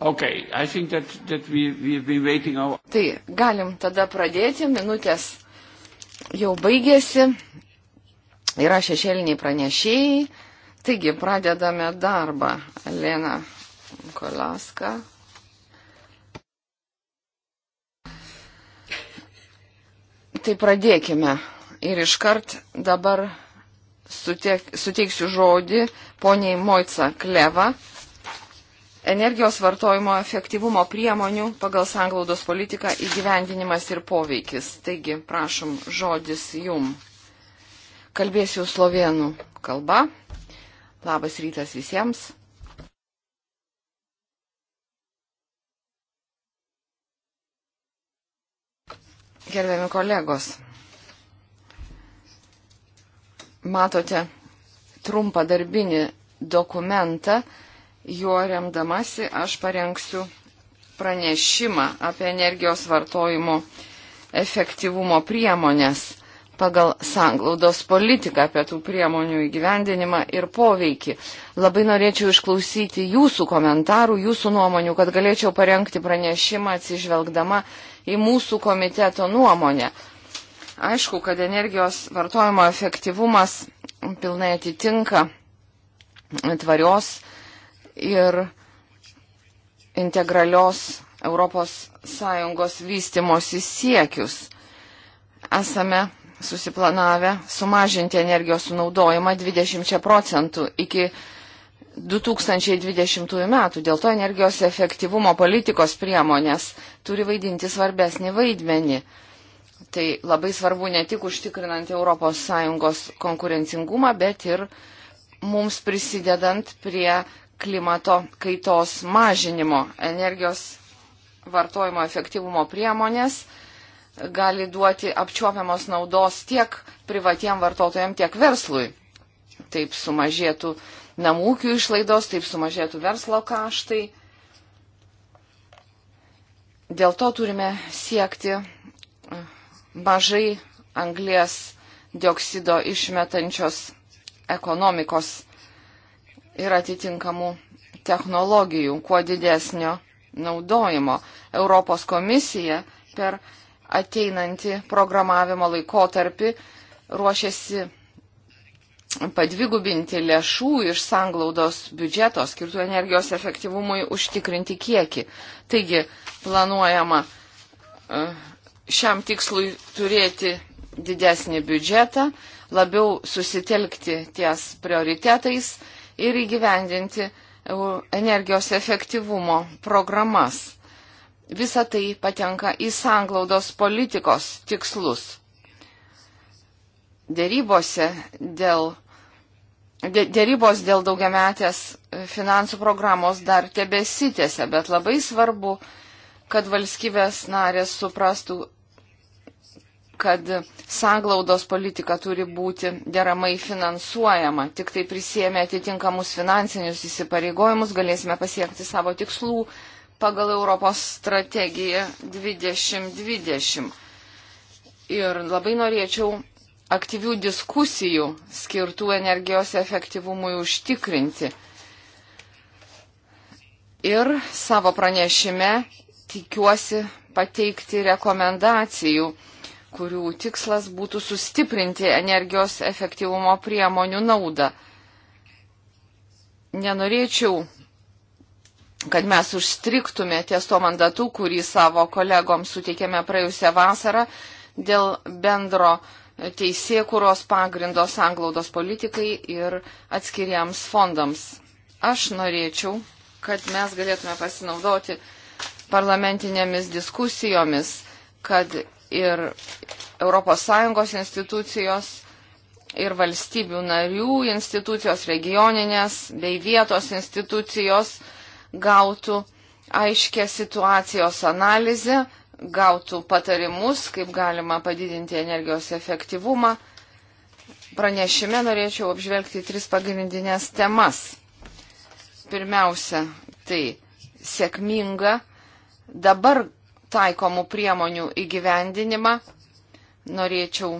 Okay, that, that we, we our... Tai galim tada pradėti, minutės jau baigėsi, yra šešėliniai pranešėjai, taigi pradedame darbą. Lena Kolaska. Tai pradėkime ir iškart dabar sutiek, suteiksiu žodį poniai Moica Kleva energijos vartojimo efektyvumo priemonių pagal sanglaudos politiką įgyvendinimas ir poveikis. Taigi, prašom, žodis jum. Kalbėsiu slovėnų kalba. Labas rytas visiems. Gerbiami kolegos, matote trumpą darbinį dokumentą, juo remdamasi aš parengsiu pranešimą apie energijos vartojimo efektyvumo priemonės pagal sanglaudos politiką apie tų priemonių įgyvendinimą ir poveikį. Labai norėčiau išklausyti jūsų komentarų, jūsų nuomonių, kad galėčiau parengti pranešimą atsižvelgdama į mūsų komiteto nuomonę. Aišku, kad energijos vartojimo efektyvumas pilnai atitinka tvarios ir integralios ES vystimosi siekius. Esame susiplanavę sumažinti energijos sunaudojimą 20 procentų iki 2020 metų. Dėl to energijos efektyvumo politikos priemonės turi vaidinti svarbesnį vaidmenį. Tai labai svarbu ne tik užtikrinant ES konkurencingumą, bet ir mums prisidedant prie klimato kaitos mažinimo. Energijos vartojimo efektyvumo priemonės gali duoti apčiuopiamos naudos tiek privatiem vartotojam, tiek verslui. Taip sumažėtų namūkių išlaidos, taip sumažėtų verslo kaštai. Dėl to turime siekti mažai anglės dioksido išmetančios ekonomikos ir atitinkamų technologijų, kuo didesnio naudojimo. Europos komisija per ateinantį programavimo laikotarpį ruošiasi padvigubinti lėšų iš sanglaudos biudžeto skirtų energijos efektyvumui užtikrinti kiekį. Taigi planuojama e, šiam tikslui turėti didesnį biudžetą, labiau susitelkti ties prioritetais ir įgyvendinti energijos efektyvumo programas. Visa tai patenka į sanglaudos politikos tikslus. Dėrybose dėl, dėrybos dėl daugiametės finansų programos dar tebesitėse, bet labai svarbu, kad valstybės narės suprastų kad saglaudos politika turi būti deramai finansuojama. Tik tai prisėmė atitinkamus finansinius įsipareigojimus, galėsime pasiekti savo tikslų pagal Europos strategiją 2020. Ir labai norėčiau aktyvių diskusijų skirtų energijos efektyvumui užtikrinti. Ir savo pranešime tikiuosi pateikti rekomendacijų kurių tikslas būtų sustiprinti energijos efektyvumo priemonių naudą. Nenorėčiau, kad mes užstriktume ties to mandatu, kurį savo kolegoms suteikėme praėjusią vasarą dėl bendro teisėkuros pagrindo sanglaudos politikai ir atskiriams fondams. Aš norėčiau, kad mes galėtume pasinaudoti parlamentinėmis diskusijomis, kad ir ES institucijos, ir valstybių narių institucijos, regioninės bei vietos institucijos gautų aiškę situacijos analizę, gautų patarimus, kaip galima padidinti energijos efektyvumą. Pranešime norėčiau apžvelgti tris pagrindinės temas. Pirmiausia, tai sėkminga dabar taikomų priemonių įgyvendinimą, norėčiau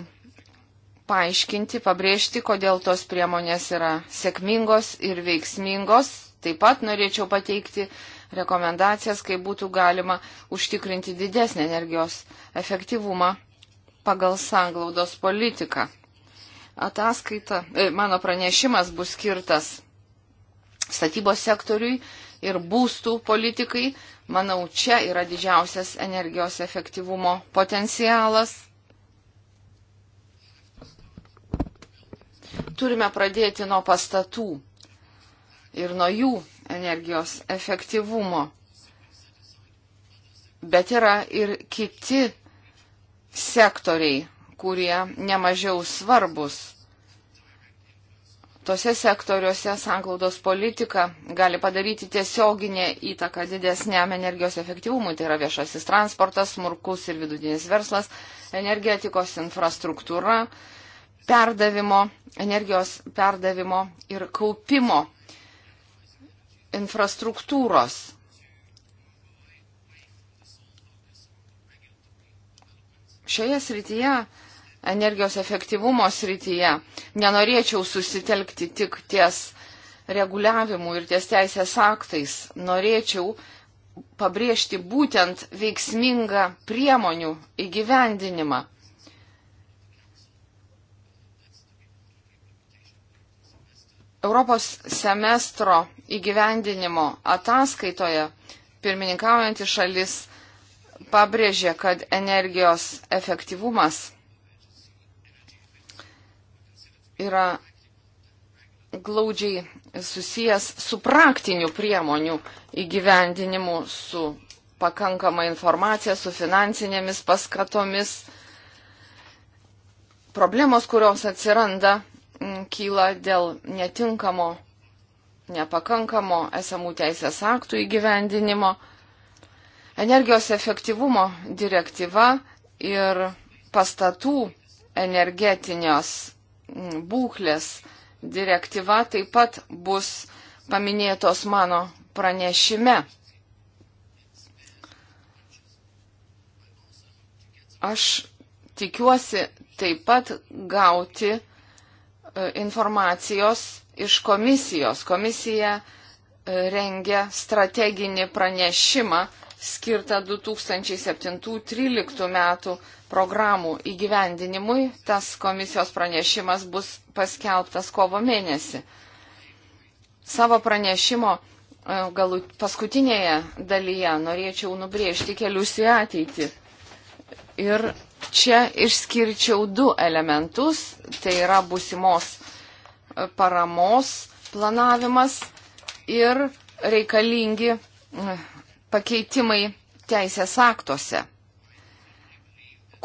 paaiškinti, pabrėžti, kodėl tos priemonės yra sėkmingos ir veiksmingos. Taip pat norėčiau pateikti rekomendacijas, kaip būtų galima užtikrinti didesnį energijos efektyvumą pagal sanglaudos politiką. Ataskaita, e, mano pranešimas bus skirtas statybos sektoriui ir būstų politikai. Manau, čia yra didžiausias energijos efektyvumo potencialas. Turime pradėti nuo pastatų ir nuo jų energijos efektyvumo. Bet yra ir kiti sektoriai, kurie nemažiau svarbus tose sektoriuose sanglaudos politika gali padaryti tiesioginę įtaką didesniam energijos efektyvumui, tai yra viešasis transportas, smulkus ir vidutinis verslas, energetikos infrastruktūra, perdavimo, energijos perdavimo ir kaupimo infrastruktūros. Šioje srityje energijos efektyvumo srityje nenorėčiau susitelkti tik ties reguliavimu ir ties teisės aktais. Norėčiau pabrėžti būtent veiksmingą priemonių įgyvendinimą. Europos semestro įgyvendinimo ataskaitoje pirmininkaujantį šalis pabrėžė, kad energijos efektyvumas yra glaudžiai susijęs su praktiniu priemonių įgyvendinimu, su pakankama informacija, su finansinėmis paskatomis. Problemos, kurios atsiranda, mm, kyla dėl netinkamo, nepakankamo esamų teisės aktų įgyvendinimo. Energijos efektyvumo direktyva ir pastatų energetinės būklės direktyva taip pat bus paminėtos mano pranešime. Aš tikiuosi taip pat gauti e, informacijos iš komisijos. Komisija e, rengia strateginį pranešimą skirtą 2007-2013 metų programų įgyvendinimui. Tas komisijos pranešimas bus paskelbtas kovo mėnesį. Savo pranešimo e, galut, paskutinėje dalyje norėčiau nubrėžti kelius į ateitį. Ir čia išskirčiau du elementus. Tai yra busimos e, paramos planavimas ir reikalingi pakeitimai teisės aktuose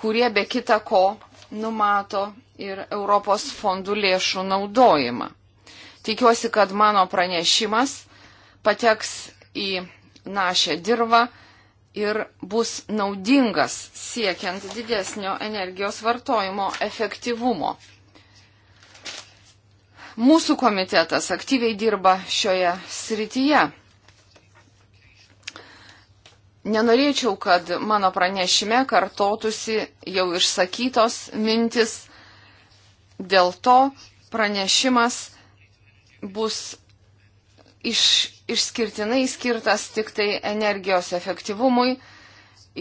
kurie be kita ko numato ir Europos fondų lėšų naudojimą. Tikiuosi, kad mano pranešimas pateks į našę dirbą ir bus naudingas siekiant didesnio energijos vartojimo efektyvumo. Mūsų komitetas aktyviai dirba šioje srityje. Nenorėčiau, kad mano pranešime kartotųsi jau išsakytos mintis, dėl to pranešimas bus iš, išskirtinai skirtas tik tai energijos efektyvumui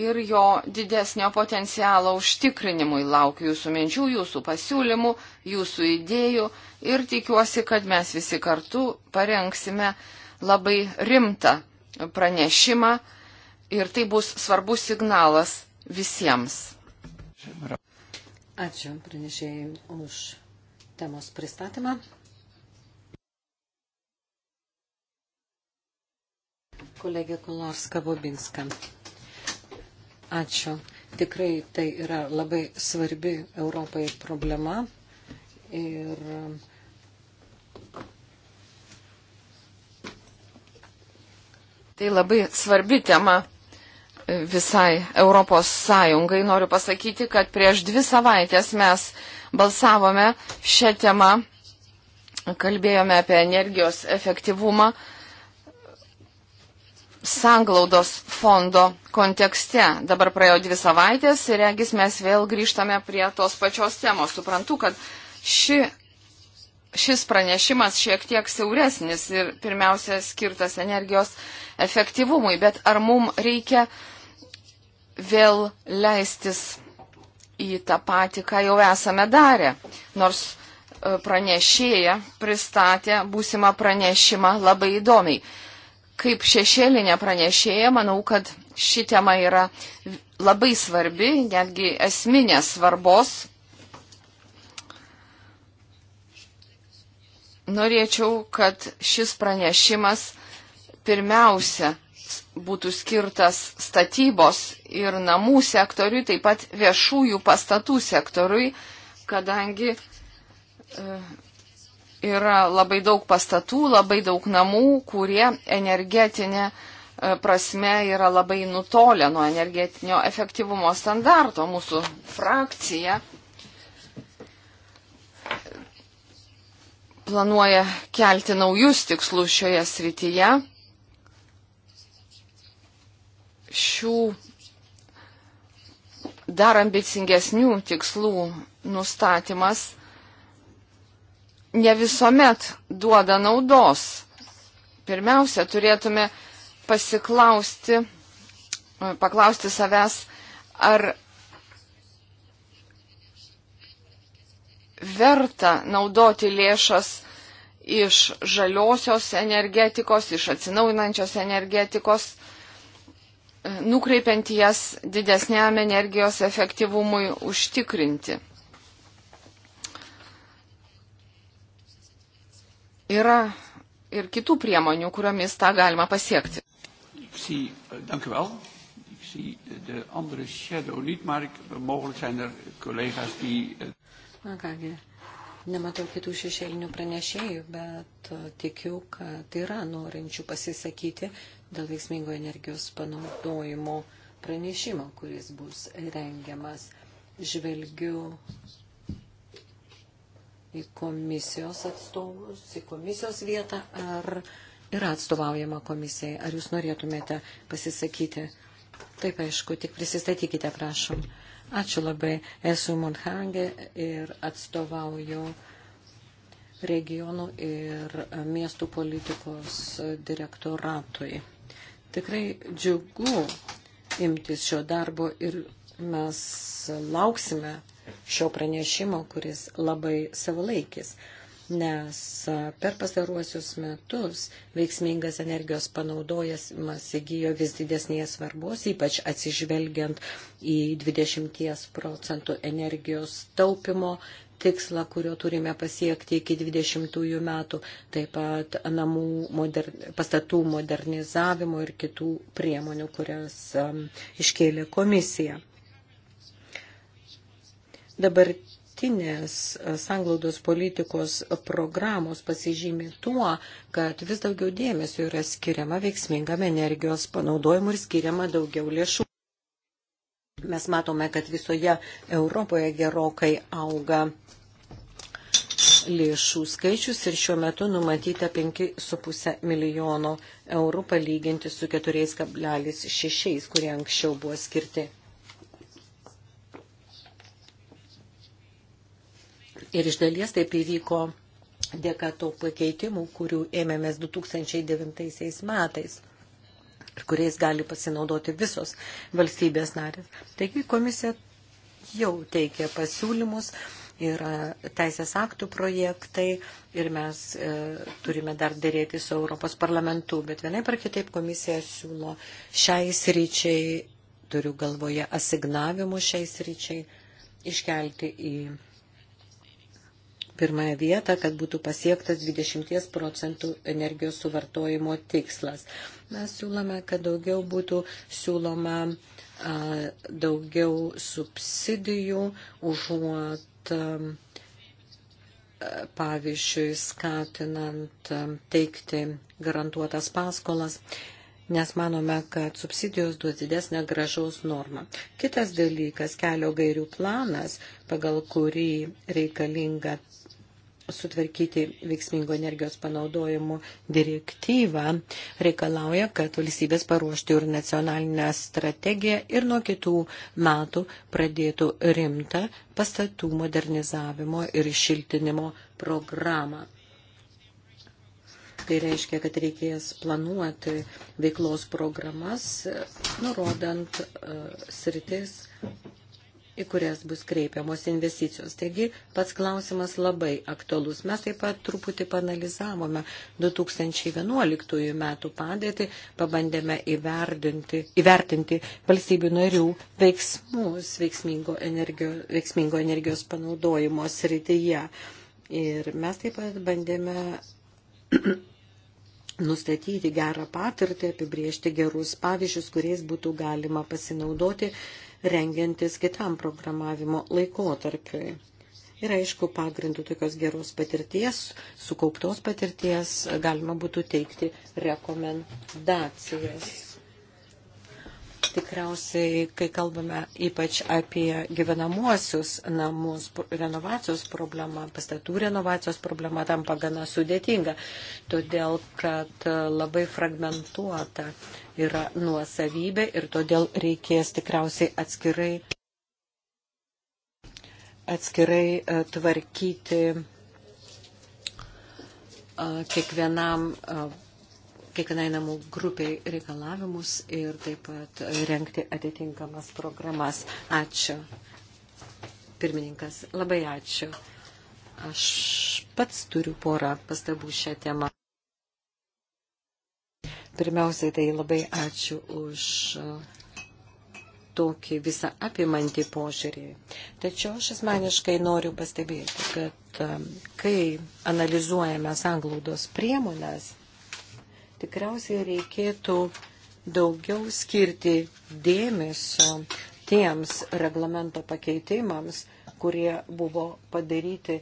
ir jo didesnio potencialo užtikrinimui. Laukiu jūsų minčių, jūsų pasiūlymų, jūsų idėjų ir tikiuosi, kad mes visi kartu parengsime labai rimtą pranešimą ir tai bus svarbus signalas visiems. Ačiū pranešėjai už temos pristatymą. Kolegė Kolorska Bobinska. Ačiū. Tikrai tai yra labai svarbi Europai problema. Ir tai labai svarbi tema visai Europos Sąjungai. Noriu pasakyti, kad prieš dvi savaitės mes balsavome šią temą, kalbėjome apie energijos efektyvumą sanglaudos fondo kontekste. Dabar praėjo dvi savaitės ir regis mes vėl grįžtame prie tos pačios temos. Suprantu, kad ši, šis pranešimas šiek tiek siauresnis ir pirmiausia skirtas energijos efektyvumui, bet ar mums reikia uh, vėl leistis į tą patį, ką jau esame darę. Nors e, pranešėja pristatė būsimą pranešimą labai įdomiai. Kaip šešėlinė pranešėja, manau, kad ši tema yra labai svarbi, netgi esminės svarbos. Norėčiau, kad šis pranešimas pirmiausia būtų skirtas statybos ir namų sektoriui, taip pat viešųjų pastatų sektoriui, kadangi e, yra labai daug pastatų, labai daug namų, kurie energetinė e, prasme yra labai nutolę nuo energetinio efektyvumo standarto. Mūsų frakcija planuoja kelti naujus tikslus šioje srityje šių dar ambicingesnių tikslų nustatymas ne visuomet duoda naudos. Pirmiausia, turėtume pasiklausti, paklausti savęs, ar verta naudoti lėšas iš žaliosios energetikos, iš atsinaujinančios energetikos nukreipiant jas didesniam energijos efektyvumui užtikrinti. Yra ir kitų priemonių, kuriomis tą galima pasiekti. Zie, eh, dank u wel. Ik zie eh, de andere shadow niet, maar ik, eh, mogelijk zijn er collega's die. Na kągi, nematau kitų šešėlinių pranešėjų, bet tikiu, kad yra norinčių pasisakyti dėl veiksmingo energijos panaudojimo pranešimo, kuris bus rengiamas. Žvelgiu į komisijos atstovus, į komisijos vietą, ar yra atstovaujama komisijai, ar jūs norėtumėte pasisakyti. Taip, aišku, tik prisistatykite, prašom. Ačiū labai. Esu Monhangė ir atstovauju regionų ir miestų politikos direktoratui. Tikrai džiugu imtis šio darbo ir mes lauksime šio pranešimo, kuris labai savalaikis, nes per pastaruosius metus veiksmingas energijos panaudojimas įgyjo vis didesnės svarbos, ypač atsižvelgiant į 20 procentų energijos taupimo tikslą, kurio turime pasiekti iki 20 metų, taip pat namų moder, pastatų modernizavimo ir kitų priemonių, kurias um, iškėlė komisija. Dabar dabartinės uh, sanglaudos politikos programos pasižymi tuo, kad vis daugiau dėmesio yra skiriama veiksmingam energijos panaudojimui ir skiriama daugiau lėšų. Mes matome, kad visoje Europoje gerokai auga lėšų skaičius ir šiuo metu numatyta 5,5 milijono eurų palyginti su 4,6, kurie anksčiau buvo skirti. Ir iš dalies taip įvyko dėka to pakeitimų, kurių ėmėmės 2009 metais ir kuriais gali pasinaudoti visos valstybės narės. Taigi komisija jau teikia pasiūlymus, yra teisės aktų projektai ir mes e, turime dar dėrėti su Europos parlamentu, bet vienai par kitaip komisija siūlo šiai sričiai, turiu galvoje asignavimus šiai sričiai, iškelti į pirmąją vietą, kad būtų pasiektas 20 procentų energijos suvartojimo tikslas. Mes siūlome, kad daugiau būtų siūloma a, daugiau subsidijų užuot a, pavyzdžiui skatinant a, teikti garantuotas paskolas nes manome, kad subsidijos duos didesnę gražaus normą. Kitas dalykas - kelio gairių planas, pagal kurį reikalinga sutvarkyti veiksmingo energijos panaudojimo direktyvą reikalauja, kad valstybės paruoštų ir nacionalinę strategiją ir nuo kitų metų pradėtų rimtą pastatų modernizavimo ir šiltinimo programą. Tai reiškia, kad reikės planuoti veiklos programas, nurodant uh, sritis, į kurias bus kreipiamos investicijos. Taigi pats klausimas labai aktualus. Mes taip pat truputį panalizavome 2011 metų padėtį, pabandėme įvertinti, įvertinti valstybių narių veiksmus veiksmingo, energio, veiksmingo energijos panaudojimo srityje. Ir mes taip pat bandėme nustatyti gerą patirtį, apibriežti gerus pavyzdžius, kuriais būtų galima pasinaudoti rengiantis kitam programavimo laikotarpiui. Ir aišku, pagrindų tokios geros patirties, sukauptos patirties galima būtų teikti rekomendacijas tikriausiai, kai kalbame ypač apie gyvenamuosius namus, renovacijos problema, pastatų renovacijos problema tampa gana sudėtinga, todėl kad e, labai fragmentuota yra nuosavybė ir todėl reikės tikriausiai atskirai, atskirai e, tvarkyti e, kiekvienam kiekvienai namų grupiai reikalavimus ir taip pat renkti atitinkamas programas. Ačiū. Pirmininkas, labai ačiū. Aš pats turiu porą pastabų šią temą. Pirmiausiai, tai labai ačiū už tokį visą apimantį požiūrį. Tačiau aš asmeniškai noriu pastebėti, kad um, kai analizuojame sanglaudos priemonės, tikriausiai reikėtų daugiau skirti dėmesio tiems reglamento pakeitimams, kurie buvo padaryti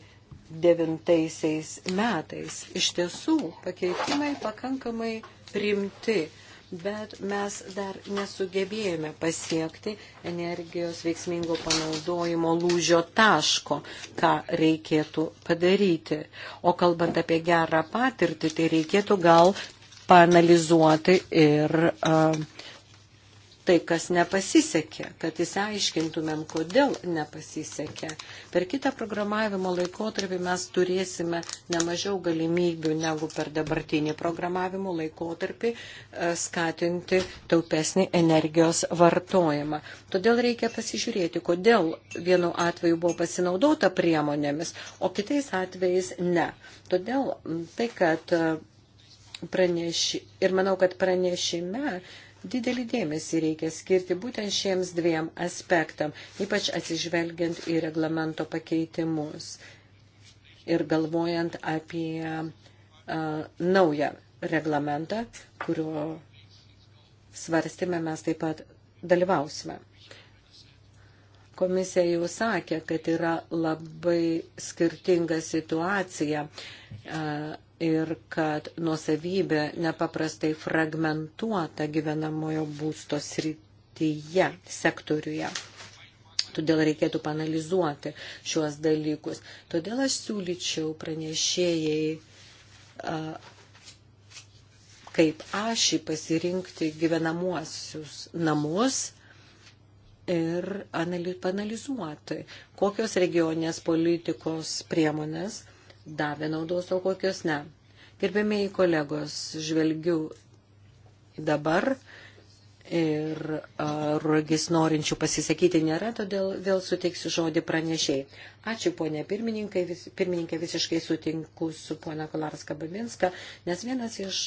devintaisiais metais. Iš tiesų, pakeitimai pakankamai rimti, bet mes dar nesugebėjome pasiekti energijos veiksmingo panaudojimo lūžio taško, ką reikėtų padaryti. O kalbant apie gerą patirtį, tai reikėtų gal panalizuoti ir uh, tai, kas nepasisekė, kad įsiaiškintumėm, kodėl nepasisekė. Per kitą programavimo laikotarpį mes turėsime nemažiau galimybių negu per dabartinį programavimo laikotarpį skatinti taupesnį energijos vartojimą. Todėl reikia pasižiūrėti, kodėl vienu atveju buvo pasinaudota priemonėmis, o kitais atvejais ne. Todėl tai, kad praneši, ir manau, kad pranešime didelį dėmesį reikia skirti būtent šiems dviem aspektam, ypač atsižvelgiant į reglamento pakeitimus ir galvojant apie uh, naują reglamentą, kurio svarstymę mes taip pat dalyvausime. Komisija jau sakė, kad yra labai skirtinga situacija uh, ir kad nuosavybė nepaprastai fragmentuota gyvenamojo būsto srityje, sektoriuje. Todėl reikėtų panalizuoti šiuos dalykus. Todėl aš siūlyčiau pranešėjai, kaip ašį pasirinkti gyvenamuosius namus ir panalizuoti, kokios regioninės politikos priemonės davė naudos, o kokios ne. Gerbėmiai kolegos, žvelgiu dabar ir rugis norinčių pasisakyti nėra, todėl vėl suteiksiu žodį pranešiai. Ačiū, ponė pirmininkė, vis, pirmininkė visiškai sutinku su ponė Kolarska Babinska, nes vienas iš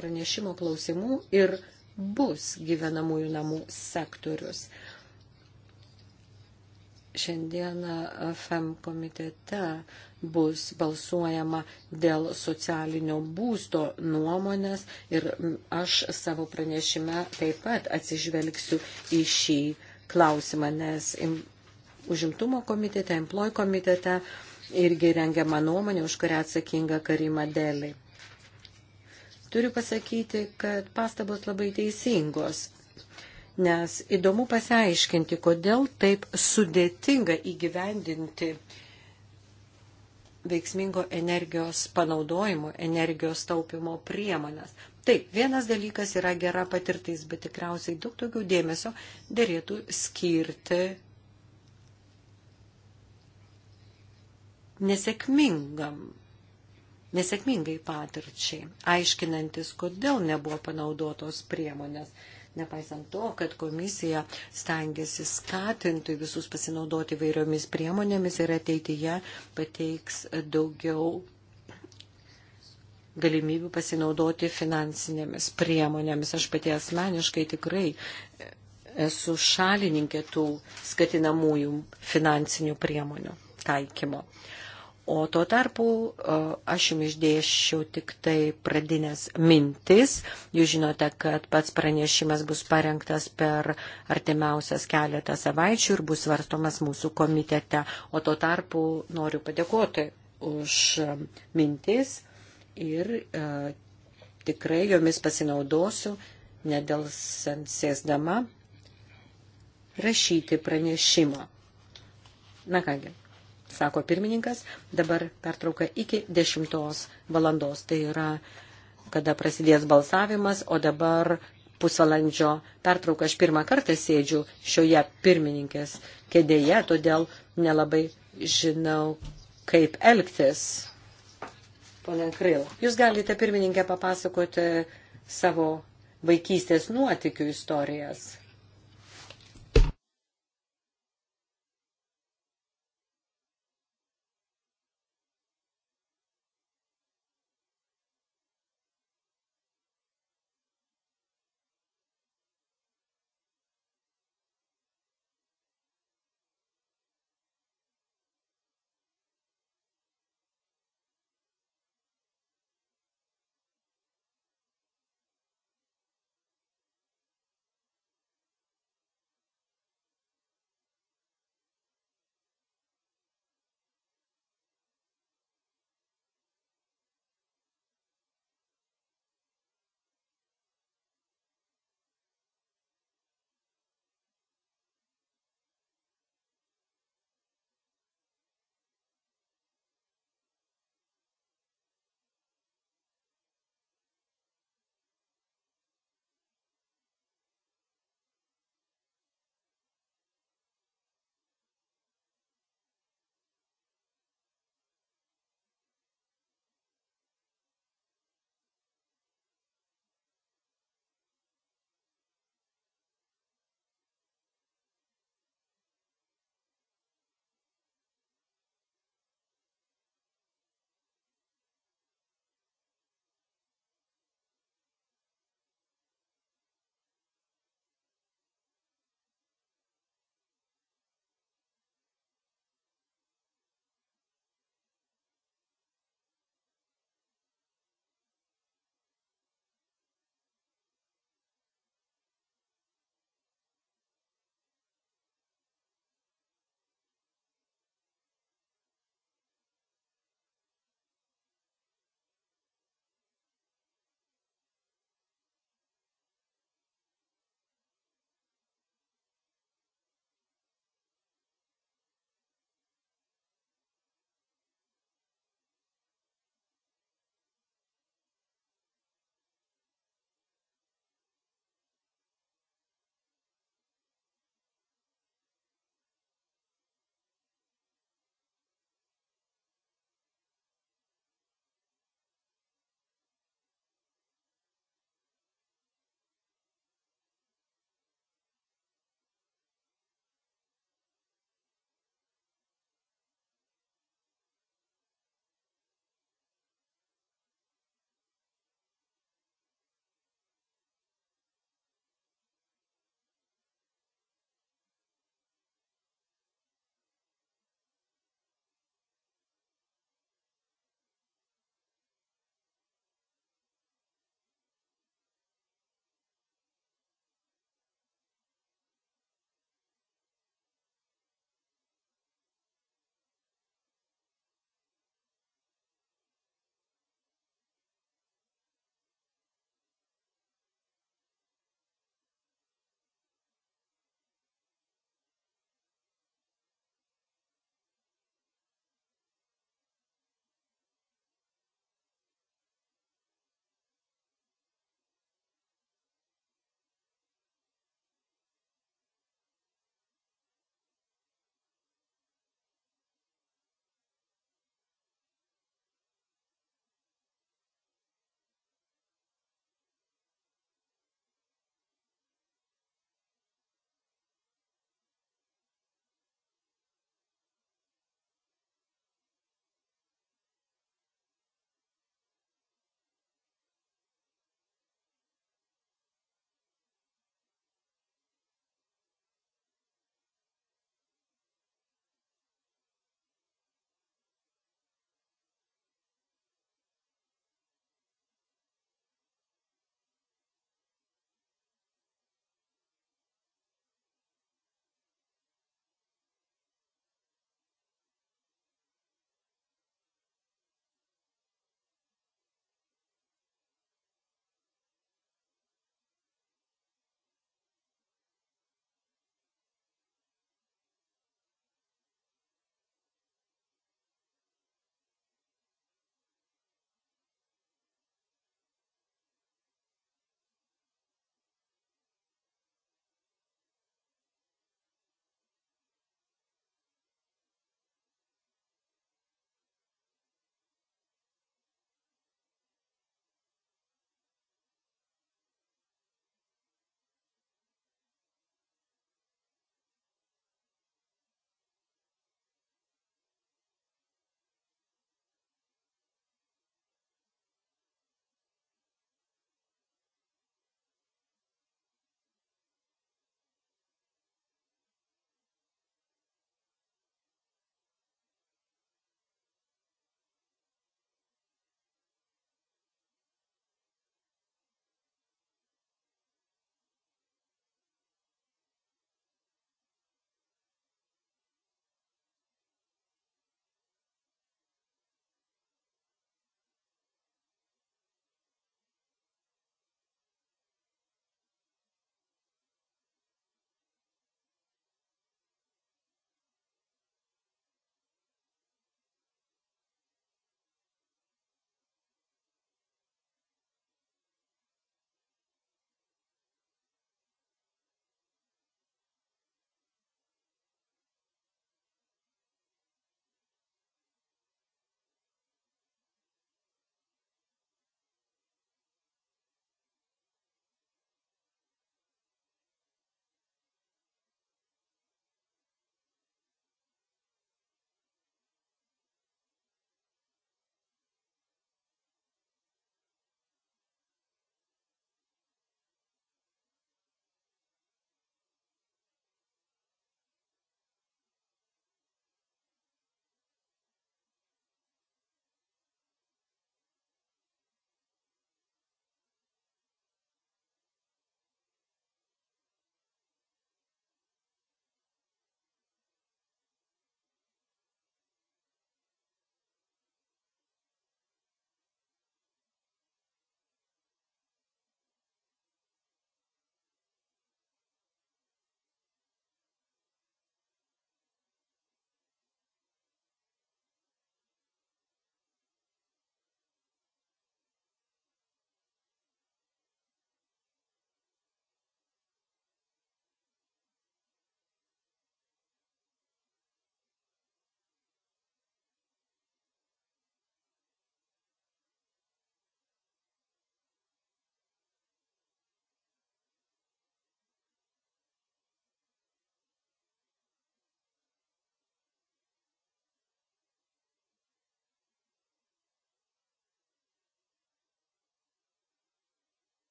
pranešimo klausimų ir bus gyvenamųjų namų sektorius. Uh, Šiandieną FEM komitete bus balsuojama dėl socialinio būsto nuomonės ir aš savo pranešime taip pat atsižvelgsiu į šį klausimą, nes užimtumo komitete, employ komitete irgi rengiama nuomonė, už kurią atsakinga Karima Deliai. Turiu pasakyti, kad pastabos labai teisingos nes įdomu pasiaiškinti, kodėl taip sudėtinga įgyvendinti veiksmingo energijos panaudojimo, energijos taupimo priemonės. Taip, vienas dalykas yra gera patirtis, bet tikriausiai daug daugiau dėmesio dėrėtų skirti nesėkmingam, nesėkmingai patirčiai, aiškinantis, kodėl nebuvo panaudotos priemonės. Nepaisant to, kad komisija stengiasi skatinti visus pasinaudoti vairiomis priemonėmis ir ateityje pateiks daugiau galimybių pasinaudoti finansinėmis priemonėmis. Aš pati asmeniškai tikrai esu šalininkė tų skatinamųjų finansinių priemonių taikymo. Uh, O tuo tarpu aš jums išdėšiau tik tai pradinės mintis. Jūs žinote, kad pats pranešimas bus parengtas per artimiausias keletą savaičių ir bus svarstomas mūsų komitete. O tuo tarpu noriu padėkoti už e, mintis ir e, tikrai jomis pasinaudosiu, nedelsant sėsdama rašyti pranešimą. Na kągi, sako pirmininkas, dabar pertrauka iki 10 valandos. Tai yra, kada prasidės balsavimas, o dabar pusvalandžio pertrauką. Aš pirmą kartą sėdžiu šioje pirmininkės kėdėje, todėl nelabai žinau, kaip elgtis. Pone Kril, jūs galite pirmininkę papasakoti savo vaikystės nuotikių istorijas.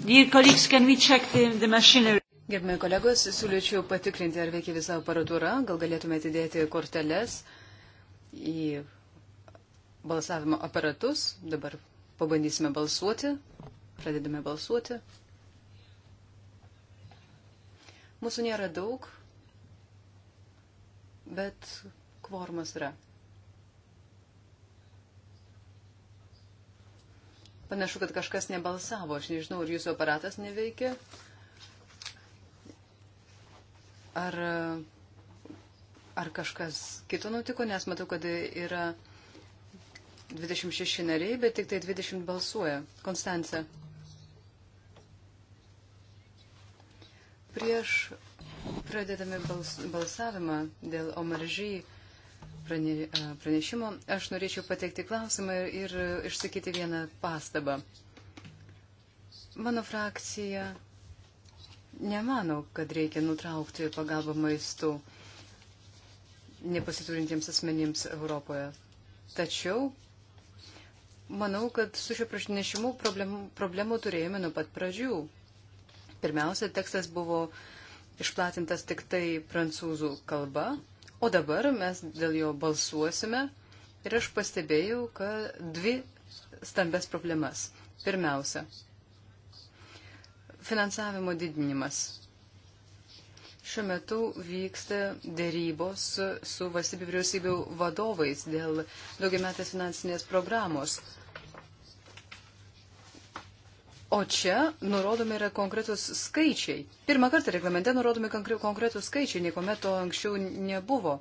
Gerbimi kolegos, siūlyčiau patikrinti, ar veikia visa aparatūra. Gal galėtume atidėti korteles į balsavimo aparatus. Dabar pabandysime balsuoti. Pradedame balsuoti. Mūsų nėra daug, bet kvormas yra. Panašu, kad kažkas nebalsavo. Aš nežinau, ar jūsų aparatas neveikia. Ar, ar kažkas kito nutiko, nes matau, kad yra 26 nariai, bet tik tai 20 balsuoja. Konstancija. Prieš pradedami bals, balsavimą dėl omaržyjų pranešimo, aš norėčiau pateikti klausimą ir, ir išsakyti vieną pastabą. Mano frakcija nemano, kad reikia nutraukti pagalbą maistu nepasiturintiems asmenims Europoje. Tačiau manau, kad su šio pranešimu problemų, problemų turėjome nuo pat pradžių. Pirmiausia, tekstas buvo išplatintas tik tai prancūzų kalba, O dabar mes dėl jo balsuosime ir aš pastebėjau, kad dvi stambes problemas. Pirmiausia, finansavimo didinimas. Šiuo metu vyksta dėrybos su valstybių vyriausybių vadovais dėl daugiametės finansinės programos. O čia nurodomi yra konkretus skaičiai. Pirmą kartą reglamente nurodomi konkretus skaičiai, niekuomet to anksčiau nebuvo.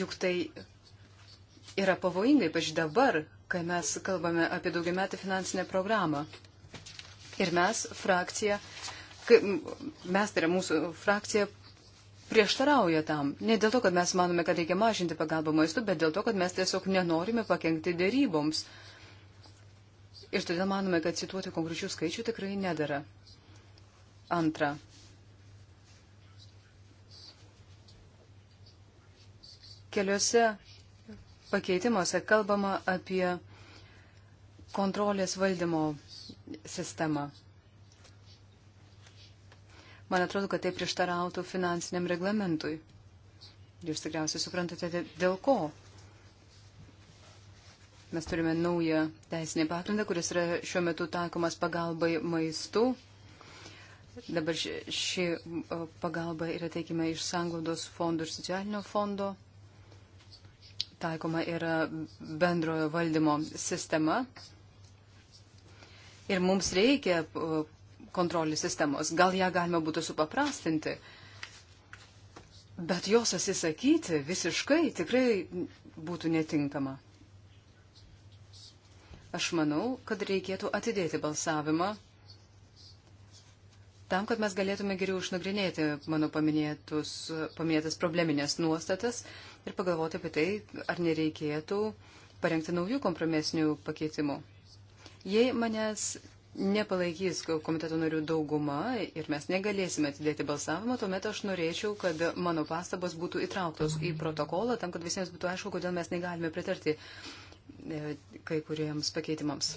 Juk tai yra pavojingai, ypač dabar, kai mes kalbame apie daugiametį finansinę programą. Ir mes frakcija, mes tai yra mūsų frakcija, prieštarauja tam. Ne dėl to, kad mes manome, kad reikia mažinti pagalbą maistu, bet dėl to, kad mes tiesiog nenorime pakengti dėryboms. Ir todėl manome, kad cituoti konkrečių skaičių tikrai nedara. Antra. Keliuose pakeitimuose kalbama apie kontrolės valdymo sistemą. Man atrodo, kad tai prieštarautų finansiniam reglamentui. Jūs tikriausiai suprantate, dėl ko Mes turime naują teisinį pagrindą, kuris yra šiuo metu taikomas pagalbai maistu. Dabar ši pagalba yra teikima iš sanglaudos fondų ir socialinio fondo. Taikoma yra bendrojo valdymo sistema. Ir mums reikia kontrolės sistemos. Gal ją galima būtų supaprastinti, bet jos atsisakyti visiškai tikrai būtų netinkama. Aš manau, kad reikėtų atidėti balsavimą tam, kad mes galėtume geriau išnagrinėti mano paminėtas probleminės nuostatas ir pagalvoti apie tai, ar nereikėtų parengti naujų kompromisinių pakeitimų. Jei manęs nepalaikys komiteto narių dauguma ir mes negalėsime atidėti balsavimo, tuomet aš norėčiau, kad mano pastabos būtų įtrauktos į protokolą, tam, kad visiems būtų aišku, kodėl mes negalime pritarti E, kai kuriems pakeitimams.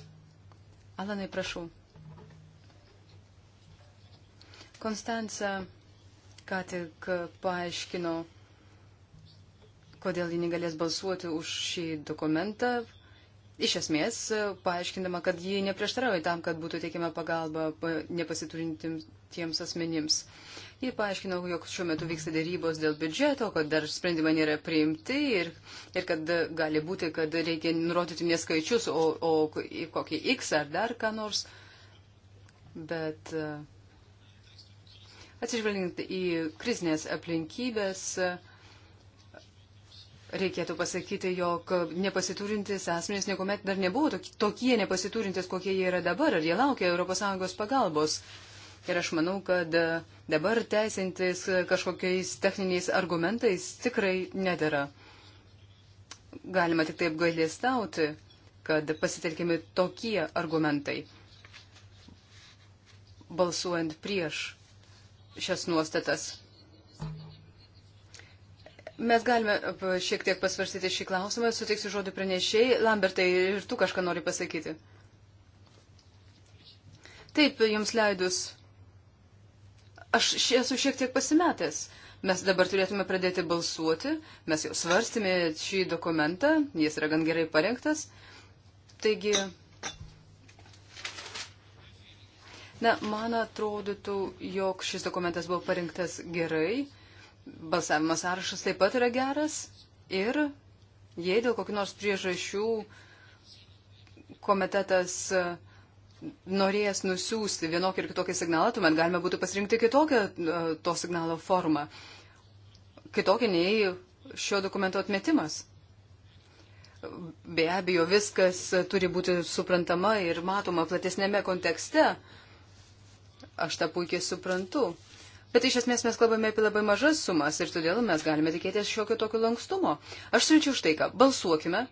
Alanai, prašau. Konstanca ką tik paaiškino, kodėl ji negalės balsuoti už šį dokumentą. Iš esmės, paaiškindama, kad ji neprieštarauja tam, kad būtų teikiama pagalba nepasiturintiems tiems asmenims. Jie paaiškino, jog šiuo metu vyksta dėrybos dėl biudžeto, kad dar sprendimai nėra priimti ir, ir kad gali būti, kad reikia nurodyti ne skaičius, o, o kokį X ar dar ką nors. Bet e, atsižvelgiant į krizinės aplinkybės, Reikėtų pasakyti, jog nepasiturintis asmenys niekuomet dar nebuvo tokie nepasiturintis, kokie jie yra dabar, ar jie laukia ES pagalbos. Ir aš manau, kad dabar teisintis kažkokiais techniniais argumentais tikrai nedėra. Galima tik taip gailėstauti, kad pasitelkimi tokie argumentai, balsuojant prieš šias nuostatas. Mes galime šiek tiek pasvarstyti šį klausimą, suteiksiu žodį pranešėjai. Lambertai, ir tu kažką nori pasakyti. Taip, jums leidus. Aš esu šiek tiek pasimetęs. Mes dabar turėtume pradėti balsuoti, mes jau svarstėme šį dokumentą, jis yra gan gerai parengtas. Taigi, na, man atrodytų, jog šis dokumentas buvo parengtas gerai, balsavimo sąrašas taip pat yra geras ir jei dėl kokių nors priežasčių komitetas uh, norėjęs nusiųsti vienokį ir kitokį signalą, tuomet galima būtų pasirinkti kitokią e, to signalo formą. Kitokį nei šio dokumento atmetimas. Be abejo, viskas turi būti suprantama ir matoma platesnėme kontekste. Aš tą puikiai suprantu. Bet iš esmės mes kalbame apie labai mažas sumas ir todėl mes galime tikėtis šiokio tokio lankstumo. Aš siūlyčiau štai ką. Balsuokime.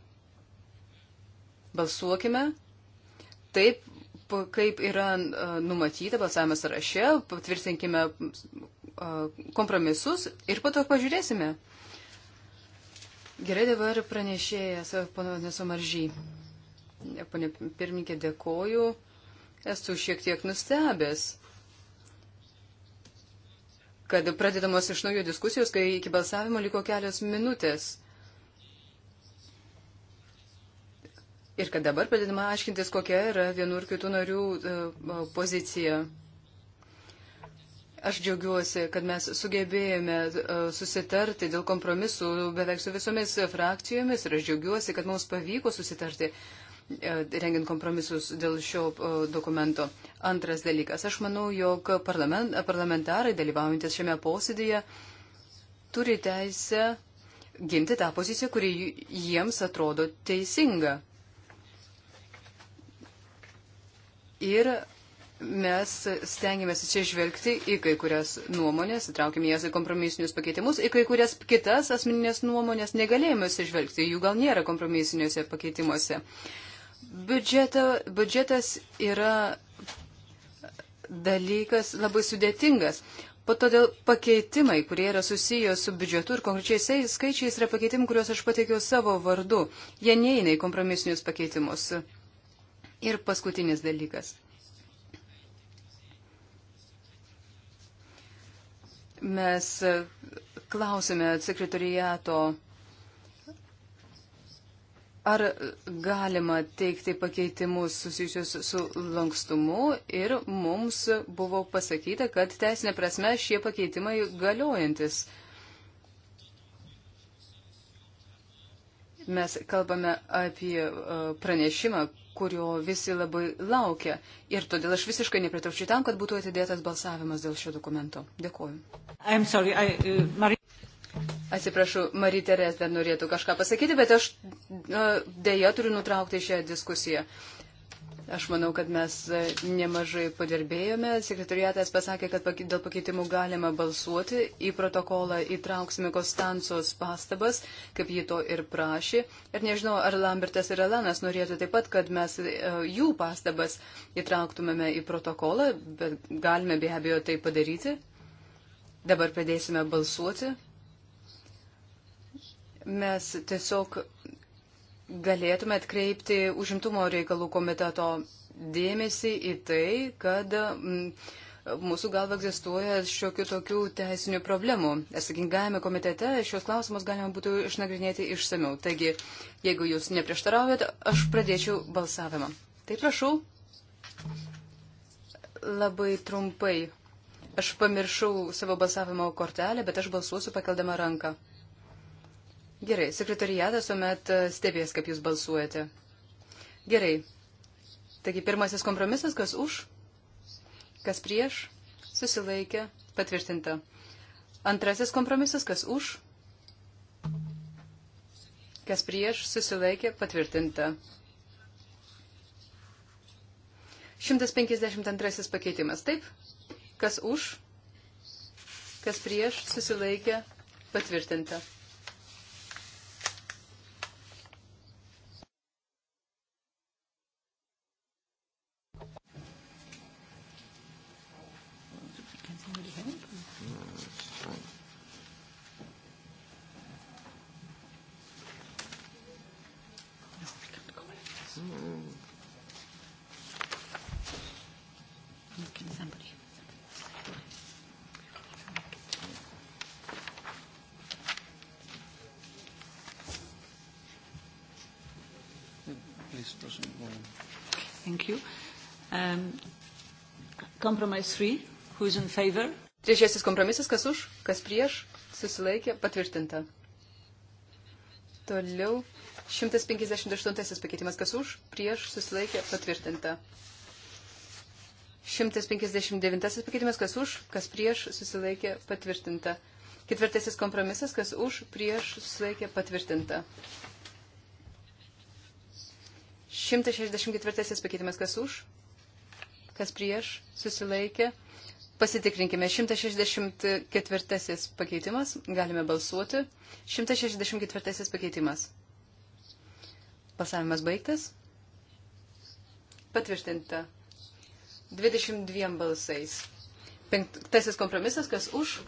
Balsuokime. Taip kaip yra e, numatyta balsavimo sąraše, patvirtinkime e, kompromisus ir po to pažiūrėsime. Gerai dabar pranešėjas, e, pana Nesumaržy. Pane pirmininkė, dėkoju. Esu šiek tiek nustebęs, kad pradedamos iš naujo diskusijos, kai iki balsavimo liko kelios minutės. Ir kad dabar pradedama aiškintis, kokia yra vienų ir kitų narių e, pozicija. Aš džiaugiuosi, kad mes sugebėjome e, susitarti dėl kompromisų beveik su visomis frakcijomis ir aš džiaugiuosi, kad mums pavyko susitarti e, rengiant kompromisus dėl šio dokumento. Antras dalykas. Aš manau, jog parlament, parlamentarai dalyvaujantis šiame posėdėje turi teisę ginti tą poziciją, kuri jiems atrodo teisinga. ir mes stengiamės atsižvelgti į kai kurias nuomonės, įtraukėme jas į kompromisinius pakeitimus, į kai kurias kitas asmeninės nuomonės negalėjome atsižvelgti, jų gal nėra kompromisiniuose pakeitimuose. Biudžeta, biudžetas yra dalykas labai sudėtingas. Po todėl pakeitimai, kurie yra susiję su biudžetu ir konkrečiais skaičiais, yra pakeitimai, kuriuos aš pateikiau savo vardu. Jie neina į kompromisinius pakeitimus. Ir paskutinis dalykas. Mes klausime sekretariato, ar galima teikti pakeitimus susijusius su lankstumu ir mums buvo pasakyta, kad teisinė prasme šie pakeitimai galiojantis. mes kalbame apie e, pranešimą, kurio visi labai laukia. Ir todėl aš visiškai nepritarčiau tam, kad būtų atidėtas balsavimas dėl šio dokumento. Dėkuoju. I'm sorry, I, uh, Marie... Atsiprašau, Marija Teres dar norėtų kažką pasakyti, bet aš dėja turiu nutraukti šią diskusiją. Aš manau, kad mes e, nemažai padirbėjome. Sekretariatas pasakė, kad dėl pakeitimų galima balsuoti. Į protokolą įtrauksime Konstancos pastabas, kaip ji to ir prašė. Ir nežinau, ar Lambertas ir Alanas norėtų taip pat, kad mes e, jų pastabas įtrauktumėme į protokolą, bet galime be abejo tai padaryti. Dabar pradėsime balsuoti. Mes tiesiog galėtume atkreipti užimtumo reikalų komiteto dėmesį į tai, kad mm, mūsų galva egzistuoja šiokių tokių teisinių problemų. Atsakingajame komitete šios klausimus galima būtų išnagrinėti išsamiau. Taigi, jeigu jūs neprieštaraujat, aš pradėčiau balsavimą. Tai prašau. Labai trumpai. Aš pamiršau savo balsavimo kortelę, bet aš balsuosiu pakeldama ranką. Gerai, sekretariatas tuomet e, stebės, kaip jūs balsuojate. Gerai. Taigi pirmasis kompromisas, kas už, kas prieš, susilaikė, patvirtinta. Antrasis kompromisas, kas už, kas prieš, susilaikė, patvirtinta. 152 pakeitimas, taip? Kas už, kas prieš, susilaikė, patvirtinta. Compromise 3. Who's in favor? Trečiasis kompromisas, kas už, kas prieš, susilaikė, patvirtinta. Toliau 158 pakeitimas, kas už, prieš, susilaikė, patvirtinta. 159 pakeitimas, kas už, kas prieš, susilaikė, patvirtinta. Ketvirtasis kompromisas, kas už, prieš, susilaikė, patvirtinta. 164 pakeitimas, kas už, kas prieš, susilaikė. Pasitikrinkime 164 pakeitimas, galime balsuoti. 164 pakeitimas. Balsavimas baigtas. Patvirtinta. 22 balsais. Penktasis kompromisas, kas už,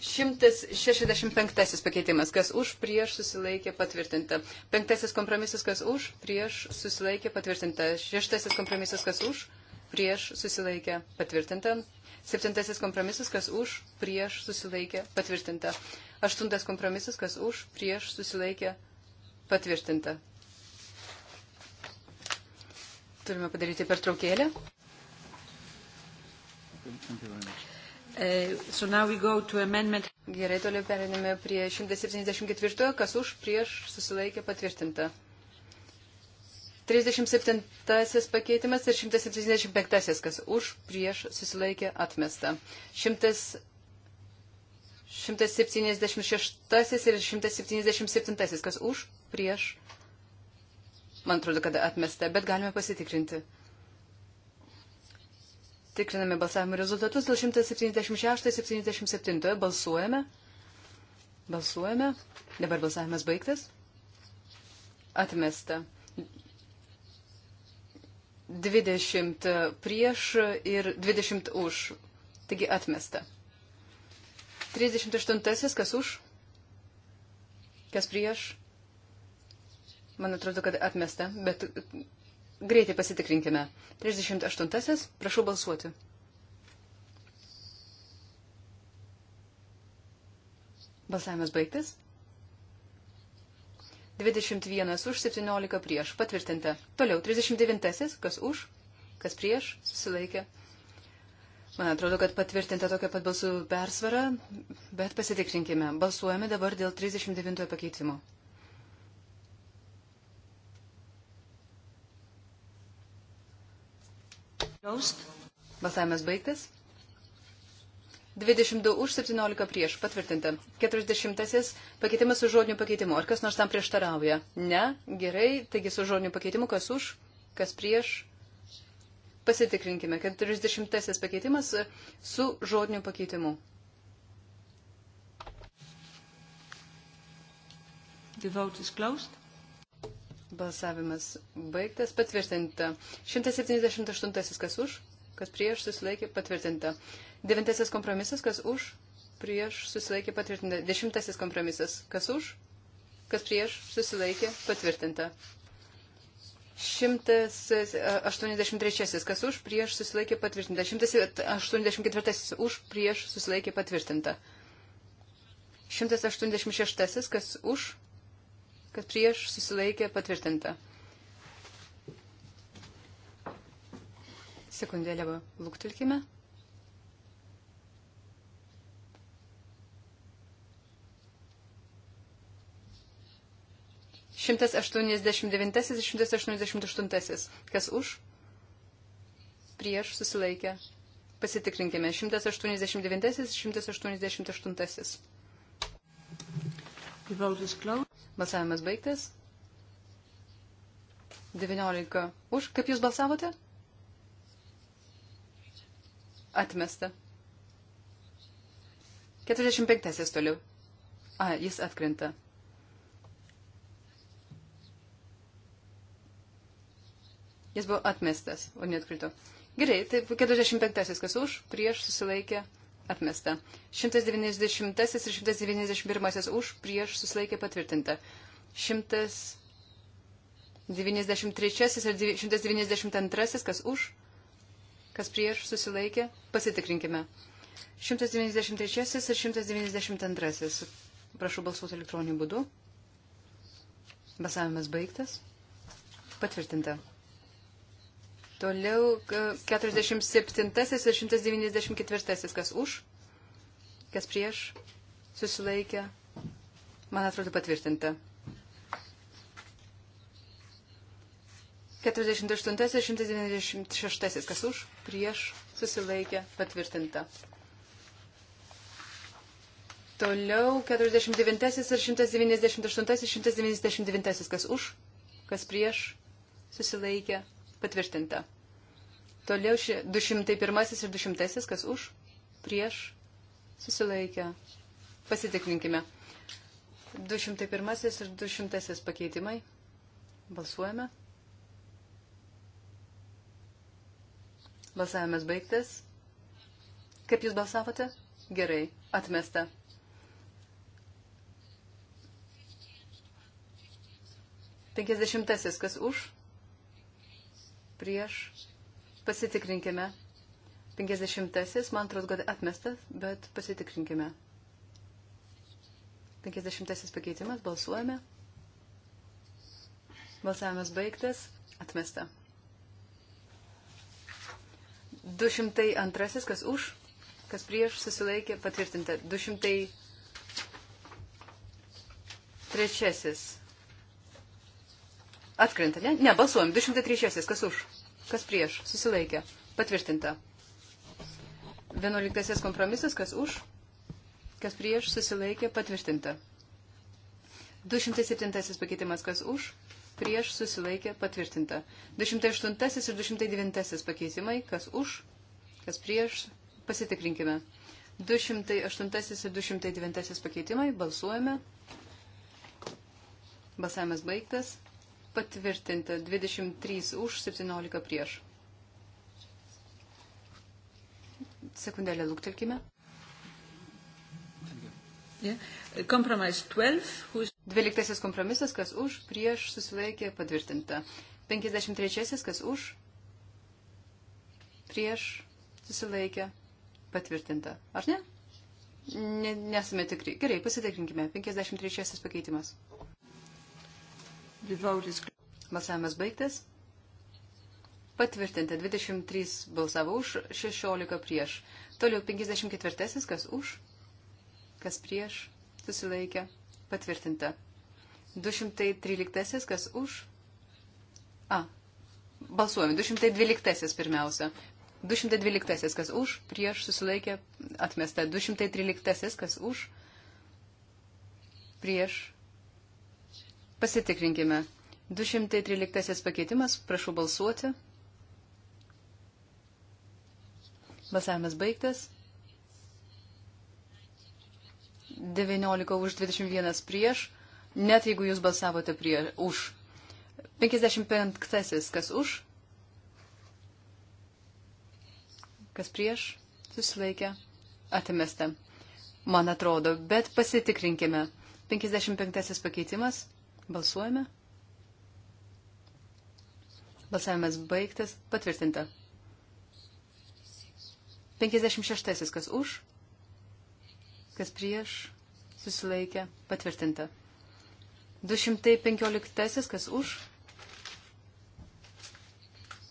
165 pakeitimas, kas už prieš susilaikė patvirtinta. Penktasis kompromisas, kas už prieš susilaikė patvirtinta. Šeštasis kompromisas, kas už prieš susilaikė patvirtinta. Septintasis kompromisas, kas už prieš susilaikė patvirtinta. Aštuntas kompromisas, kas už prieš susilaikė patvirtinta. Turime padaryti pertraukėlę. Thank you very much. Uh, so Gerai, toliau periname prie 174, kas už prieš susilaikė patvirtinta. 37 pakeitimas ir 175, kas už prieš susilaikė atmesta. 100, 176 ir 177, kas už prieš. Man atrodo, kad atmesta, bet galime pasitikrinti. Tikriname balsavimo rezultatus dėl 176-77. Balsuojame. Balsuojame. Dabar balsavimas baigtas. Atmesta. 20 prieš ir 20 už. Taigi atmesta. 38. Kas už? Kas prieš? Man atrodo, kad atmesta, bet Greitai pasitikrinkime. 38. Prašau balsuoti. Balsavimas baigtas. 21 už 17 prieš. Patvirtinta. Toliau 39. Kas už, kas prieš, susilaikė. Man atrodo, kad patvirtinta tokia pat balsų persvara, bet pasitikrinkime. Balsuojame dabar dėl 39 pakeitimo. Balsavimas baigtas. 22 už 17 prieš. Patvirtinta. 40. Pakeitimas su žodiniu pakeitimu. Ar kas nors tam prieštarauja? Ne. Gerai. Taigi su žodiniu pakeitimu kas už, kas prieš. Pasitikrinkime. 40. pakeitimas su žodiniu pakeitimu. The vote is closed. Balsavimas baigtas, patvirtinta. 178 kas už, kas prieš susilaikė, patvirtinta. 9 kompromisas, kas už, prieš susilaikė, patvirtinta. 10 kompromisas, kas už, kas prieš susilaikė, patvirtinta. 183 kas už, prieš susilaikė, patvirtinta. 184 už, prieš susilaikė, patvirtinta. 186 kas už, kad prieš susilaikė patvirtinta. Sekundėlę luktelkime. Šimtas aštuoniasdešimt devintasis ir šimtas aštuoniasdešimt aštuntasis. Kas už? Prieš susilaikė. Pasitikrinkime. Šimtas aštuoniasdešimt devintasis ir šimtas aštuoniasdešimt aštuntasis. The vote is closed. Balsavimas baigtas. 19 už. Kaip jūs balsavote? Atmesta. 45 toliau. A, jis atkrinta. Jis buvo atmestas, o netkrito. Gerai, tai 45-asis kas už, prieš susilaikė atmesta. 190 ir 191 už, prieš susilaikė patvirtinta. 193 ir 192, kas už, kas prieš susilaikė, pasitikrinkime. 193 ir 192. Prašau balsuoti elektroniniu būdu. Basavimas baigtas. Patvirtinta. Toliau 47 ir 194, kas už, kas prieš, susilaikė, man atrodo patvirtinta. 48 ir 196, kas už, prieš, susilaikė, patvirtinta. Toliau 49 ir 198, 199, kas už, kas prieš, susilaikė, Patvirtinta. Toliau ši, 201 ir 200, kas už, prieš, susilaikę. Pasitikrinkime. 201 ir 200 pakeitimai. Balsuojame. Balsavimas baigtas. Kaip jūs balsavote? Gerai, atmesta. Penkiasdešimtasis, kas už? prieš, pasitikrinkime. 50-asis, man atrodo, kad atmestas, bet pasitikrinkime. 50-asis pakeitimas, balsuojame. Balsavimas baigtas, atmesta. 202, kas už, kas prieš, susilaikė, patvirtinta. 203. Atkrenta, ne? Ne, balsuojam. 203. Kas už? Kas prieš? Susilaikė. Patvirtinta. 11. Kompromisas. Kas už? Kas prieš? Susilaikė. Patvirtinta. 207. Pakeitimas. Kas už? Prieš? Susilaikė. Patvirtinta. 208. ir 209. Pakeitimai. Kas už? Kas prieš? Pasitikrinkime. 208 ir 209 pakeitimai. Balsuojame. Balsavimas baigtas patvirtinta 23 už 17 prieš. Sekundėlę lūktelkime. Dvyliktasis kompromisas, kas už, prieš susilaikė patvirtinta. 53-asis, kas už, prieš susilaikė patvirtinta. Ar ne? ne nesame tikri. Gerai, pasitikrinkime. 53-asis pakeitimas. Balsavimas baigtas. Patvirtinta 23 balsavo už, 16 prieš. Toliau 54, kas už, kas prieš, susilaikė. Patvirtinta. 213, kas už. A. Balsuojame. 212 pirmiausia. 212, kas už, prieš susilaikė, atmesta. 213, kas už, prieš Pasitikrinkime. 213 pakeitimas, prašau balsuoti. Balsavimas baigtas. 19 už 21 prieš, net jeigu jūs balsavote prie, už. 55 kas už, kas prieš, susilaikė, atimesta. Man atrodo, bet pasitikrinkime. 55 pakeitimas. Balsuojame. Balsavimas baigtas. Patvirtinta. 56. Kas už? Kas prieš? Susilaikė. Patvirtinta. 215. Kas už?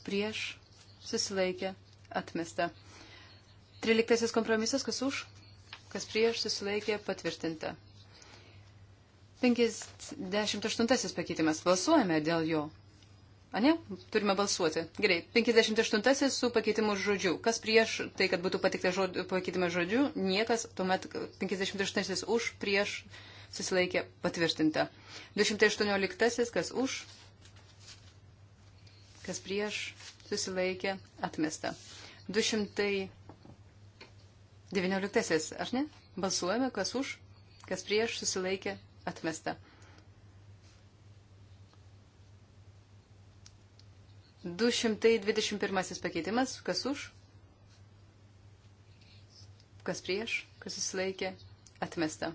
Prieš? Susilaikė. Atmesta. 13. Kompromisas. Kas už? Kas prieš? Susilaikė. Patvirtinta. 58 pakeitimas. Balsuojame dėl jo. A ne? Turime balsuoti. Gerai. 58 su pakeitimu žodžiu. Kas prieš tai, kad būtų patikta žod... pakeitimas žodžiu, niekas. Tuomet 58 už, prieš susilaikė patvirtinta. 218 kas už, kas prieš susilaikė atmesta. 219 ar ne? Balsuojame kas už, kas prieš susilaikė atmesta. Du šimtai dvidešimt pirmasis pakeitimas, kas už, kas prieš, kas susilaikė, atmesta.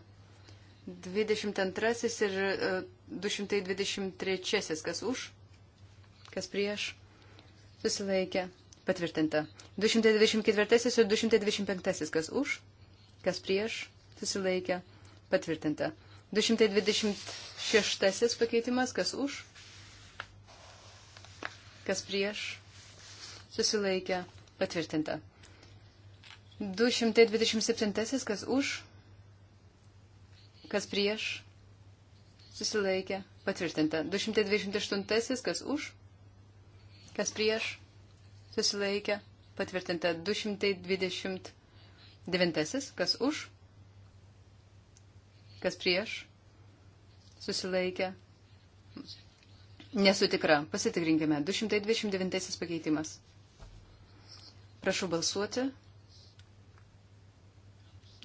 22 ir 223, e, kas už, kas prieš, susilaikė, patvirtinta. 224 ir 225, kas už, kas prieš, susilaikė, patvirtinta. 226 pakeitimas, kas už, kas prieš, susilaikė, patvirtinta. 227, kas už, kas prieš, susilaikė, patvirtinta. 228, kas už, kas prieš, susilaikė, patvirtinta. 229, kas už, Kas prieš? Susilaikė. Nesu tikra. Pasitikrinkime. 229 pakeitimas. Prašau balsuoti.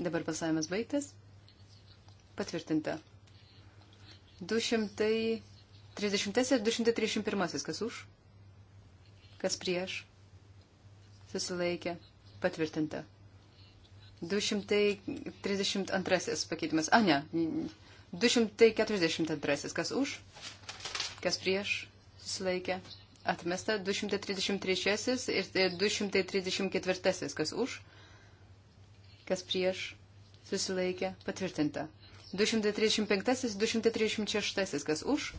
Dabar balsavimas baigtas. Patvirtinta. 230 ir 231. Kas už? Kas prieš? Susilaikė. Patvirtinta. 232 pakeitimas. A, ne. 242. Kas už? Kas prieš? Susilaikė. Atmesta. 233 ir 234. E, Kas už? Kas prieš? Susilaikė. Patvirtinta. 235, 236. Kas už?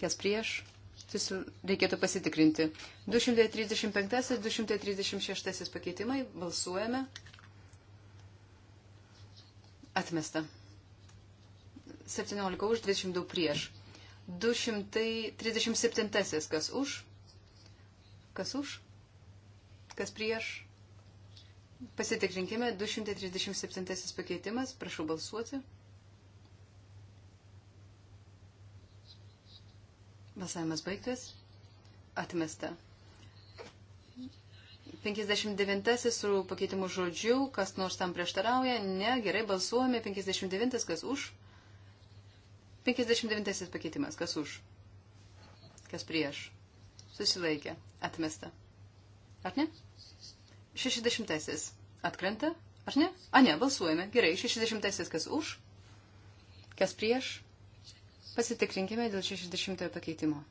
Kas prieš? Susil... Reikėtų pasitikrinti. 235, 236 pakeitimai. Balsuojame. Atmesta. 17 už, 22 prieš. 237 kas už, kas už, kas prieš. Pasitikrinkime 237 pakeitimas, prašau balsuoti. Balsavimas baigtas. Atmesta. 59 su pakeitimu žodžiu, kas nors tam prieštarauja, ne, gerai balsuojame, 59 kas už, 59 pakeitimas, kas už, kas prieš, susilaikė, atmesta, ar ne? 60 atkrenta, ar ne? A ne, balsuojame, gerai, 60 kas už, kas prieš, pasitikrinkime dėl 60 pakeitimo.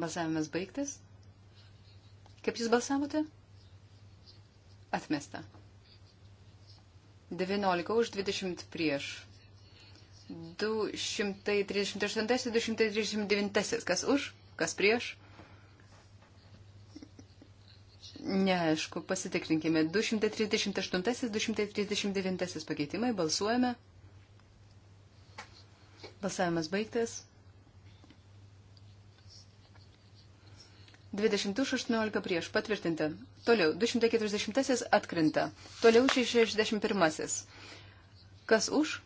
Balsavimas baigtas. Kaip jūs balsavote? Atmesta. 19 už 20 prieš. 238-239, kas už, kas prieš. Neaišku, pasitikrinkime. 238-239 pakeitimai, balsuojame. Balsavimas baigtas. 20 už 18 prieš patvirtinti. Toliau 240 atkrinta. Toliau 61. Kas už?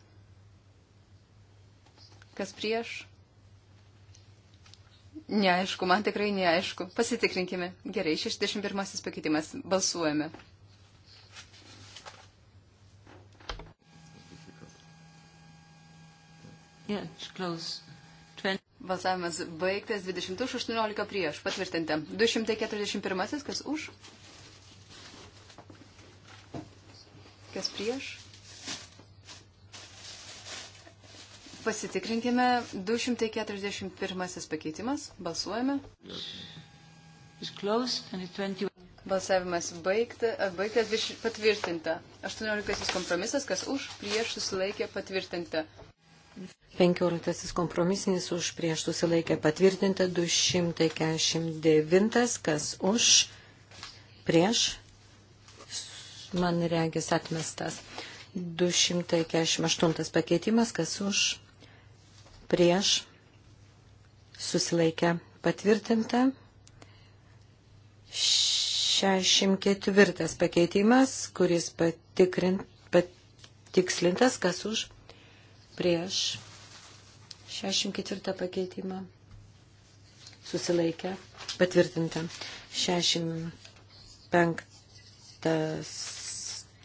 Kas prieš? Neaišku, man tikrai neaišku. Pasitikrinkime. Gerai, 61 pakeitimas. Balsuojame. Yeah, it's close. Balsavimas baigtas 20 už 18 prieš. Patvirtinta. 241. Kas už? Kas prieš? Pasitikrinkime 241 pakeitimas. Balsuojame. Balsavimas baigta, baigtas patvirtinta. 18 kompromisas, kas už, prieš susilaikė patvirtinta. 15 kompromisinis už prieš susilaikę patvirtinta 249, kas už prieš, man regis atmestas. 248 pakeitimas, kas už prieš susilaikę patvirtinta. 64 pakeitimas, kuris patikrint, patikslintas, kas už prieš 64 pakeitimą susilaikę patvirtinta 65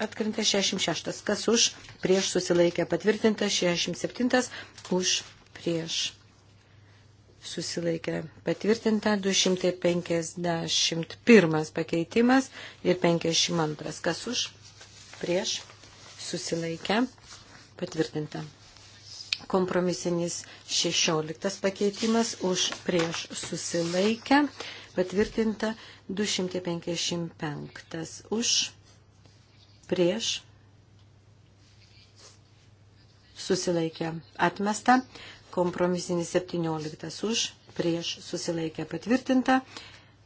atkrinta 66 kas už prieš susilaikę patvirtinta 67 už prieš susilaikė patvirtinta 251 pakeitimas ir 52. Kas už? Prieš susilaikė patvirtinta. Kompromisinis 16 pakeitimas už prieš susilaikę. Patvirtinta 255 už prieš susilaikė atmesta, kompromisinis 17 už, prieš susilaikė patvirtinta,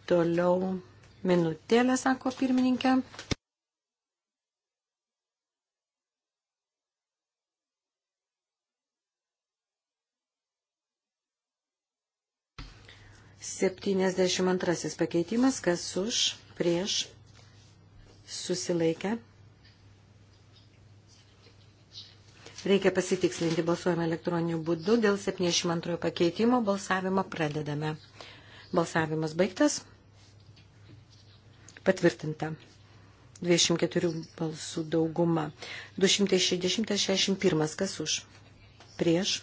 toliau minutėlė, sako pirmininkė. 72 pakeitimas, kas už, prieš, susilaikę. Reikia pasitikslinti balsuojame elektroniniu būdu. Dėl 72 pakeitimo balsavimą pradedame. Balsavimas baigtas. Patvirtinta. 24 balsų dauguma. 260-61. Kas už? Prieš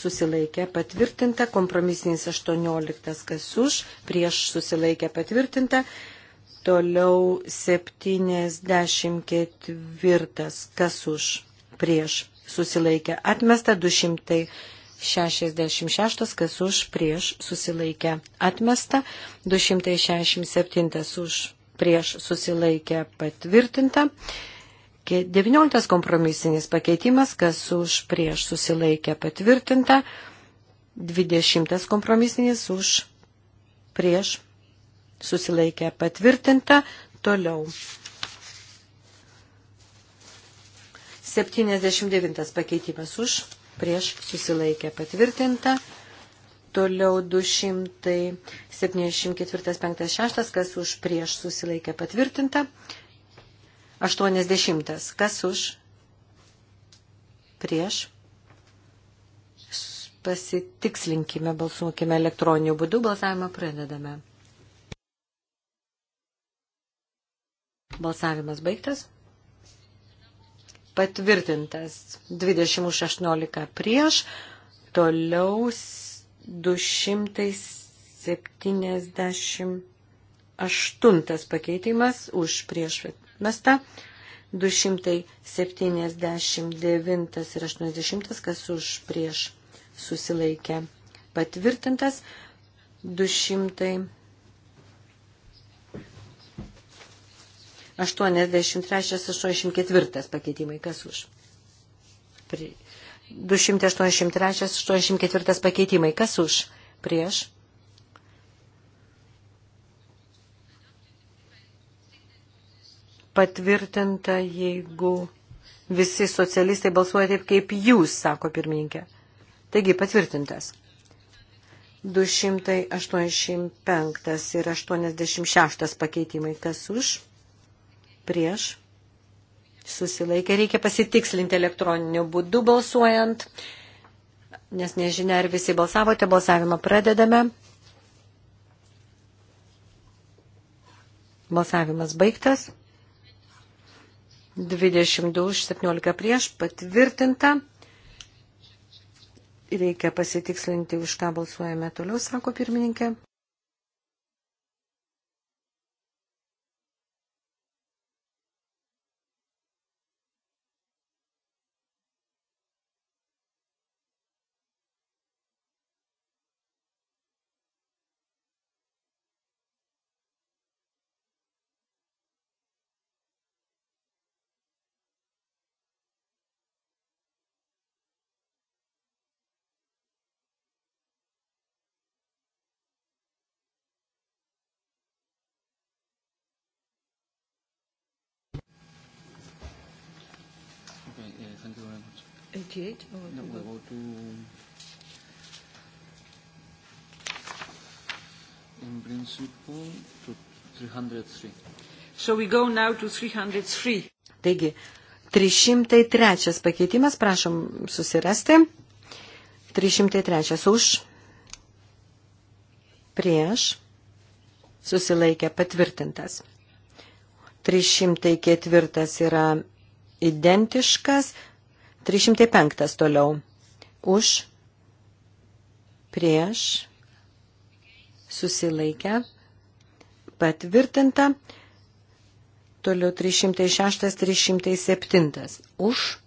susilaikė patvirtinta, kompromisinis 18, kas už, prieš susilaikė patvirtinta, toliau 74, kas už, prieš susilaikė atmesta, 266, kas už, prieš susilaikė atmesta, 267 už, prieš susilaikė patvirtinta. 19 kompromisinis pakeitimas, kas už prieš susilaikė patvirtinta. 20 kompromisinis už prieš susilaikė patvirtinta. Toliau. 79 pakeitimas už prieš susilaikė patvirtinta. Toliau 274, 5, 6, kas už prieš susilaikė patvirtinta. 80. Kas už? Prieš? Pasitikslinkime, balsuokime elektroniniu būdu, balsavimą pradedame. Balsavimas baigtas. Patvirtintas 20 už 18 prieš, toliau 278 pakeitimas už prieš atmesta. 279 ir 80, kas už prieš susilaikė patvirtintas. 283 84 pakeitimai, kas už. Pri... 283 84 pakeitimai, kas už prieš patvirtinta, jeigu visi socialistai balsuoja taip, kaip jūs, sako pirmininkė. Taigi patvirtintas. 285 ir 86 pakeitimai. Kas už? Prieš? Susilaikė. Reikia pasitikslinti elektroniniu būdu balsuojant, nes nežinia, ar visi balsavote. Balsavimą pradedame. Balsavimas baigtas. 22 už 17 prieš patvirtinta. Reikia pasitikslinti, už ką balsuojame toliau, sako pirmininkė. 88? Or no, we'll go to... In principle, to 303. So we go now to 303. Taigi, 303 pakeitimas, prašom susirasti. 303 už, prieš, susilaikė patvirtintas. 304 yra identiškas, 305 toliau. Už, prieš, susilaikę, patvirtinta. Toliau 306, 307. Už,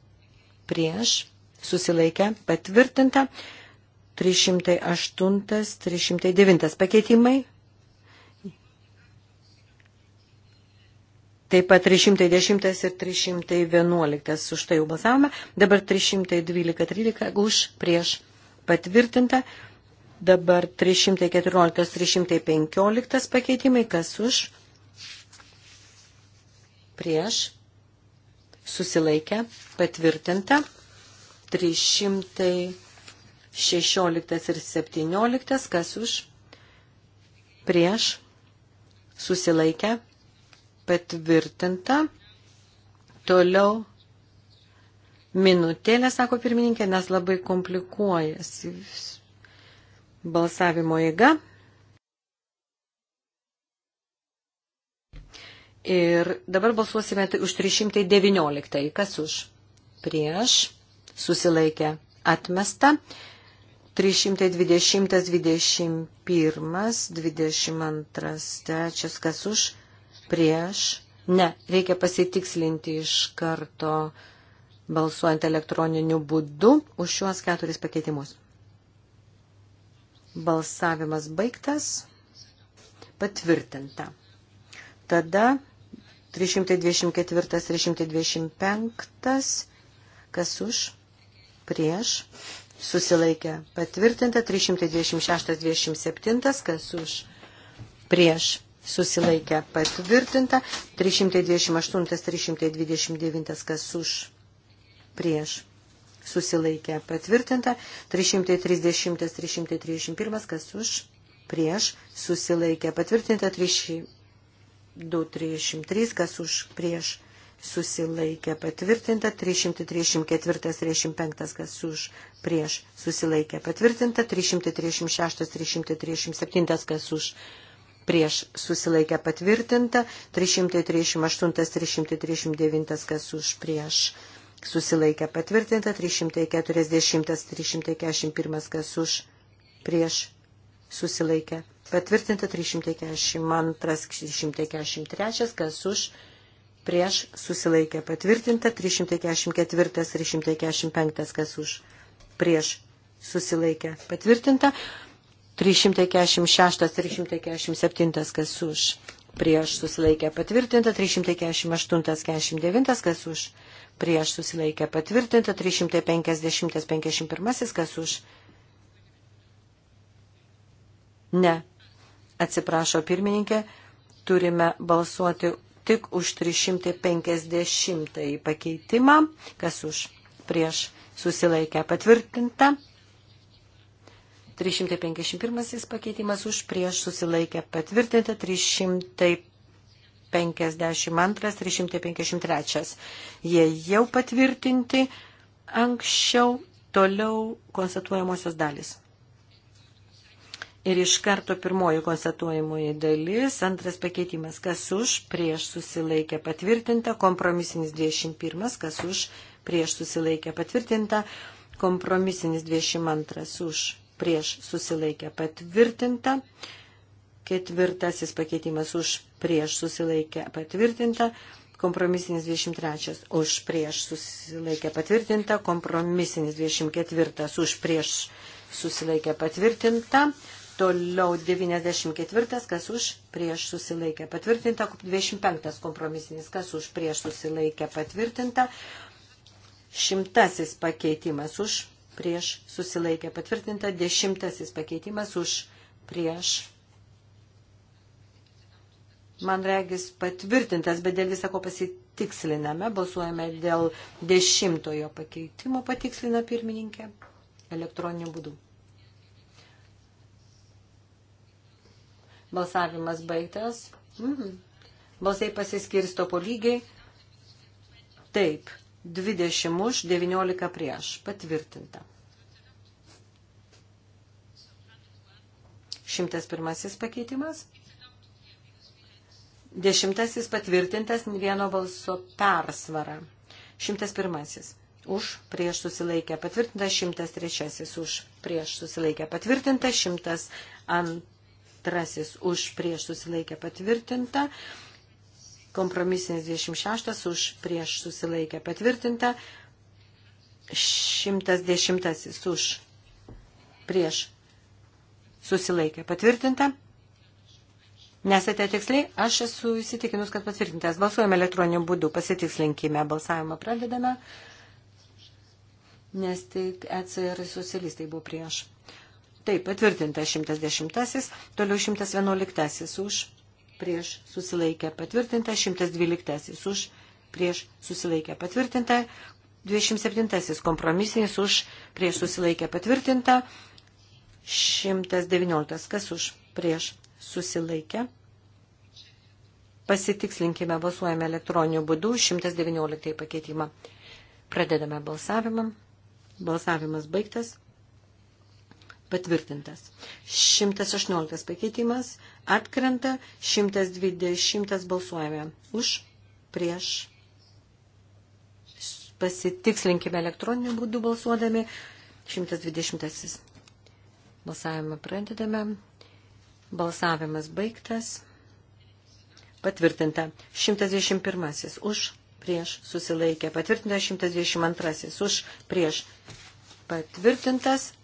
prieš, susilaikę, patvirtinta. 308, 309 pakeitimai Taip pat 310 ir 311 už tai jau balsavome. Dabar 312-13 už prieš patvirtinta. Dabar 314-315 pakeitimai. Kas už? Prieš. Susilaikę. Patvirtinta. 316 ir 17. Kas už? Prieš. Susilaikę patvirtinta. Toliau minutėlė, sako pirmininkė, nes labai komplikuojasi balsavimo eiga. Ir dabar balsuosime tai už 319. Kas už? Prieš. Susilaikę. Atmesta. 320, 21, 22, trečias, kas už, prieš, ne, reikia pasitikslinti iš karto balsuojant elektroniniu būdu už šiuos keturis pakeitimus. Balsavimas baigtas, patvirtinta. Tada 324-325, kas už, prieš, susilaikė patvirtinta, 326-27, kas už, prieš, susilaikę patvirtinta, 328-329 kas už prieš susilaikę patvirtinta, 330-331 kas už prieš susilaikę patvirtinta, 333 kas už prieš susilaikė patvirtinta, 334-35 kas už prieš susilaikė patvirtinta, 336-337 kas už prieš prieš susilaikę patvirtinta, 338-339 kas už prieš susilaikę patvirtinta, 340-341 kas už prieš susilaikę patvirtinta, 342-343 kas už prieš susilaikę patvirtinta, 344-345 kas už prieš susilaikę patvirtinta. 346-347, kas už prieš susilaikę patvirtinta, 348-49, kas už prieš susilaikę patvirtinta, 350-51, kas už. Ne, atsiprašo pirmininkė, turime balsuoti tik už 350 pakeitimą, kas už prieš susilaikę patvirtinta. 351 pakeitimas už prieš susilaikę patvirtinta, 352, 353. Jie jau patvirtinti anksčiau toliau konstatuojamosios dalis. Ir iš karto pirmoji konstatuojamoji dalis, antras pakeitimas, kas už, prieš susilaikę patvirtinta, kompromisinis 21, kas už, prieš susilaikę patvirtinta, kompromisinis 22 už, prieš susilaikę patvirtinta. Ketvirtasis pakeitimas už prieš susilaikę patvirtinta. Kompromisinis 23 už prieš susilaikę patvirtinta. Kompromisinis 24 už prieš susilaikę patvirtinta. Toliau 94, kas už prieš susilaikę patvirtinta. 25 kompromisinis, kas už prieš susilaikę patvirtinta. Šimtasis pakeitimas už prieš susilaikė patvirtinta, dešimtasis pakeitimas už prieš. Man regis patvirtintas, bet dėl visako pasitiksliname, balsuojame dėl dešimtojo pakeitimo, patikslina pirmininkė elektroniniu būdu. Balsavimas baigtas. Mhm. Balsai pasiskirsto po lygiai. Taip, 20 už, 19 prieš. Patvirtinta. 101 pakeitimas. Dešimtasis patvirtintas vieno balso persvara. 101. Už prieš susilaikę patvirtinta 103. Už prieš susilaikę patvirtinta 102. Už prieš susilaikę patvirtinta 103 Kompromisinis 26 už prieš susilaikę patvirtinta. 110 už prieš susilaikę patvirtinta. Nesate tiksliai, aš esu įsitikinus, kad patvirtintas. Balsuojame elektroniniu būdu, pasitikslinkime, balsavimą pradedame, nes tik ECR socialistai buvo prieš. Taip, patvirtintas 110, toliau 111 už prieš susilaikę patvirtinta, 112 už prieš susilaikę patvirtinta, 27 kompromisinis už prieš susilaikę patvirtinta, 119 kas už prieš susilaikę. Pasitikslinkime, balsuojame elektroniniu būdu, 119 pakeitimą. Pradedame balsavimą. Balsavimas baigtas patvirtintas. 118 pakeitimas atkrenta, 120 balsuojame už, prieš. Pasitikslinkime elektroniniu būdu balsuodami. 120. Balsavimą pradedame. Balsavimas baigtas. Patvirtinta. 121. Už prieš susilaikę. Patvirtintas 122. Už prieš patvirtintas.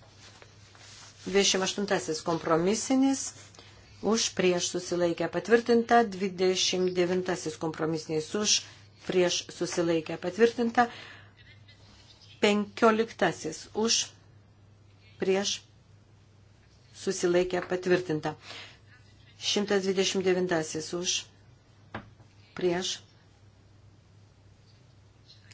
28 kompromisinis už prieš susilaikę patvirtinta, 29 kompromisinis už prieš susilaikę patvirtinta, 15 už prieš susilaikę patvirtinta, 129 už prieš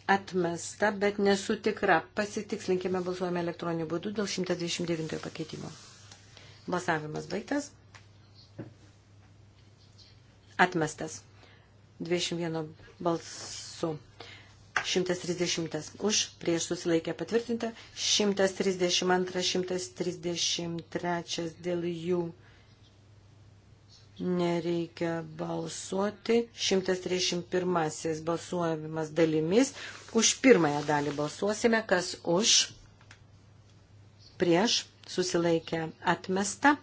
atmesta, bet nesu tikra. Pasitikslinkime, balsuojame elektroniniu būdu dėl 129 pakeitimo. Balsavimas baigtas. Atmestas. 21 balsu. 130 už, prieš susilaikę patvirtinta, 132, 133 dėl jų Nereikia balsuoti. 131 balsuojamas dalimis. Už pirmąją dalį balsuosime, kas už, prieš, susilaikę atmesta.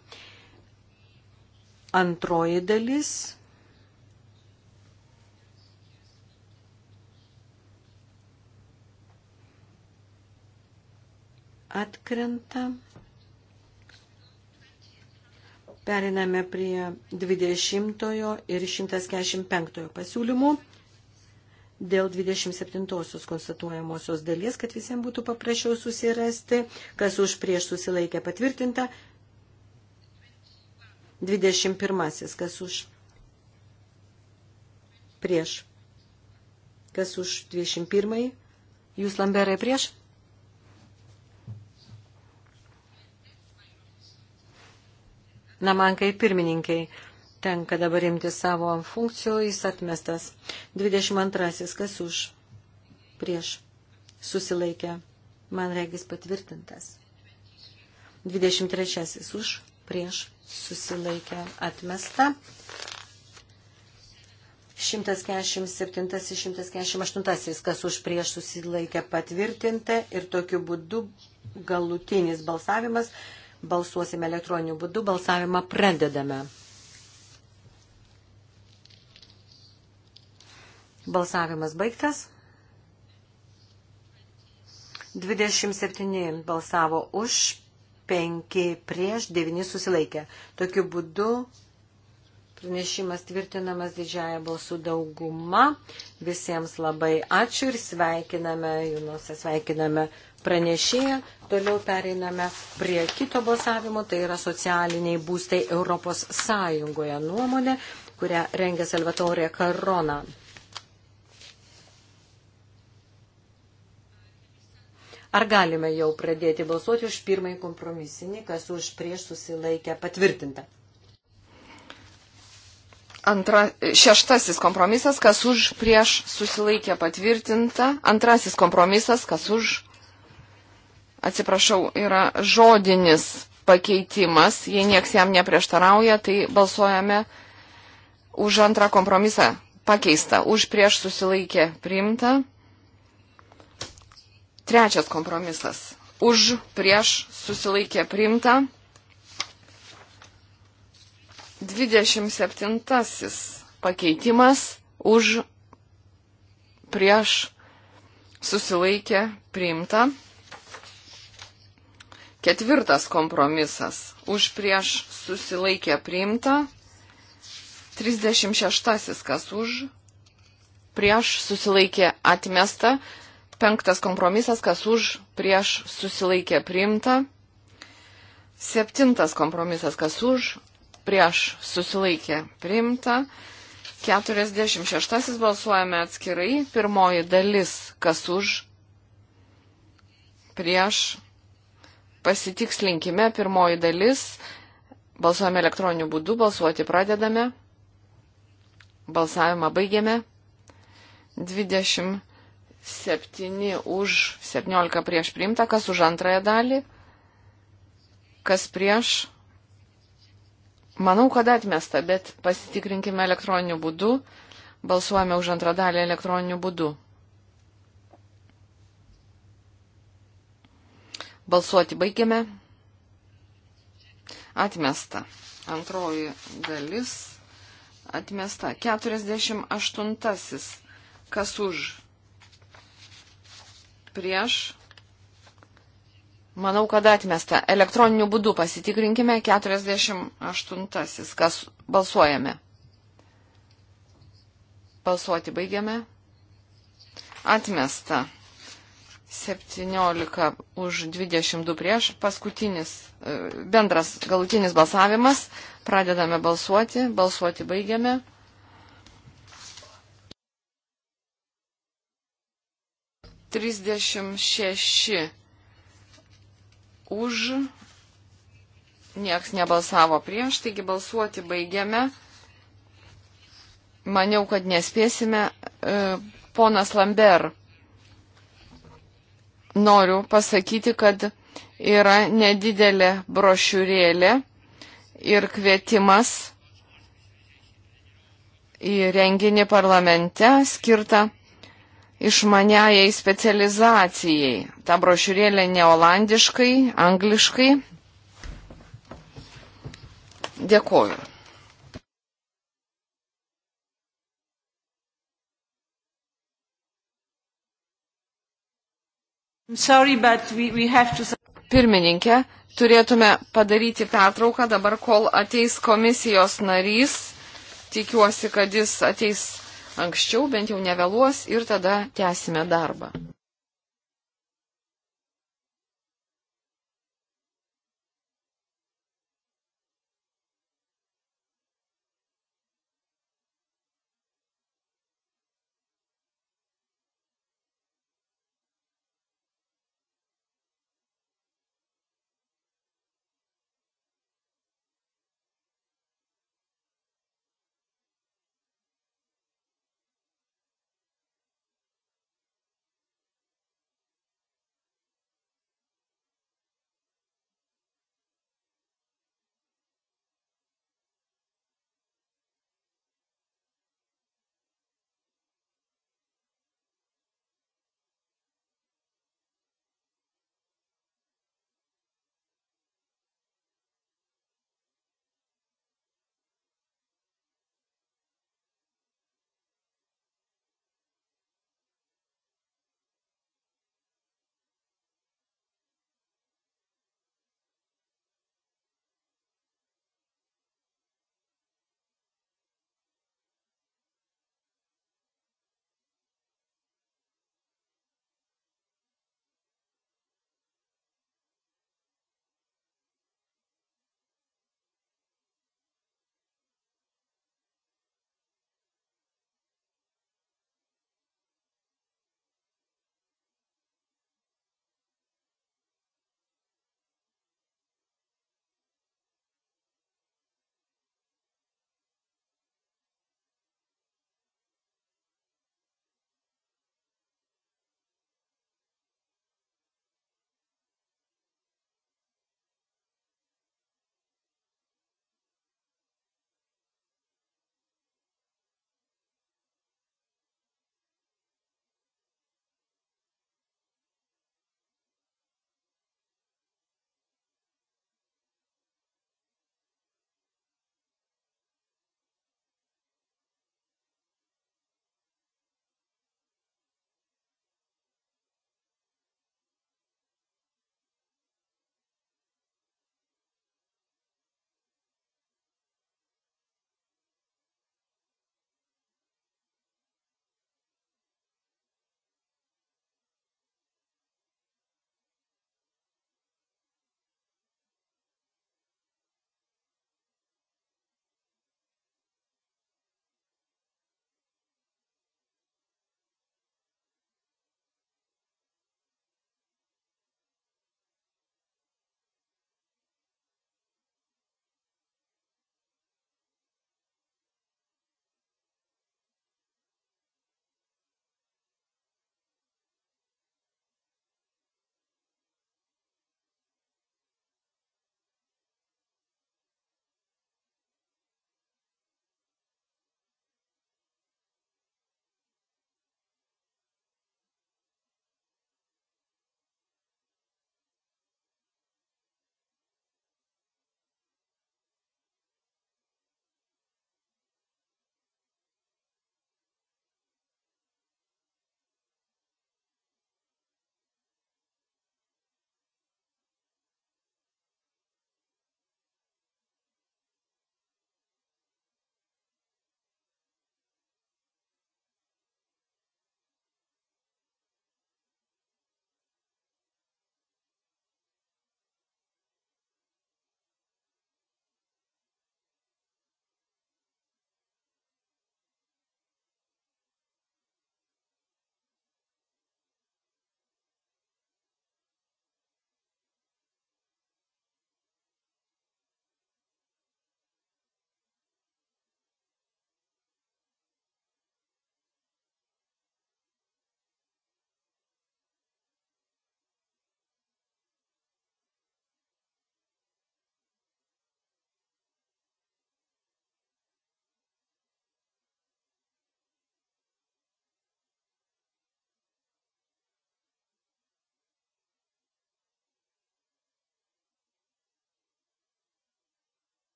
Antroji dalis. Atkrenta. Periname prie 20 ir 145 pasiūlymų dėl 27 konstatuojamosios dalies, kad visiems būtų paprasčiau susirasti, kas už prieš susilaikė patvirtinta. 21. Kas už prieš. Kas už 21. Jūs Lamberai prieš? Na, man kaip pirmininkiai tenka dabar imti savo funkcijų, jis atmestas. 22. Kas už? Prieš. Susilaikė. Man regis patvirtintas. 23. Už. Prieš. Susilaikė. Atmesta. 147-148, kas už prieš susilaikė patvirtinta ir tokiu būdu galutinis balsavimas balsuosime elektroniniu būdu. Balsavimą pradedame. Balsavimas baigtas. 27 balsavo už, 5 prieš, 9 susilaikė. Tokiu būdu pranešimas tvirtinamas didžiaja balsų dauguma. Visiems labai ačiū ir sveikiname, Junose sveikiname pranešėja. Toliau pereiname prie kito balsavimo, tai yra socialiniai būstai Europos Sąjungoje nuomonė, kurią rengia Salvatorė Karona. Ar galime jau pradėti balsuoti už pirmąjį kompromisinį, kas už prieš susilaikę patvirtinta? Antra, šeštasis kompromisas, kas už prieš susilaikė patvirtinta. Antrasis kompromisas, kas už atsiprašau, yra žodinis pakeitimas. Jei nieks jam neprieštarauja, tai balsuojame už antrą kompromisą pakeista, už prieš susilaikė priimta. Trečias kompromisas. Už prieš susilaikė priimta. 27 pakeitimas. Už prieš susilaikė priimta. Ketvirtas kompromisas. Už prieš susilaikė priimta. 36 kas už. Prieš susilaikė atmesta. Penktas kompromisas kas už. Prieš susilaikė priimta. Septintas kompromisas kas už. Prieš susilaikė priimta. 46 balsuojame atskirai. Pirmoji dalis kas už. Prieš Pasitikslinkime pirmoji dalis. Balsuojame elektroniniu būdu, balsuoti pradedame. Balsavimą baigiame. 27 už 17 prieš primta, kas už antrąją dalį, kas prieš. Manau, kad atmesta, bet pasitikrinkime elektroniniu būdu. Balsuojame už antrą dalį elektroniniu būdu. Balsuoti baigiame. Atmesta. Antroji dalis. Atmesta. 48. Kas už? Prieš. Manau, kad atmesta. Elektroniniu būdu pasitikrinkime 48. Kas balsuojame? Balsuoti baigiame. Atmesta. 17 už 22 prieš. Paskutinis e, bendras galutinis balsavimas. Pradedame balsuoti. Balsuoti baigiame. Trisdešimt šeši už, nieks nebalsavo prieš, taigi balsuoti baigiame. Maniau, kad nespėsime. E, ponas Lambert noriu pasakyti, kad yra nedidelė brošiūrėlė ir kvietimas į renginį parlamente skirtą išmaniajai specializacijai. Ta brošiūrėlė ne olandiškai, angliškai. Dėkuoju. Sorry, we, we to... Pirmininkė, turėtume padaryti pertrauką dabar, kol ateis komisijos narys. Tikiuosi, kad jis ateis anksčiau, bent jau nevėluos ir tada tęsime darbą.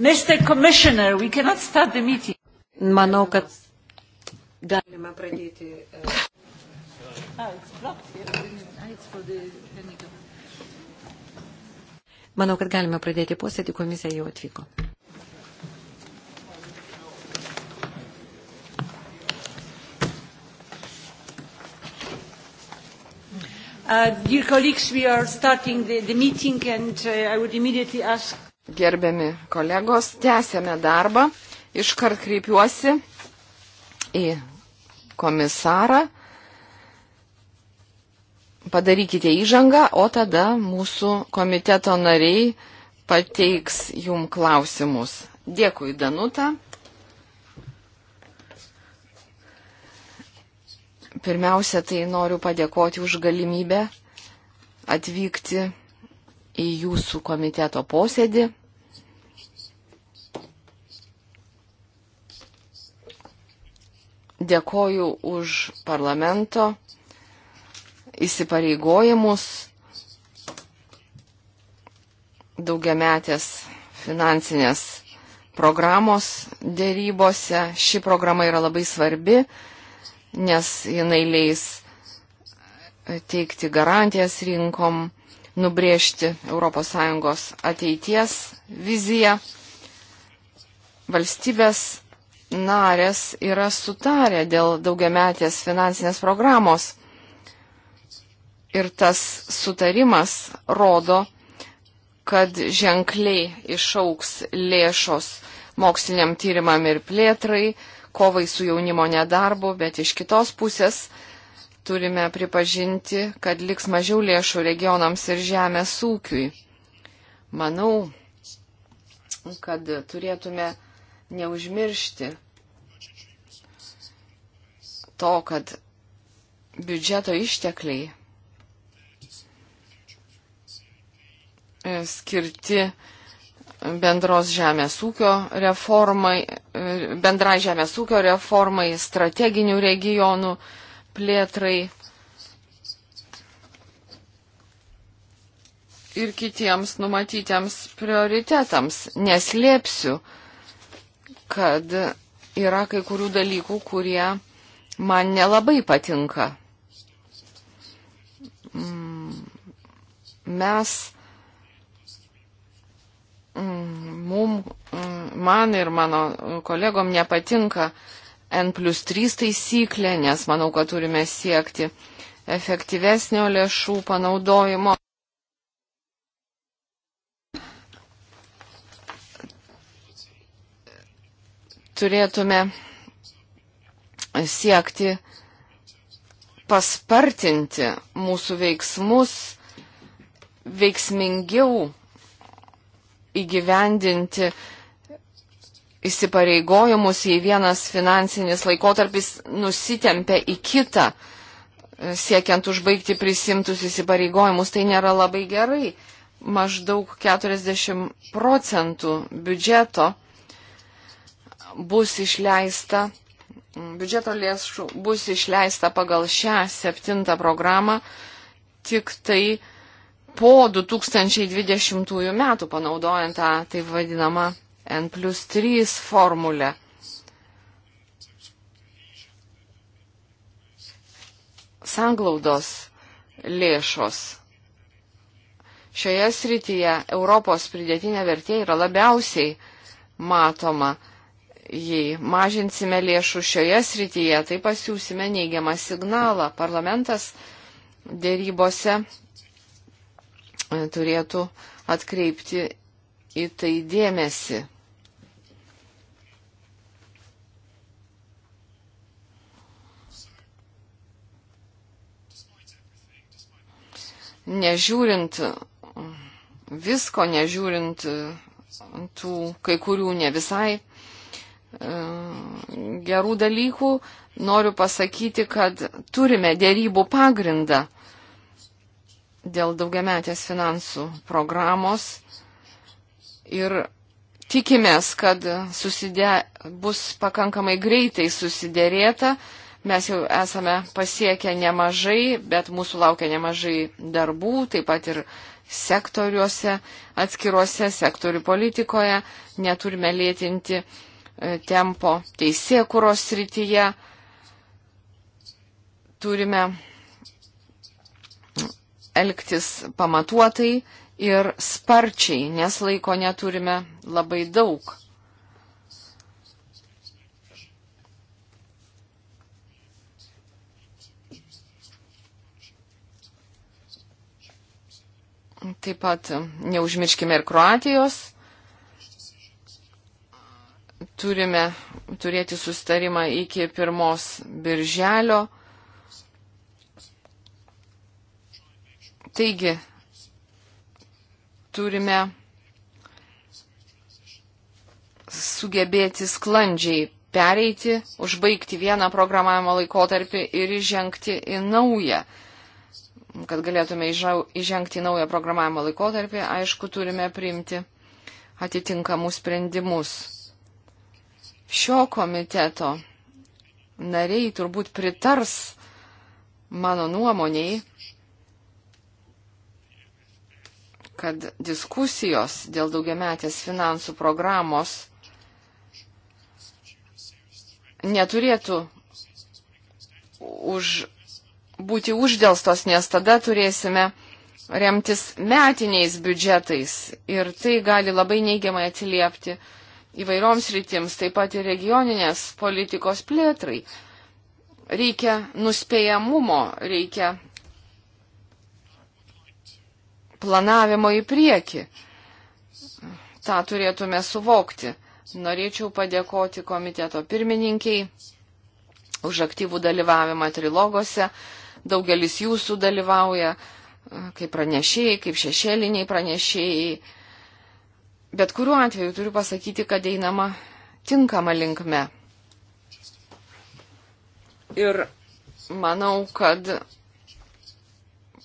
Mr. Commissioner, we cannot start the meeting. Manau, kad galime pradėti. Ah, manau, kad galime pradėti posėdį, komisija jau atvyko. Uh, dear colleagues, we are starting the, the meeting and uh, I would immediately ask gerbiami kolegos, tęsėme darbą. Iškart kreipiuosi į komisarą. Padarykite įžangą, o tada mūsų komiteto nariai pateiks jum klausimus. Dėkui, Danuta. Pirmiausia, tai noriu padėkoti už galimybę atvykti į jūsų komiteto posėdį. Dėkoju už parlamento įsipareigojimus daugiametės finansinės programos dėrybose. Ši programa yra labai svarbi, nes jinai leis teikti garantijas rinkom, nubrėžti ES ateities viziją. Valstybės narės yra sutarę dėl daugiametės finansinės programos. Ir tas sutarimas rodo, kad ženkliai išauks lėšos moksliniam tyrimam ir plėtrai, kovai su jaunimo nedarbu, bet iš kitos pusės turime pripažinti, kad liks mažiau lėšų regionams ir žemės ūkiui. Manau, kad turėtume neužmiršti to, kad biudžeto ištekliai e, skirti bendros žemės ūkio reformai, e, bendra žemės ūkio reformai, strateginių regionų plėtrai ir kitiems numatytiems prioritetams. Neslėpsiu, kad yra kai kurių dalykų, kurie man nelabai patinka. Mm, mes, mm, mum, mm, man ir mano kolegom nepatinka N plus 3 taisyklė, nes manau, kad turime siekti efektyvesnio lėšų panaudojimo. turėtume siekti paspartinti mūsų veiksmus, veiksmingiau įgyvendinti įsipareigojimus, jei vienas finansinis laikotarpis nusitempia į kitą, siekiant užbaigti prisimtus įsipareigojimus, tai nėra labai gerai. Maždaug 40 procentų biudžeto bus išleista, biudžeto lėšų bus išleista pagal šią septintą programą tik tai po 2020 metų, panaudojant tą taip vadinamą N plus 3 formulę. Sanglaudos lėšos. Šioje srityje Europos pridėtinė vertė yra labiausiai matoma. Jei mažinsime lėšų šioje srityje, tai pasiūsime neigiamą signalą. Parlamentas dėrybose e, turėtų atkreipti į tai dėmesį. Nežiūrint visko, nežiūrint tų kai kurių ne visai E, gerų dalykų, noriu pasakyti, kad turime dėrybų pagrindą dėl daugiametės finansų programos ir tikimės, kad susidė, bus pakankamai greitai susidėrėta. Mes jau esame pasiekę nemažai, bet mūsų laukia nemažai darbų, taip pat ir sektoriuose, atskiruose sektorių politikoje. Neturime lėtinti uh, tempo teisėkuros srityje. Turime elgtis pamatuotai ir sparčiai, nes laiko neturime labai daug. Taip pat neužmirškime ir Kroatijos turime turėti sustarimą iki pirmos birželio. Taigi, turime sugebėti sklandžiai pereiti, užbaigti vieną programavimo laikotarpį ir įžengti į naują. Kad galėtume įžengti į naują programavimo laikotarpį, aišku, turime priimti atitinkamus sprendimus šio komiteto nariai turbūt pritars mano nuomoniai, kad diskusijos dėl daugiametės finansų programos neturėtų už, būti uždėlstos, nes tada turėsime remtis metiniais biudžetais ir tai gali labai neigiamai atsiliepti uh, įvairioms rytims, taip pat ir regioninės politikos plėtrai. Reikia nuspėjamumo, reikia planavimo į priekį. Ta turėtume suvokti. Norėčiau padėkoti komiteto pirmininkiai už aktyvų dalyvavimą trilogose. Daugelis jūsų dalyvauja kaip pranešėjai, kaip šešėliniai pranešėjai Bet kuriuo atveju turiu pasakyti, kad einama tinkama linkme. Ir manau, kad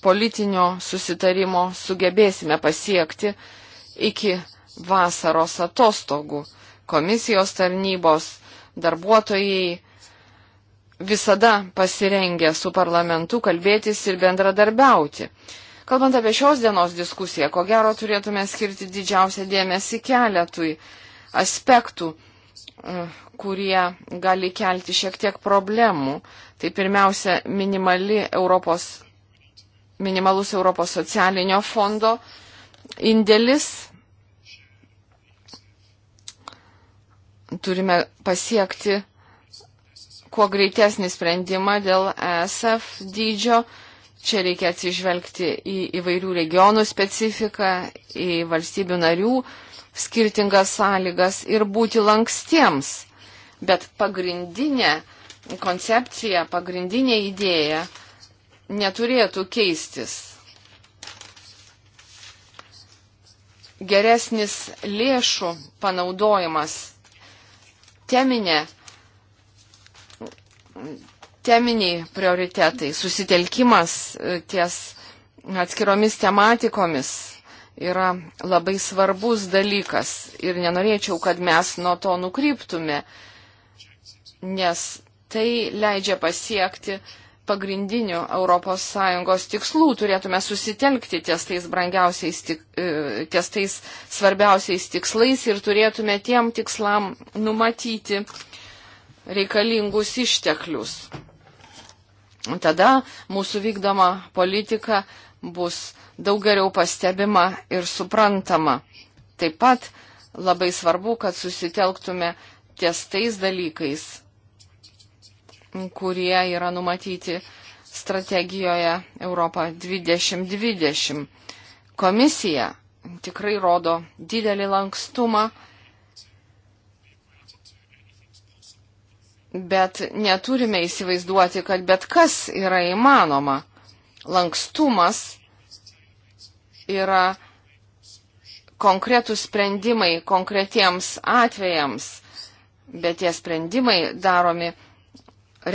politinio susitarimo sugebėsime pasiekti iki vasaros atostogų. Komisijos tarnybos darbuotojai visada pasirengę su parlamentu kalbėtis ir bendradarbiauti. Kalbant apie šios dienos diskusiją, ko gero turėtume skirti didžiausią dėmesį keletui aspektų, e, kurie gali kelti šiek tiek problemų. Tai pirmiausia, minimali Europos, minimalus Europos socialinio fondo indėlis. Turime pasiekti kuo greitesnį sprendimą dėl ESF dydžio Čia reikia atsižvelgti į įvairių regionų specifiką, į valstybių narių skirtingas sąlygas ir būti lankstiems. Bet pagrindinė koncepcija, pagrindinė idėja neturėtų keistis. Geresnis lėšų panaudojimas, teminė teminiai prioritetai, susitelkimas e, ties atskiromis tematikomis yra labai svarbus dalykas ir nenorėčiau, kad mes nuo to nukryptume, nes tai leidžia pasiekti pagrindinių ES tikslų, turėtume susitelkti ties tais, tik, e, ties tais svarbiausiais tikslais ir turėtume tiem tikslam numatyti reikalingus išteklius tada mūsų vykdoma politika bus daug geriau pastebima ir suprantama. Taip pat labai svarbu, kad susitelktume ties tais dalykais, kurie yra numatyti strategijoje Europa 2020. Komisija tikrai rodo didelį lankstumą Bet neturime įsivaizduoti, kad bet kas yra įmanoma. Lankstumas yra konkretūs sprendimai konkretiems atvejams, bet tie sprendimai daromi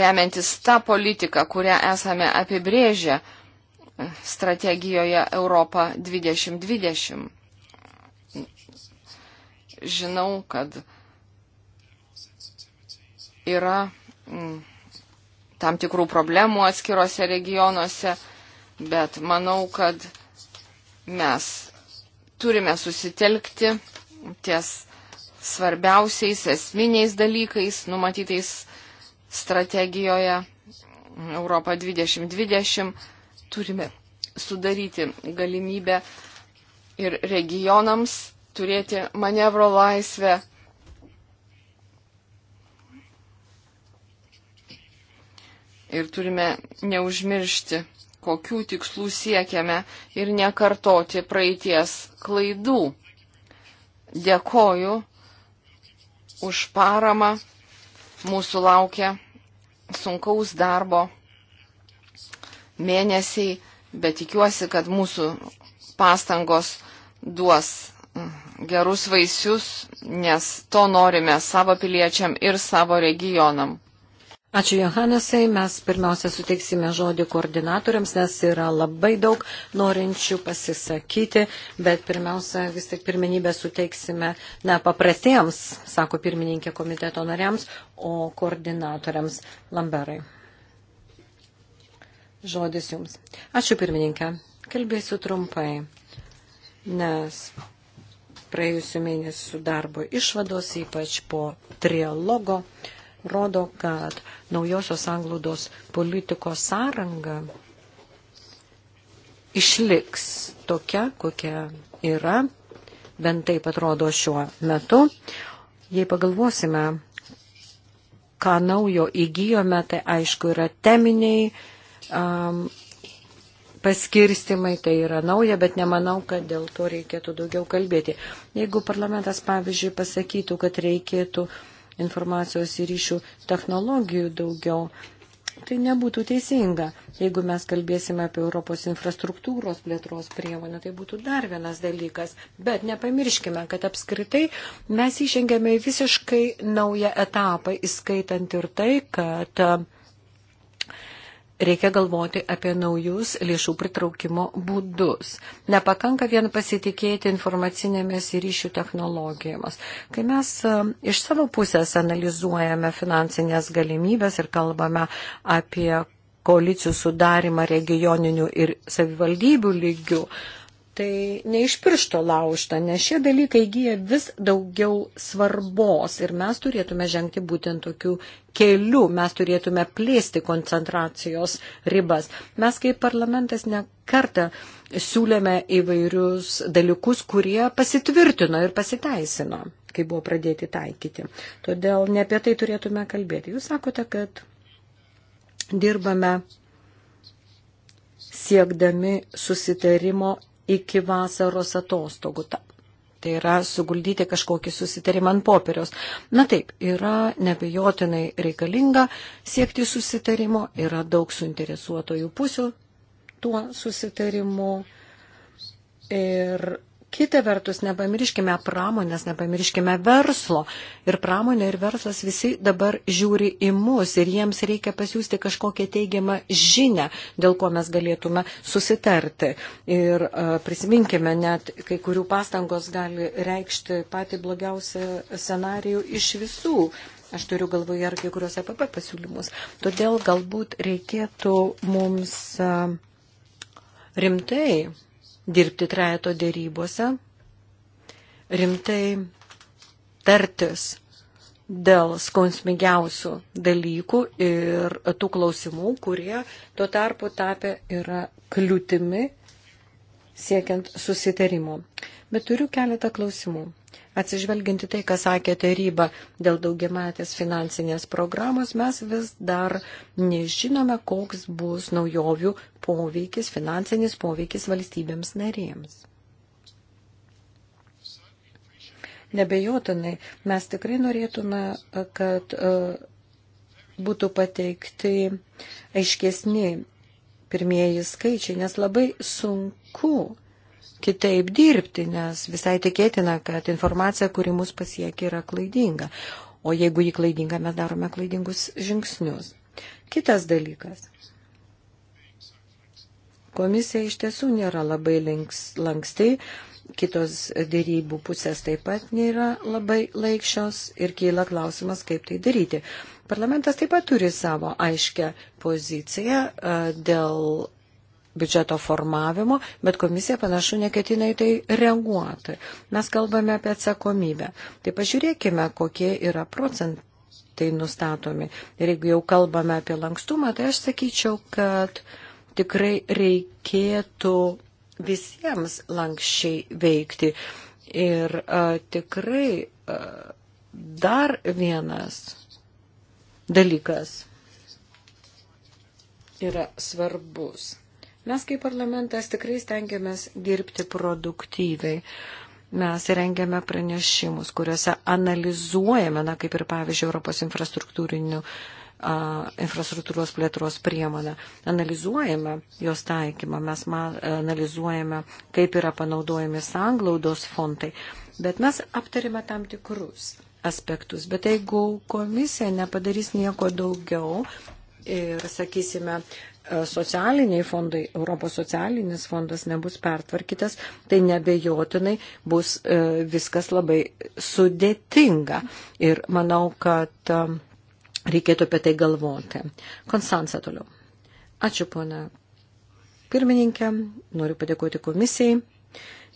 remiantis tą politiką, kurią esame apibrėžę strategijoje Europa 2020. Žinau, kad yra m, mm, tam tikrų problemų atskirose regionuose, bet manau, kad mes turime susitelkti ties svarbiausiais esminiais dalykais numatytais strategijoje Europa 2020. Turime sudaryti galimybę ir regionams turėti manevro laisvę ir turime neužmiršti, kokių tikslų siekiame ir nekartoti praeities klaidų. Dėkoju už paramą. Mūsų laukia sunkaus darbo mėnesiai, bet tikiuosi, kad mūsų pastangos duos gerus vaisius, nes to norime savo piliečiam ir savo regionam. Ačiū Johanesai, mes pirmiausia suteiksime žodį koordinatoriams, nes yra labai daug norinčių pasisakyti, bet pirmiausia vis tik pirmenybę suteiksime ne paprastiems, sako pirmininkė komiteto nariams, o koordinatoriams Lamberai. Žodis jums. Ačiū pirmininkė. Kalbėsiu trumpai, nes praėjusiu mėnesiu darbo išvados, ypač po trialogo rodo, kad naujosios anglūdos politikos sąranga išliks tokia, kokia yra, bent taip atrodo šiuo metu. Jei pagalvosime, ką naujo įgyjome, tai aišku yra teminiai um, paskirstimai, tai yra nauja, bet nemanau, kad dėl to reikėtų daugiau kalbėti. Jeigu parlamentas, pavyzdžiui, pasakytų, kad reikėtų uh, informacijos ir ryšių technologijų daugiau. Tai nebūtų teisinga, jeigu mes kalbėsime apie Europos infrastruktūros plėtros priemonę, tai būtų dar vienas dalykas. Bet nepamirškime, kad apskritai mes įžengėme į visiškai naują etapą, įskaitant ir tai, kad uh, reikia galvoti apie naujus lėšų pritraukimo būdus. Nepakanka vien pasitikėti informacinėmis ir ryšių technologijomis. Kai mes e, iš savo pusės analizuojame finansinės galimybės ir kalbame apie koalicijų sudarimą regioninių ir savivaldybių lygių, tai ne iš piršto laužta, nes šie dalykai gyja vis daugiau svarbos ir mes turėtume žengti būtent tokiu keliu, mes turėtume plėsti koncentracijos ribas. Mes kaip parlamentas nekartą siūlėme įvairius dalykus, kurie pasitvirtino ir pasiteisino, kai buvo pradėti taikyti. Todėl ne apie tai turėtume kalbėti. Jūs sakote, kad dirbame siekdami susitarimo iki vasaros atostogų. Tai yra suguldyti kažkokį susitarimą ant popieriaus. Na taip, yra nebejotinai reikalinga siekti susitarimo, yra daug suinteresuotojų pusių tuo susitarimu. Ir Kita vertus, nepamirškime pramonės, nepamirškime verslo. Ir pramonė ir verslas visi dabar žiūri į mus ir jiems reikia pasiūsti kažkokią teigiamą žinę, dėl ko mes galėtume susitarti. Ir a, prisiminkime, net kai kurių pastangos gali reikšti patį blogiausią scenarijų iš visų. Aš turiu galvoje ar kai kuriuos APP e pasiūlymus. Todėl galbūt reikėtų mums a, rimtai dirbti trejato dėrybose, rimtai tartis dėl skausmingiausių dalykų ir tų klausimų, kurie tuo tarpu tapę yra kliūtimi siekiant susitarimo. Bet turiu keletą klausimų. Atsižvelginti tai, ką sakė taryba dėl daugiametės finansinės programos, mes vis dar nežinome, koks bus naujovių poveikis, finansinis poveikis valstybėms narėms. Nebejotinai, mes tikrai norėtume, kad e, būtų pateikti aiškesni pirmieji skaičiai, nes labai sunku sunku kitaip dirbti, nes visai tikėtina, kad informacija, kuri mus pasiekia, yra klaidinga. O jeigu jį klaidinga, mes darome klaidingus žingsnius. Kitas dalykas. Komisija iš tiesų nėra labai links, lankstai, kitos dėrybų pusės taip pat nėra labai laikščios ir keila klausimas, kaip tai daryti. Parlamentas taip pat turi savo aiškę poziciją dėl biudžeto formavimo, bet komisija panašu neketina į tai reaguoti. Mes kalbame apie atsakomybę. Tai pažiūrėkime, kokie yra procentai nustatomi. Ir jeigu jau kalbame apie lankstumą, tai aš sakyčiau, kad tikrai reikėtų visiems lankščiai veikti. Ir a, tikrai a, dar vienas dalykas yra svarbus Mes kaip parlamentas tikrai stengiamės dirbti produktyviai. Mes rengiame pranešimus, kuriuose analizuojame, na, kaip ir pavyzdžiui, Europos infrastruktūrinių infrastruktūros plėtros priemonę. Analizuojame jos taikymą, mes analizuojame, kaip yra panaudojami sanglaudos fondai, bet mes aptarime tam tikrus aspektus. Bet jeigu komisija nepadarys nieko daugiau ir, sakysime, E, socialiniai fondai, Europos socialinis fondas nebus pertvarkytas, tai nebejotinai bus e, viskas labai sudėtinga. Ir manau, kad e, reikėtų apie tai galvoti. Konstanca toliau. Ačiū, pona pirmininkė. Noriu padėkoti komisijai.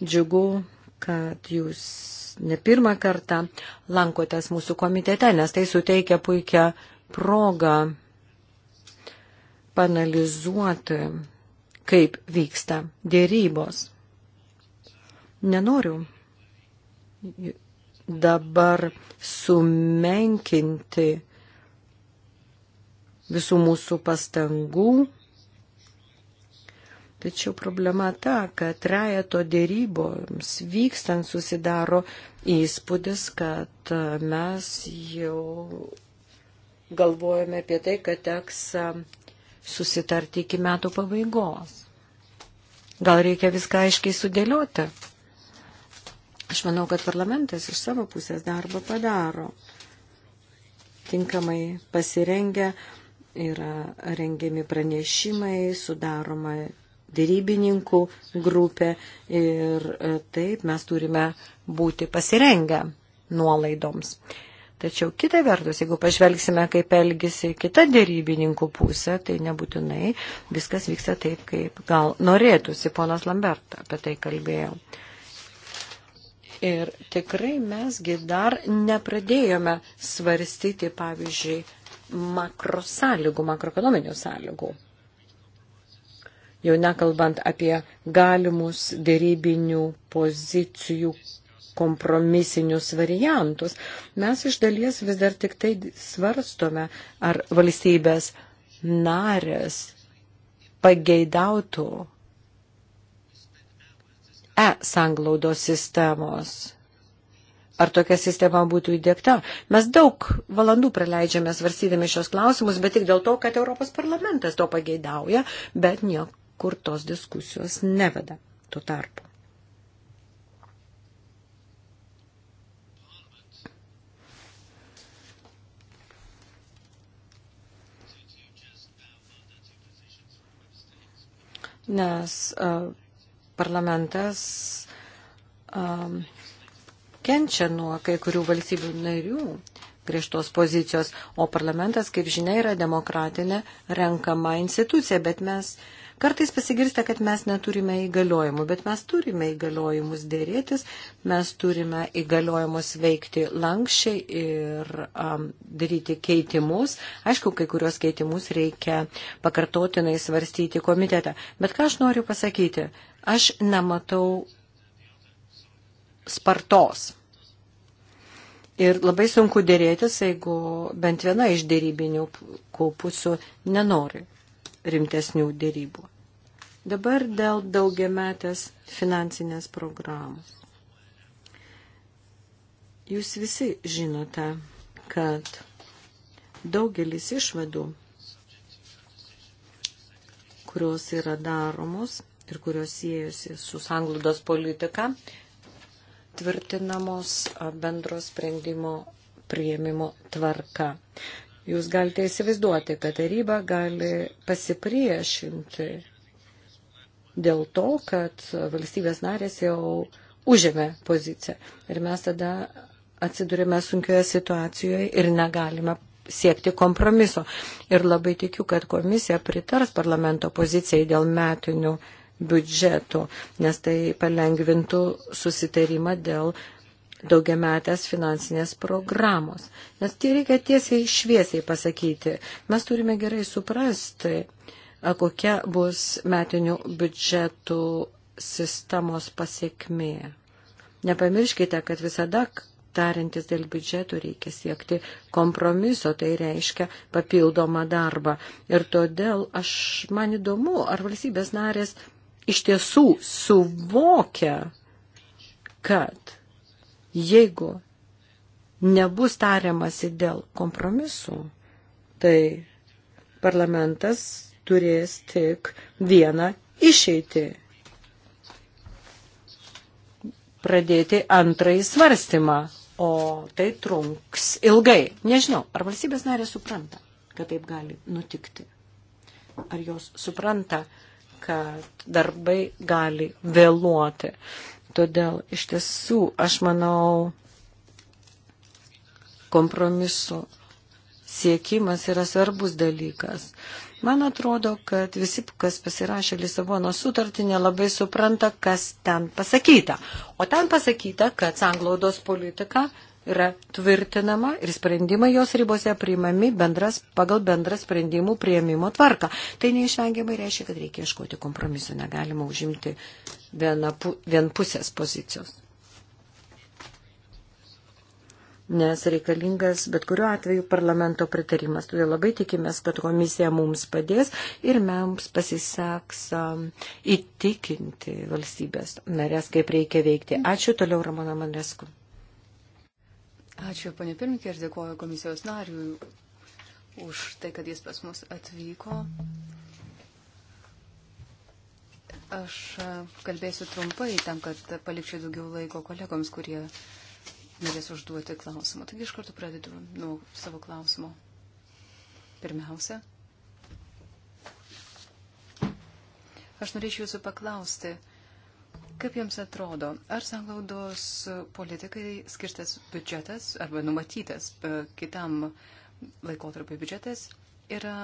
Džiugu, kad jūs ne pirmą kartą lankotės mūsų komitete, nes tai suteikia puikią progą panalizuoti, kaip vyksta dėrybos. Nenoriu dabar sumenkinti visų mūsų pastangų, tačiau problema ta, kad trejato dėryboms vykstant susidaro įspūdis, kad mes jau galvojame apie tai, kad teks susitarti iki metų pabaigos. Gal reikia viską aiškiai sudėlioti? Aš manau, kad parlamentas iš savo pusės darbą padaro. Tinkamai pasirengia, yra rengiami pranešimai, sudaroma dėrybininkų grupė ir e, taip mes turime būti pasirengę nuolaidoms. Tačiau kita vertus, jeigu pažvelgsime, kaip elgesi kita dėrybininkų pusė, tai nebūtinai viskas vyksta taip, kaip gal norėtųsi. Ponas Lambert apie tai kalbėjo. Ir tikrai mesgi dar nepradėjome svarstyti, pavyzdžiui, makrosąlygų, makroekonominių sąlygų. Jau nekalbant apie galimus dėrybinių pozicijų kompromisinius variantus. Mes iš dalies vis dar tik tai svarstome, ar valstybės narės pageidautų e-sanglaudos sistemos. Ar tokia sistema būtų įdėkta? Mes daug valandų praleidžiame svarstydami šios klausimus, bet tik dėl to, kad Europos parlamentas to pageidauja, bet niekur tos diskusijos neveda tuo tarpu. nes e, parlamentas e, kenčia nuo kai kurių valstybių narių griežtos pozicijos, o parlamentas, kaip žinia, yra demokratinė renkama institucija, bet mes uh, Kartais pasigirsta, kad mes neturime įgaliojimų, bet mes turime įgaliojimus dėrėtis, mes turime įgaliojimus veikti lankščiai ir um, daryti keitimus. Aišku, kai kurios keitimus reikia pakartotinai svarstyti komitetą. Bet ką aš noriu pasakyti? Aš nematau spartos. Ir labai sunku dėrėtis, jeigu bent viena iš dėrybinių pusių nenori rimtesnių dėrybų. Dabar dėl daugiametės finansinės programos. Jūs visi žinote, kad daugelis išvadų, kurios yra daromos ir kurios siejusi su sanglūdos politika, tvirtinamos bendro sprendimo prieimimo tvarka. Jūs galite įsivaizduoti, kad taryba gali pasipriešinti dėl to, kad valstybės narės jau užėmė poziciją. Ir mes tada atsidurime sunkioje situacijoje ir negalime siekti kompromiso. Ir labai tikiu, kad komisija pritars parlamento pozicijai dėl metinių biudžetų, nes tai palengvintų susitarimą dėl daugiametės finansinės programos. Nes tai reikia tiesiai šviesiai pasakyti. Mes turime gerai suprasti, kokia bus metinių biudžetų sistemos pasiekmė. Nepamirškite, kad visada tarintis dėl biudžetų reikia siekti kompromiso, tai reiškia papildomą darbą. Ir todėl aš, man įdomu, ar valstybės narės iš tiesų suvokia, kad Jeigu nebus tariamasi dėl kompromisų, tai parlamentas turės tik vieną išeitį pradėti antrąjį svarstymą, o tai trunks ilgai. Nežinau, ar valstybės narė supranta, kad taip gali nutikti. Ar jos supranta, kad darbai gali vėluoti. Todėl iš tiesų aš manau kompromisu siekimas yra svarbus dalykas. Man atrodo, kad visi, kas pasirašė Lisabono sutartį, nelabai supranta, kas ten pasakyta. O ten pasakyta, kad sanglaudos politika yra tvirtinama ir sprendimai jos ribose priimami bendras, pagal bendrą sprendimų prieimimo tvarką. Tai neišvengiamai reiškia, kad reikia ieškoti kompromisu, negalima užimti vienapu, vienpusės pozicijos. Nes reikalingas bet kuriuo atveju parlamento pritarimas. Todėl labai tikimės, kad komisija mums padės ir mums pasiseks um, įtikinti valstybės narės, kaip reikia veikti. Ačiū toliau, Ramona Manresku. Ačiū, panė pirmininkė, ir dėkoju komisijos nariui už tai, kad jis pas mus atvyko. Mm -hmm Aš kalbėsiu trumpai tam, kad palikčiau daugiau laiko kolegoms, kurie norės užduoti klausimą. Taigi iš karto pradedu nuo savo klausimo. Pirmiausia, aš norėčiau jūsų paklausti, kaip jums atrodo, ar sanglaudos politikai skirtas biudžetas arba numatytas e, kitam laikotarpiu biudžetas yra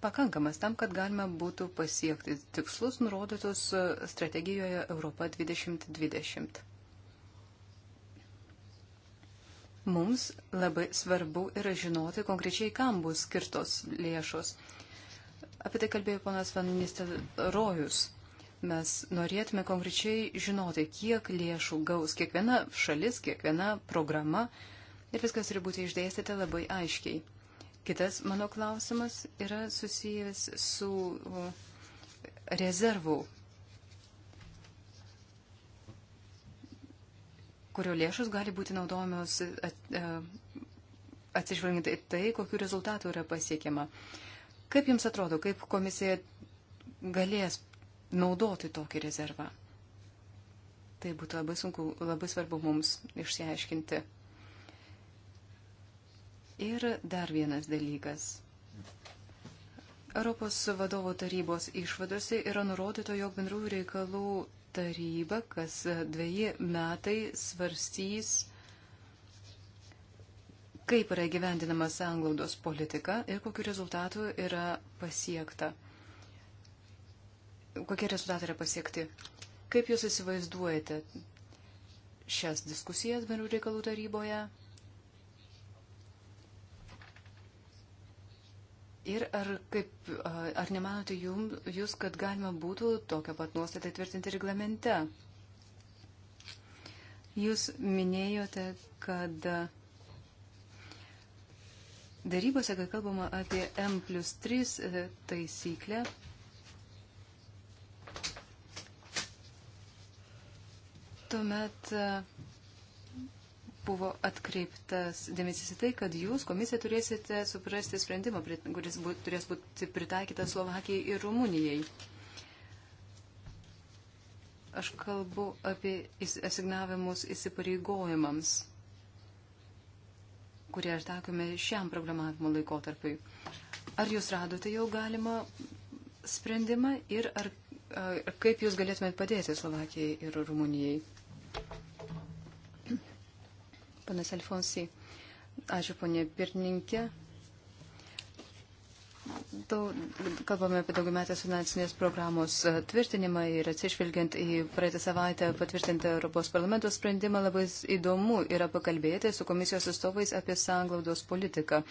pakankamas tam, kad galima būtų pasiekti tikslus nurodytus strategijoje Europa 2020. Mums labai svarbu yra žinoti konkrečiai, kam bus skirtos lėšos. Apie tai kalbėjo ponas Vaninistė Rojus. Mes norėtume konkrečiai žinoti, kiek lėšų gaus kiekviena šalis, kiekviena programa ir viskas turi būti išdėstyta labai aiškiai. Kitas mano klausimas yra susijęs su rezervų, kurio lėšus gali būti naudojamos atsižvelgiant į tai, kokiu rezultatu yra pasiekiama. Kaip Jums atrodo, kaip komisija galės naudoti tokį rezervą? Tai būtų labai, sunku, labai svarbu mums išsiaiškinti. Ir dar vienas dalykas. Europos vadovų tarybos išvadose yra nurodyta, jog bendrųjų reikalų taryba kas dviejį metai svarstys, kaip yra gyvendinama sanglaudos politika ir kokiu rezultatu yra pasiekta. Kokie rezultatai yra pasiekti? Kaip jūs įsivaizduojate šias diskusijas bendrų reikalų taryboje? Ir ar, kaip, ar nemanote jum, jūs, kad galima būtų tokią pat nuostatą tvirtinti reglamente? Jūs minėjote, kad darybose, kai kalbama apie M plus 3 e, taisyklę, tuomet e, buvo atkreiptas dėmesys į tai, kad jūs komisija turėsite suprasti sprendimą, kuris būt, turės būti pritaikytas Slovakijai ir Rumunijai. Aš kalbu apie asignavimus įsipareigojimams, kurie aš takome šiam programavimo laikotarpiui. Ar jūs radote jau galimą sprendimą ir ar, ar kaip jūs galėtumėt padėti Slovakijai ir Rumunijai? Panas Alfonsai. Ačiū, ponė Pirninkė. Daug, kalbame apie daugiametės finansinės programos e, tvirtinimą ir atsižvelgiant į praeitą savaitę patvirtintą Europos parlamento sprendimą, labai įdomu yra pakalbėti su komisijos atstovais apie sanglaudos politiką.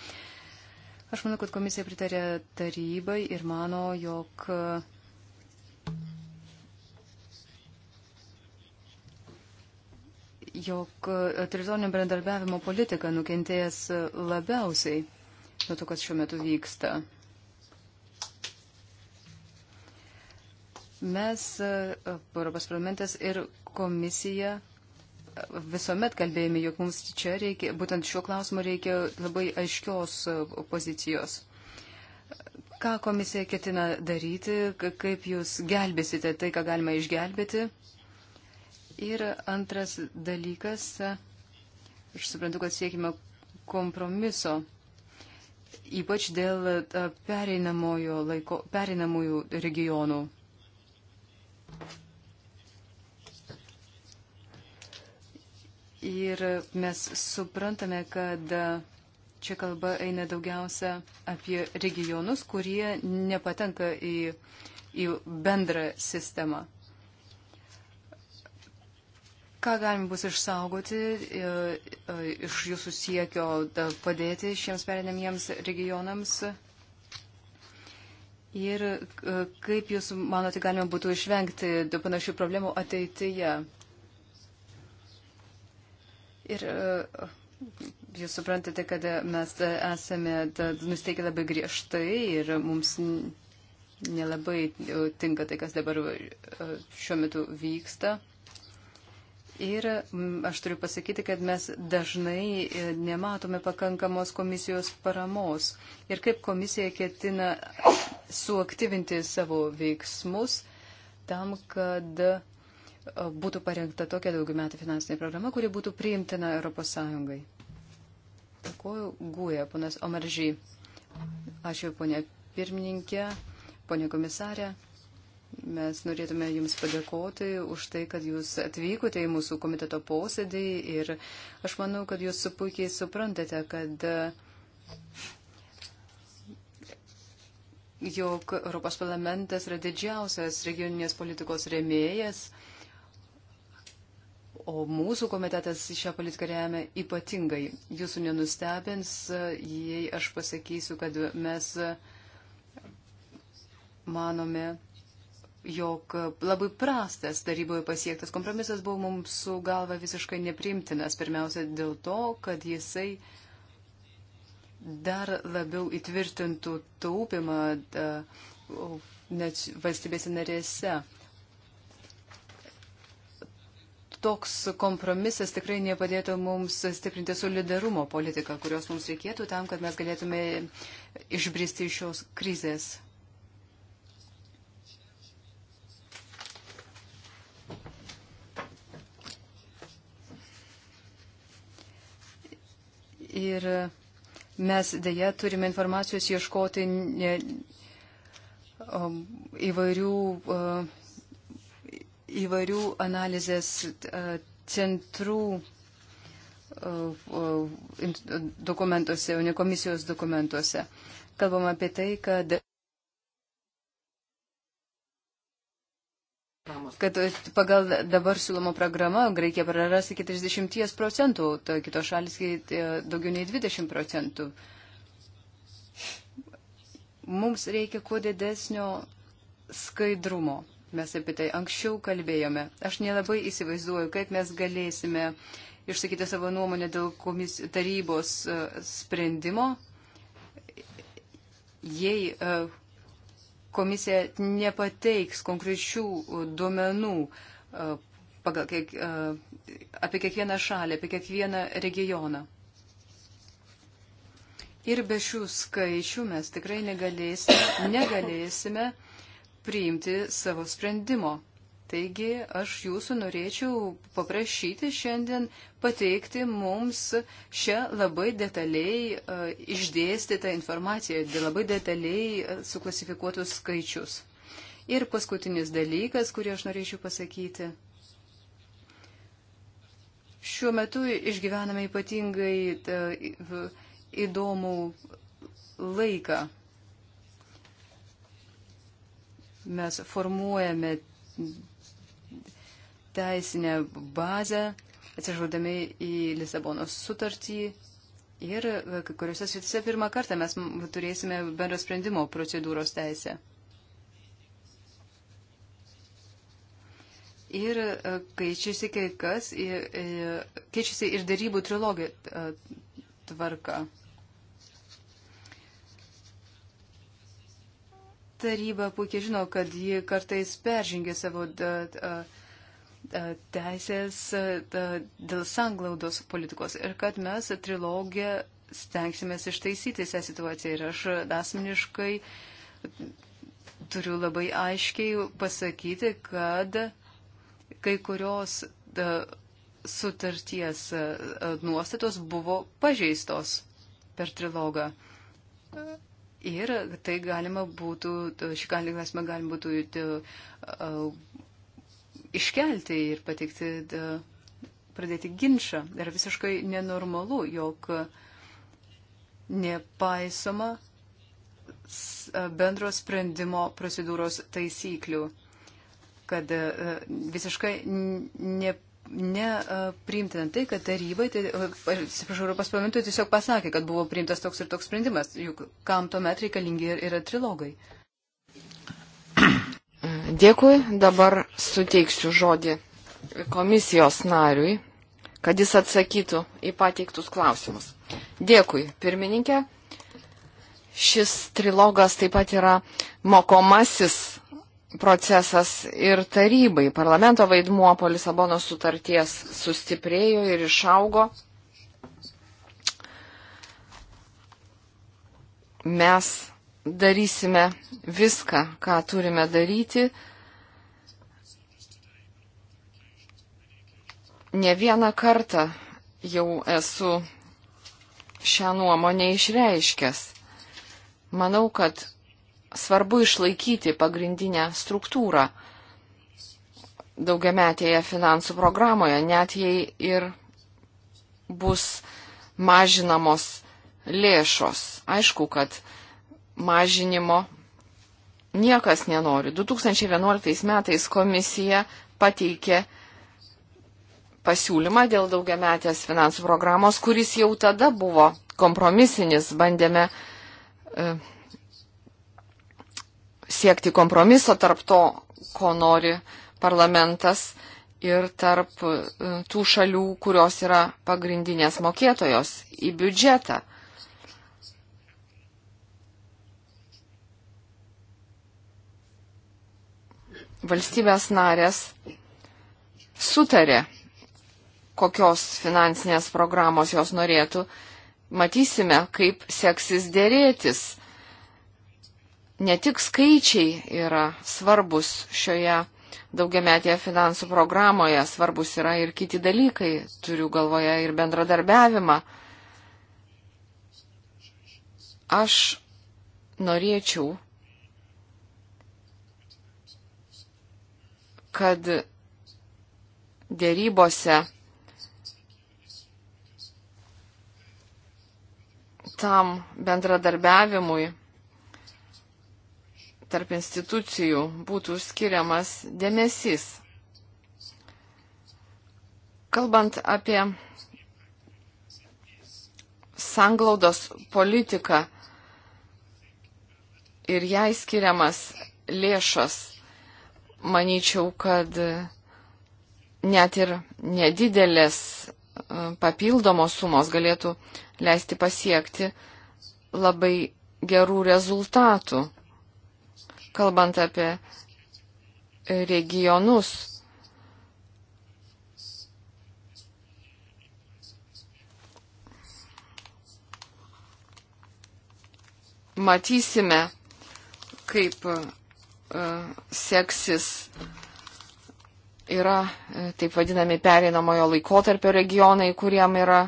Aš manau, kad komisija pritarė tarybai ir mano, jog jog e, teritorinio bendradarbiavimo politika nukentėjęs e, labiausiai nuo to, kas šiuo metu vyksta. Mes, e, Europos parlamentas ir komisija, visuomet kalbėjome, jog mums čia reikia, būtent šiuo klausimu reikia labai aiškios pozicijos. Ką komisija ketina daryti, kaip jūs gelbėsite tai, ką galima išgelbėti Ir antras dalykas, aš suprantu, kad siekime kompromiso, ypač dėl laiko, pereinamųjų regionų. Ir mes suprantame, kad čia kalba eina daugiausia apie regionus, kurie nepatenka į, į bendrą sistemą ką galima bus išsaugoti e, e, iš jūsų siekio padėti šiems perinamiems regionams. Ir e, kaip jūs manote, galima būtų išvengti panašių problemų ateityje? Ir jūs suprantate, kad mes esame nusteikę labai griežtai ir mums nelabai tinka tai, kas dabar šiuo metu vyksta. Ir mm, aš turiu pasakyti, kad mes dažnai e, nematome pakankamos komisijos paramos. Ir kaip komisija ketina suaktyvinti savo veiksmus tam, kad e, būtų parengta tokia daugiametė finansinė programa, kuri būtų priimtina ES. Dėkuoju, guoja ponas Omaržiai. Ačiū, ponė pirmininkė, ponė komisarė. Mes norėtume Jums padėkoti už tai, kad Jūs atvykote į mūsų komiteto posėdį ir aš manau, kad Jūs puikiai suprantate, kad jog Europos parlamentas yra didžiausias regioninės politikos rėmėjas, o mūsų komitetas šią politiką remia ypatingai. Jūsų nenustebins, jei aš pasakysiu, kad mes manome, jog labai prastas taryboje pasiektas kompromisas buvo mums su galva visiškai neprimtinas. Pirmiausia dėl to, kad jisai dar labiau įtvirtintų taupimą net valstybėse narėse. toks kompromisas tikrai nepadėtų mums stiprinti solidarumo politiką, kurios mums reikėtų tam, kad mes galėtume išbristi iš šios krizės. Ir mes dėja turime informacijos ieškoti įvairių, įvairių analizės centrų dokumentuose, o ne komisijos dokumentuose. Kalbam apie tai, kad kad e, pagal dabar siūloma programa Graikija praras iki 30 procentų, tai kitos šalis e, daugiau nei 20 procentų. Mums reikia kuo didesnio skaidrumo. Mes apie tai anksčiau kalbėjome. Aš nelabai įsivaizduoju, kaip mes galėsime išsakyti savo nuomonę dėl komis, tarybos e, sprendimo, jei uh, komisija nepateiks konkrečių duomenų e, pagal, kiek, e, apie kiekvieną šalį, apie kiekvieną regioną. Ir be šių skaičių mes tikrai negalėsime, negalėsime priimti savo sprendimo. Taigi aš jūsų norėčiau paprašyti šiandien pateikti mums šią labai detaliai uh, išdėstytą informaciją, labai detaliai uh, suklasifikuotus skaičius. Ir paskutinis dalykas, kurį aš norėčiau pasakyti. Šiuo metu išgyvename ypatingai uh, įdomų laiką. Mes formuojame teisinę bazę, atsižvelgdami į Lisabonos sutartį. Ir e, kai kuriuose srityse pirmą kartą mes turėsime bendro sprendimo procedūros teisę. Ir e, keičiasi kai kas, e, keičiasi ir darybų trilogija tvarka. taryba puikiai žino, kad ji kartais peržengia savo da, da, E, teisės e, dėl sanglaudos politikos ir kad mes trilogiją stengsimės ištaisyti šią situaciją. Ir aš asmeniškai turiu labai aiškiai pasakyti, kad kai kurios sutarties e, nuostatos buvo pažeistos per trilogą. Ir tai galima būtų, šį klausimą galima būtų iškelti ir pateikti, pradėti ginčą. Yra visiškai nenormalu, jog nepaisoma bendro sprendimo procedūros taisyklių, kad visiškai ne nepriimtina tai, kad tarybai, tai, atsiprašau, Europos parlamentui tiesiog pasakė, kad buvo priimtas toks ir toks sprendimas, juk kam tuomet reikalingi yra trilogai. Dėkui, dabar suteiksiu žodį komisijos nariui, kad jis atsakytų į pateiktus klausimus. Dėkui, pirmininkė. Šis trilogas taip pat yra mokomasis procesas ir tarybai. Parlamento vaidmuo po Lisabono sutarties sustiprėjo ir išaugo. Mes darysime viską, ką turime daryti. Ne vieną kartą jau esu šią nuomonę išreiškęs. Manau, kad svarbu išlaikyti pagrindinę struktūrą daugiametėje finansų programoje, net jei ir bus mažinamos lėšos. Aišku, kad mažinimo niekas nenori. 2011 metais komisija pateikė pasiūlymą dėl daugiametės finansų programos, kuris jau tada buvo kompromisinis, bandėme e, siekti kompromiso tarp to, ko nori parlamentas ir tarp e, tų šalių, kurios yra pagrindinės mokėtojos į biudžetą. valstybės narės sutarė, kokios finansinės programos jos norėtų, matysime, kaip seksis dėrėtis. Ne tik skaičiai yra svarbus šioje daugiametėje finansų programoje, svarbus yra ir kiti dalykai, turiu galvoje ir bendradarbiavimą. Aš norėčiau kad dėrybose tam bendradarbiavimui tarp institucijų būtų skiriamas dėmesys. Kalbant apie sanglaudos politiką ir jai skiriamas lėšas, manyčiau, kad net ir nedidelės e, papildomos sumos galėtų leisti pasiekti labai gerų rezultatų. Kalbant apie regionus, matysime, kaip E, seksis yra e, taip vadinami pereinamojo laikotarpio regionai, kuriem yra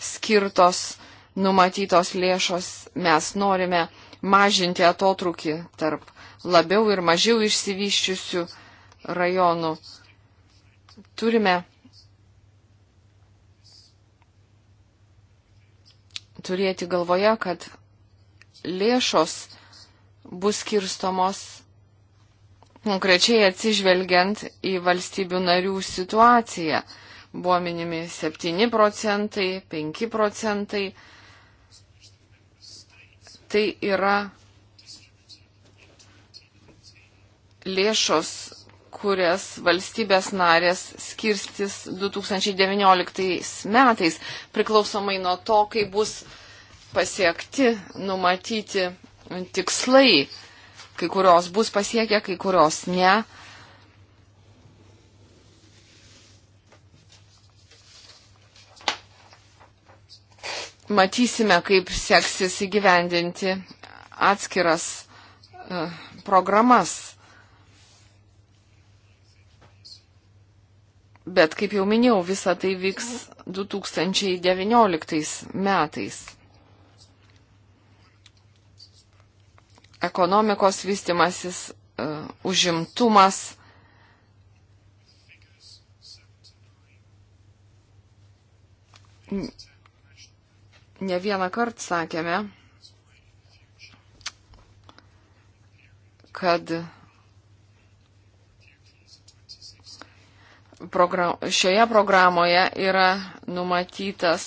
skirtos numatytos lėšos. Mes norime mažinti atotrukį tarp labiau ir mažiau išsivyščiusių rajonų. Turime turėti galvoje, kad lėšos bus skirstomos konkrečiai atsižvelgiant į valstybių narių situaciją. Buvo minimi 7 procentai, 5 procentai. Tai yra lėšos, kurias valstybės narės skirstis 2019 metais, priklausomai nuo to, kai bus pasiekti numatyti tikslai Kai kurios bus pasiekę, kai kurios ne. Matysime, kaip seksis įgyvendinti atskiras e, programas. Bet, kaip jau minėjau, visa tai vyks 2019 metais. ekonomikos vystimasis, e, užimtumas. Ne vieną kartą sakėme, kad program, šioje programoje yra numatytas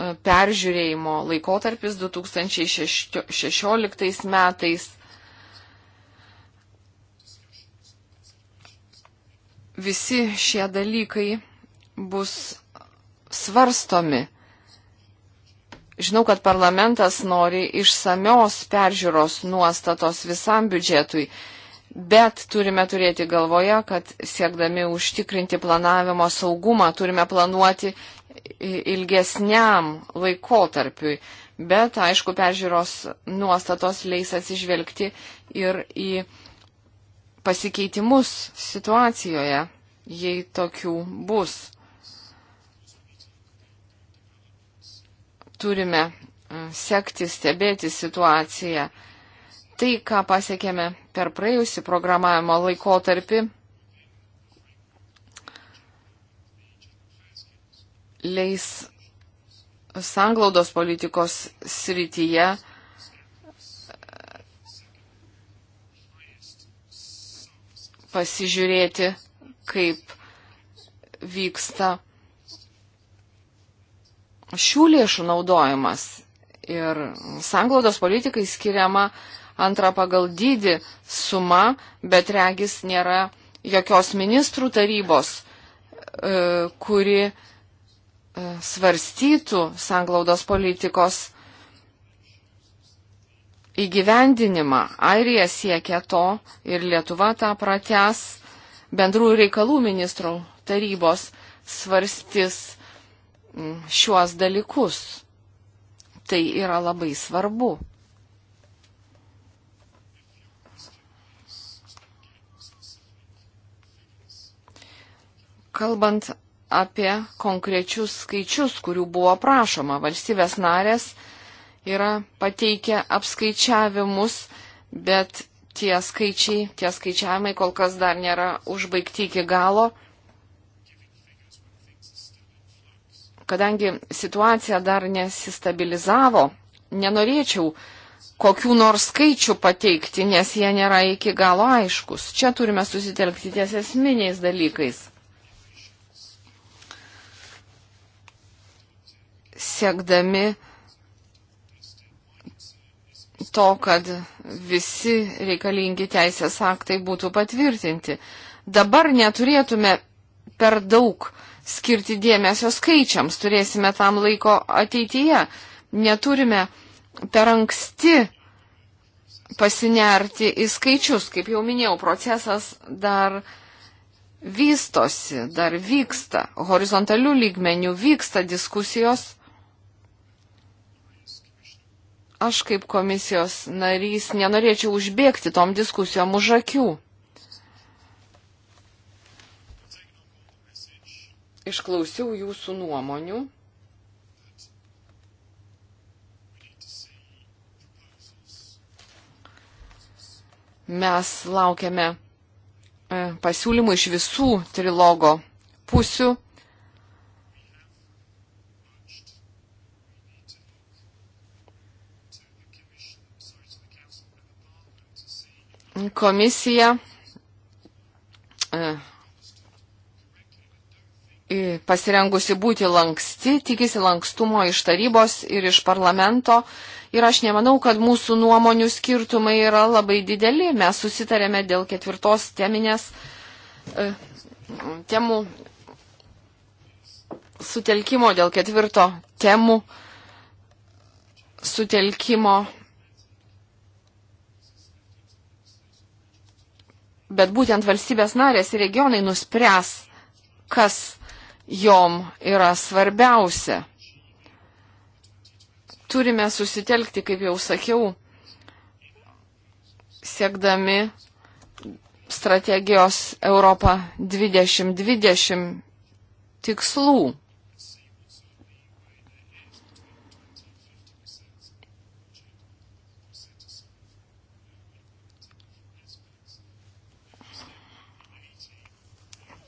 E, peržiūrėjimo laikotarpis 2016 metais. Visi šie dalykai bus svarstomi. Žinau, kad parlamentas nori išsamios peržiūros nuostatos visam biudžetui, bet turime turėti galvoje, kad siekdami užtikrinti planavimo saugumą, turime planuoti ilgesniam laikotarpiui, bet aišku, peržiūros nuostatos leis atsižvelgti ir į pasikeitimus situacijoje, jei tokių bus. Turime e, sekti, stebėti situaciją. Tai, ką pasiekėme per praėjusi programavimo laikotarpį, leis sanglaudos politikos srityje pasižiūrėti, kaip vyksta šių lėšų naudojimas. Ir sanglaudos politikai skiriama antra pagal dydį suma, bet regis nėra jokios ministrų tarybos, e, kuri E, svarstytų sanglaudos politikos įgyvendinimą. Airija siekia to ir Lietuva tą prates. Bendrųjų reikalų ministrų tarybos svarstis šiuos dalykus. Tai yra labai svarbu. Kalbant apie konkrečius skaičius, kurių buvo prašoma. Valstybės narės yra pateikę apskaičiavimus, bet tie skaičiai, tie skaičiavimai kol kas dar nėra užbaigti iki galo. Kadangi situacija dar nesistabilizavo, nenorėčiau kokių nors skaičių pateikti, nes jie nėra iki galo aiškus. Čia turime susitelkti ties esminiais dalykais. siekdami to, kad visi reikalingi teisės aktai būtų patvirtinti. Dabar neturėtume per daug skirti dėmesio skaičiams, turėsime tam laiko ateityje. Neturime per anksti pasinerti į skaičius. Kaip jau minėjau, procesas dar vystosi, dar vyksta, horizontalių lygmenių vyksta diskusijos aš kaip komisijos narys nenorėčiau užbėgti tom diskusijom už akių. Išklausiau jūsų nuomonių. Mes laukiame e, pasiūlymų iš visų trilogo pusių Komisija e, pasirengusi būti lanksti, tikisi lankstumo iš tarybos ir iš parlamento. Ir aš nemanau, kad mūsų nuomonių skirtumai yra labai dideli. Mes susitarėme dėl ketvirtos teminės e, temų sutelkimo, dėl ketvirto temų sutelkimo bet būtent valstybės narės ir regionai nuspręs, kas jom yra svarbiausia. Turime susitelkti, kaip jau sakiau, siekdami strategijos Europa 2020 tikslų.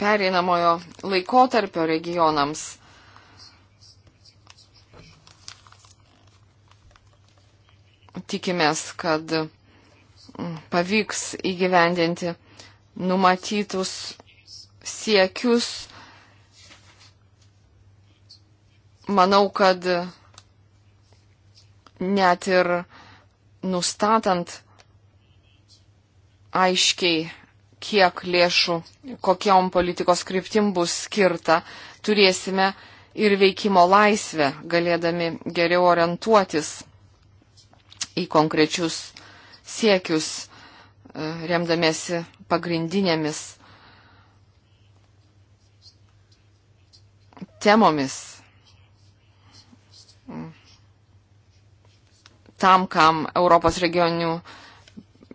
pereinamojo laikotarpio regionams. Tikimės, kad mm, pavyks įgyvendinti numatytus siekius. Manau, kad net ir nustatant aiškiai kiek lėšų, kokiam politikos kryptim bus skirta, turėsime ir veikimo laisvę, galėdami geriau orientuotis į konkrečius siekius, e, remdamėsi pagrindinėmis temomis mm. tam, kam Europos regioninių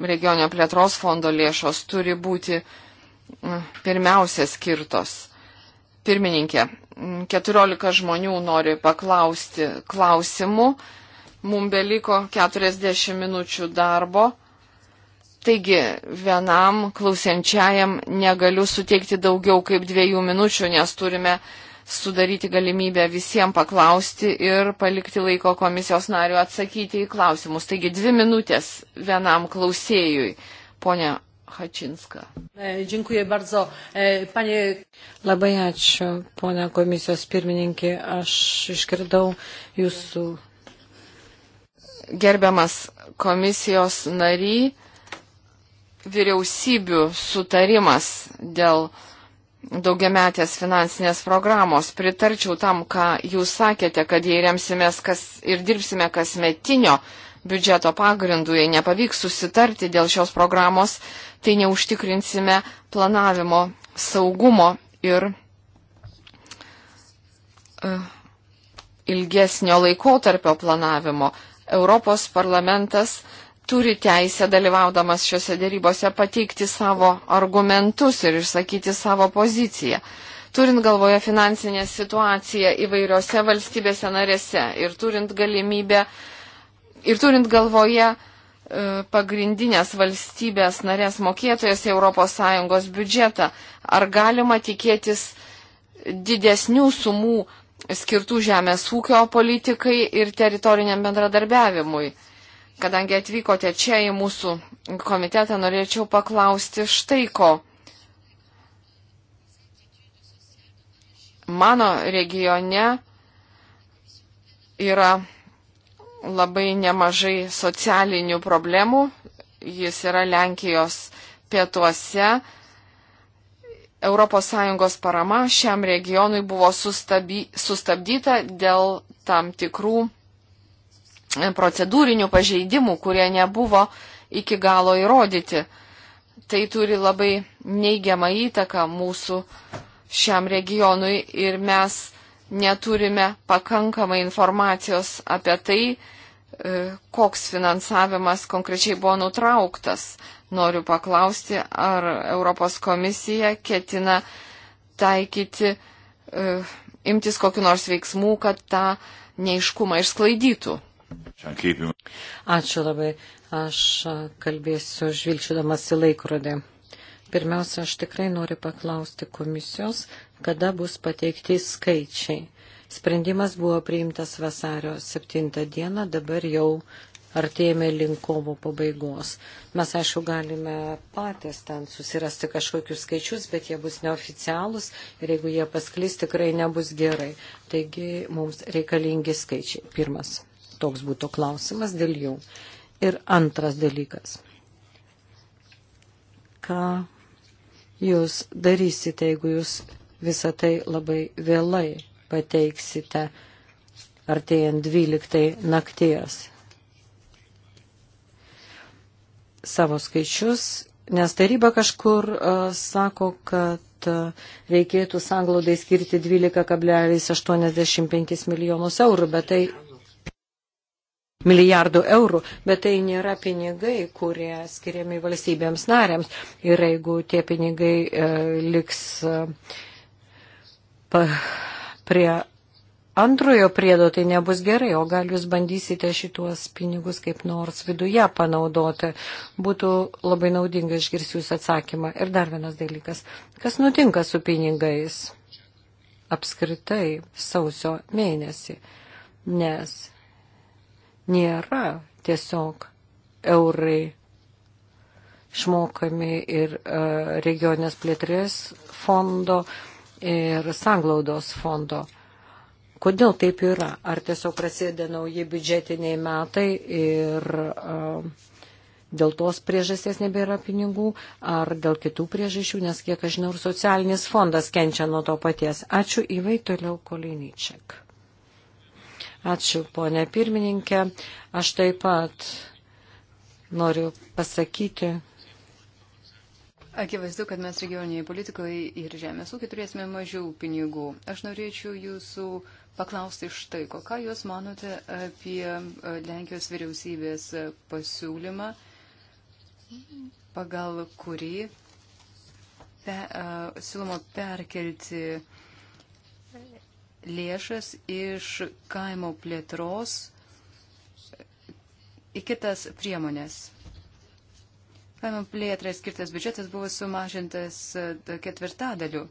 regionio plėtros fondo lėšos turi būti mm, pirmiausia skirtos. Pirmininkė, 14 mm, žmonių nori paklausti klausimų, mums beliko 40 minučių darbo, taigi vienam klausiančiajam negaliu suteikti daugiau kaip dviejų minučių, nes turime sudaryti galimybę visiems paklausti ir palikti laiko komisijos nariu atsakyti į klausimus. Taigi dvi minutės vienam klausėjui. Pone Hačinska. E, dziękuję bardzo. E, panie... Labai ačiū, ponia komisijos pirmininkė. Aš išgirdau jūsų. Gerbiamas komisijos nary, vyriausybių sutarimas dėl uh, daugiametės finansinės programos. Pritarčiau tam, ką jūs sakėte, kad jei remsimės kas ir dirbsime kasmetinio biudžeto pagrindų, jei nepavyks susitarti dėl šios programos, tai neužtikrinsime planavimo saugumo ir uh, ilgesnio laikotarpio planavimo. Europos parlamentas uh, turi teisę dalyvaudamas šiuose dėrybose pateikti savo argumentus ir išsakyti savo poziciją. Turint galvoje finansinę situaciją įvairiose valstybėse narėse ir turint galimybę ir turint galvoje e, pagrindinės valstybės narės mokėtojas ES biudžetą, ar galima tikėtis didesnių sumų skirtų žemės ūkio politikai ir teritoriniam bendradarbiavimui? Kadangi atvykote čia į mūsų komitetą, norėčiau paklausti štai ko. Mano regione yra labai nemažai socialinių problemų. Jis yra Lenkijos pietuose. ES parama šiam regionui buvo sustabi, sustabdyta dėl tam tikrų procedūrinių pažeidimų, kurie nebuvo iki galo įrodyti. Tai turi labai neigiamą įtaką mūsų šiam regionui ir mes neturime pakankamai informacijos apie tai, e, koks finansavimas konkrečiai buvo nutrauktas. Noriu paklausti, ar Europos komisija ketina taikyti, e, imtis kokiu nors veiksmų, kad tą neiškumą išsklaidytų. Ačiū labai. Aš kalbėsiu žvilgčiodamas į laikrodį. Pirmiausia, aš tikrai noriu paklausti komisijos, kada bus pateikti skaičiai. Sprendimas buvo priimtas vasario 7 dieną, dabar jau artėjame link kovo pabaigos. Mes, aišku, galime patys ten susirasti kažkokius skaičius, bet jie bus neoficialūs ir jeigu jie pasklis, tikrai nebus gerai. Taigi mums reikalingi skaičiai. Pirmas. Toks būtų klausimas dėl jų. Ir antras dalykas. Ką jūs darysite, jeigu jūs visą tai labai vėlai pateiksite artėjant 12 nakties savo skaičius, nes taryba kažkur uh, sako, kad uh, reikėtų sanglaudai skirti 12,85 milijonus eurų, bet tai milijardų eurų, bet tai nėra pinigai, kurie skiriami valstybėms nariams. Ir jeigu tie pinigai e, liks e, pa, prie antrojo priedo, tai nebus gerai, o gal jūs bandysite šituos pinigus kaip nors viduje panaudoti. Būtų labai naudinga išgirsti jūsų atsakymą. Ir dar vienas dalykas. Kas nutinka su pinigais apskritai sausio mėnesį? Nes nėra tiesiog eurai išmokami ir e, regionės plėtrės fondo ir sanglaudos fondo. Kodėl taip yra? Ar tiesiog prasideda nauji biudžetiniai metai ir uh, dėl tos priežasties nebėra pinigų, ar dėl kitų priežasčių, nes kiek aš žinau, ir socialinis fondas kenčia nuo to paties. Ačiū įvai toliau Kolinyčiak. Ačiū, ponė pirmininkė. Aš taip pat noriu pasakyti. Akivaizdu, kad mes regioniniai politikoje ir žemės ūkiai turėsime mažiau pinigų. Aš norėčiau jūsų paklausti štai, ko ką jūs manote apie e, Lenkijos vyriausybės pasiūlymą, pagal kurį pe, a, e, siūloma perkelti a, lėšas iš kaimo plėtros į kitas priemonės. Kaimo plėtrai skirtas biudžetas buvo sumažintas e, ketvirtadaliu.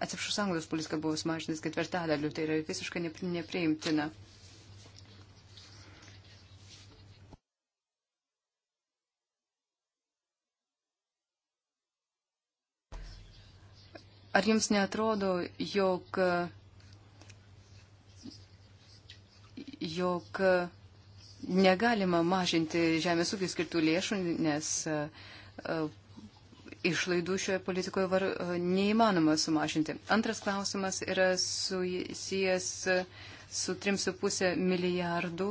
Atsiprašau, sanglos politika buvo sumažintas ketvirtadaliu, tai yra visiškai nepriimtina. Ar jums netrodo, jog jog negalima mažinti žemės ūkio skirtų lėšų, nes e, e, išlaidų šioje politikoje var, e, neįmanoma sumažinti. Antras klausimas yra susijęs su 3,5 milijardų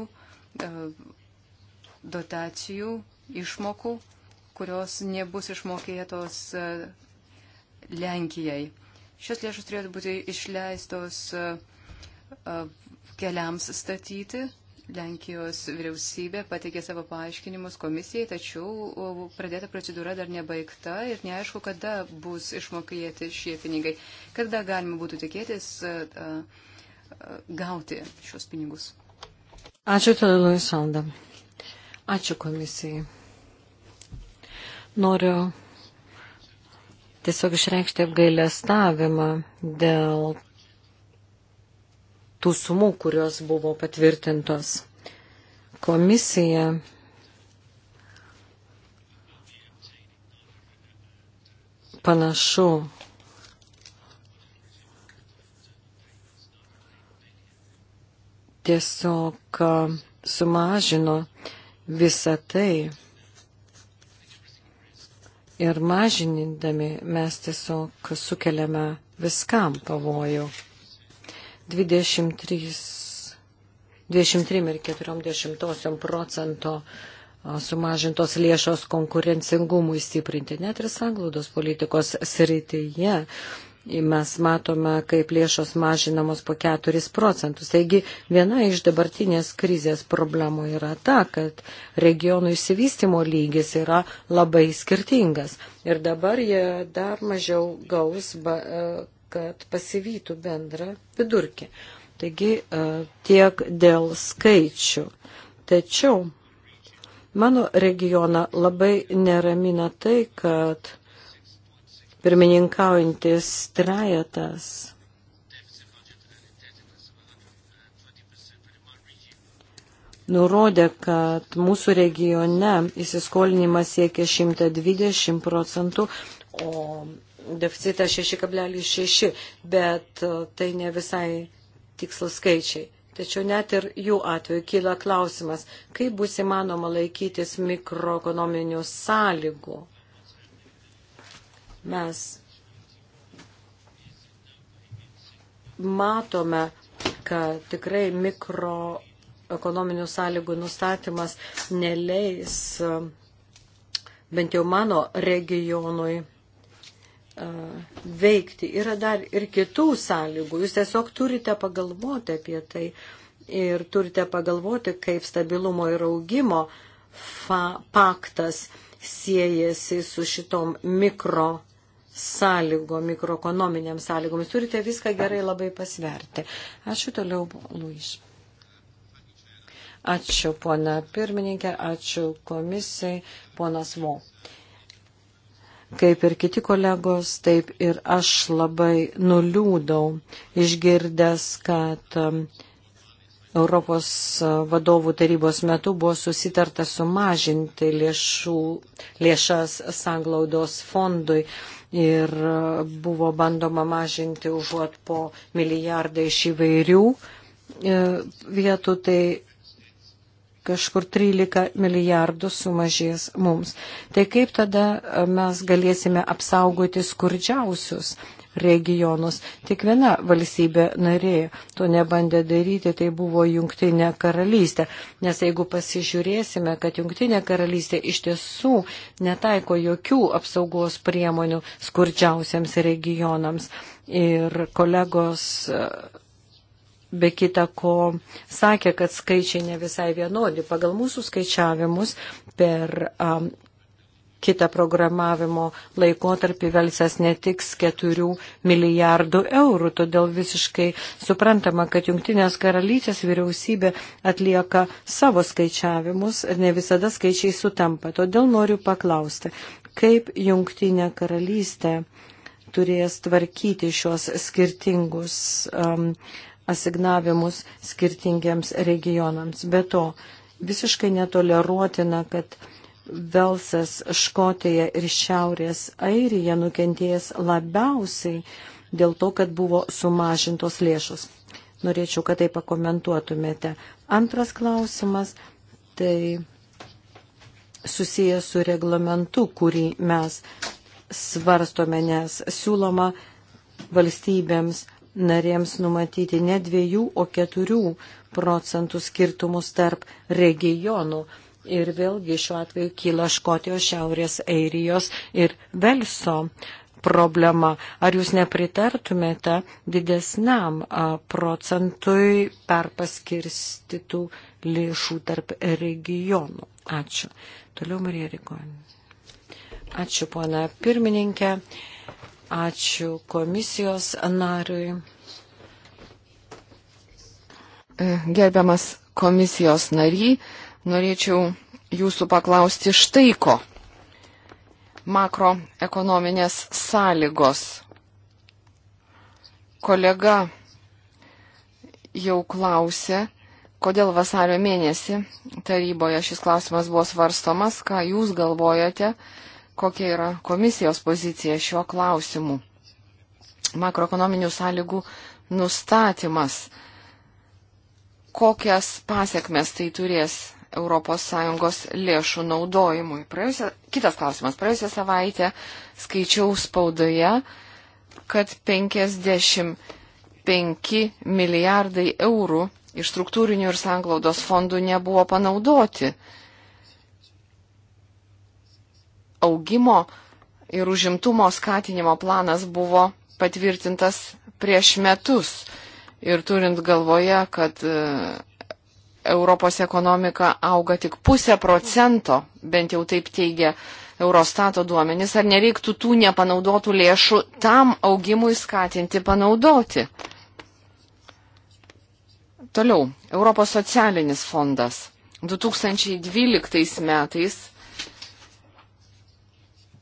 dotacijų išmokų, kurios nebus išmokėtos Lenkijai. Šios lėšos turėtų būti išleistos keliams statyti. Lenkijos vyriausybė pateikė savo paaiškinimus komisijai, tačiau pradėta procedūra dar nebaigta ir neaišku, kada bus išmokėti šie pinigai. Kada galima būtų tikėtis gauti šios pinigus? Ačiū, Tadalui Sanda. Ačiū komisijai. Noriu tiesiog išreikšti apgailestavimą dėl tų sumų, kurios buvo patvirtintos. Komisija panašu tiesiog sumažino visą tai. Ir mažinindami mes tiesiog sukeliame viskam pavojų. 23, 23 ir 40 procento sumažintos lėšos konkurencingumui stiprinti. Net ir sanglaudos politikos srityje mes matome, kaip lėšos mažinamos po 4 procentus. Taigi viena iš dabartinės krizės problemų yra ta, kad regionų įsivystimo lygis yra labai skirtingas. Ir dabar jie dar mažiau gaus e, kad pasivytų bendrą vidurkį. Taigi e, tiek dėl skaičių. Tačiau mano regioną labai neramina tai, kad pirmininkaujantis trejetas nurodė, kad mūsų regione įsiskolinimas siekia 120 procentų, o deficitas 6,6, bet e, tai ne visai tikslus skaičiai. Tačiau net ir jų atveju kyla klausimas, kaip bus įmanoma laikytis mikroekonominių sąlygų. Mes matome, kad tikrai mikroekonominių sąlygų nustatymas neleis e, bent jau mano regionui veikti. Yra dar ir kitų sąlygų. Jūs tiesiog turite pagalvoti apie tai ir turite pagalvoti, kaip stabilumo ir augimo paktas siejasi su šitom mikro sąlygo, mikroekonominiam sąlygomis. Turite viską gerai labai pasverti. Ačiū toliau, Luiš. Ačiū, pona pirmininkė, ačiū komisijai, ponas Vok. Kaip ir kiti kolegos, taip ir aš labai nuliūdau išgirdęs, kad um, Europos uh, vadovų tarybos metu buvo susitarta sumažinti lėšų, lėšas sanglaudos fondui ir uh, buvo bandoma mažinti užuot po milijardą iš įvairių uh, vietų, tai kažkur 13 milijardų sumažės mums. Tai kaip tada e, mes galėsime apsaugoti skurdžiausius regionus? Tik viena valstybė narė to nebandė daryti, tai buvo Junktinė karalystė. Nes jeigu pasižiūrėsime, kad Junktinė karalystė iš tiesų netaiko jokių apsaugos priemonių skurdžiausiams regionams ir kolegos e, be kita ko sakė, kad skaičiai ne visai vienodi. Pagal mūsų skaičiavimus per um, kitą programavimo laikotarpį velsas netiks 4 milijardų eurų. Todėl visiškai suprantama, kad Junktinės karalystės vyriausybė atlieka savo skaičiavimus ir ne visada skaičiai sutampa. Todėl noriu paklausti, kaip Junktinė karalystė turės tvarkyti šios skirtingus um, uh, asignavimus skirtingiams regionams. Be to, visiškai netoleruotina, kad Velsas, Škotija ir Šiaurės Airija nukentėjęs labiausiai dėl to, kad buvo sumažintos lėšos. Norėčiau, kad tai pakomentuotumėte. Antras klausimas, tai susijęs su reglamentu, kurį mes svarstome, nes siūloma valstybėms narėms numatyti ne dviejų, o keturių procentų skirtumus tarp regionų. Ir vėlgi šiuo atveju kyla Škotijos, Šiaurės Airijos ir Velso problema. Ar jūs nepritartumėte didesniam procentui perpaskirstytų lėšų tarp regionų? Ačiū. Toliau Marija Rigonė. Ačiū, pona pirmininkė. Ačiū komisijos nariui. E, gerbiamas komisijos nary, norėčiau jūsų paklausti štai ko. Makroekonominės sąlygos. Kolega jau klausė, kodėl vasario mėnesį taryboje šis klausimas buvo svarstomas, ką jūs galvojate kokia yra komisijos pozicija šiuo klausimu. Makroekonominių sąlygų nustatymas. Kokias pasiekmes tai turės ES lėšų naudojimui. Praėjusia, kitas klausimas. Praėjusią savaitę skaičiau spaudoje, kad 55 milijardai eurų iš struktūrinių ir sanglaudos fondų nebuvo panaudoti augimo ir užimtumo skatinimo planas buvo patvirtintas prieš metus. Ir turint galvoje, kad e, Europos ekonomika auga tik pusę procento, bent jau taip teigia Eurostato duomenys, ar nereiktų tų nepanaudotų lėšų tam augimui skatinti panaudoti? Toliau, Europos socialinis fondas. 2012 metais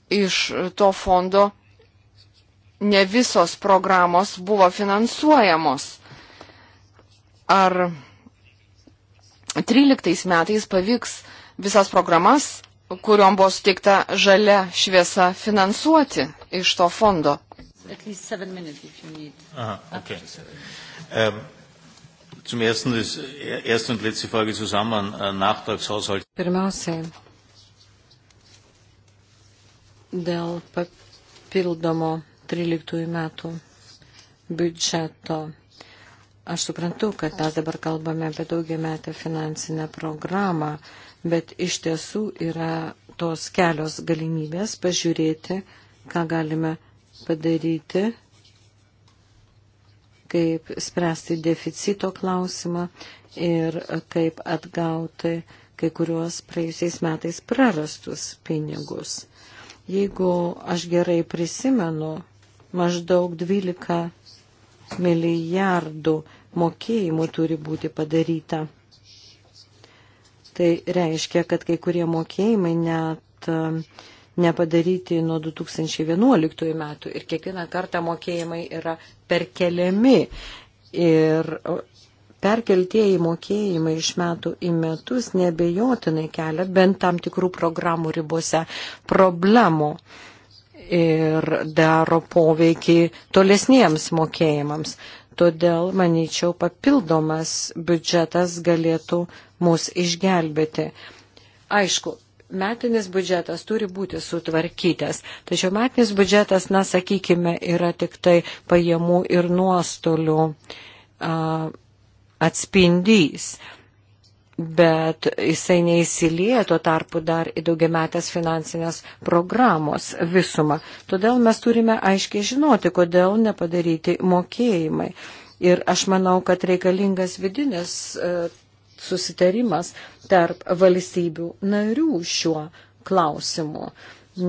iš to fondo ne visos programos buvo finansuojamos. Ar 13 metais pavyks visas programas, kuriuom buvo suteikta žalia šviesa finansuoti iš to fondo? Aha, okay. um, zum ersten, das erste und letzte Frage zusammen, äh, Nachtragshaushalt. Pirmiausiai, dėl papildomo 13 metų biudžeto. Aš suprantu, kad mes dabar kalbame apie daugiametę finansinę programą, bet iš tiesų yra tos kelios galimybės pažiūrėti, ką galime padaryti, kaip spręsti deficito klausimą ir kaip atgauti kai kuriuos praėjusiais metais prarastus pinigus. Jeigu aš gerai prisimenu, maždaug 12 milijardų mokėjimų turi būti padaryta. Tai reiškia, kad kai kurie mokėjimai net e, nepadaryti nuo 2011 metų ir kiekvieną kartą mokėjimai yra perkeliami. Ir perkeltieji mokėjimai iš metų į metus nebejotinai kelia bent tam tikrų programų ribose problemų ir daro poveikį tolesniems mokėjimams. Todėl, manyčiau, papildomas biudžetas galėtų mus išgelbėti. Aišku, metinis biudžetas turi būti sutvarkytas. Tačiau metinis biudžetas, na, sakykime, yra tik tai pajamų ir nuostolių a, atspindys, bet jisai neįsilieja tuo tarpu dar į daugiametės finansinės programos visumą. Todėl mes turime aiškiai žinoti, kodėl nepadaryti mokėjimai. Ir aš manau, kad reikalingas vidinis e, susitarimas tarp valstybių narių šiuo klausimu,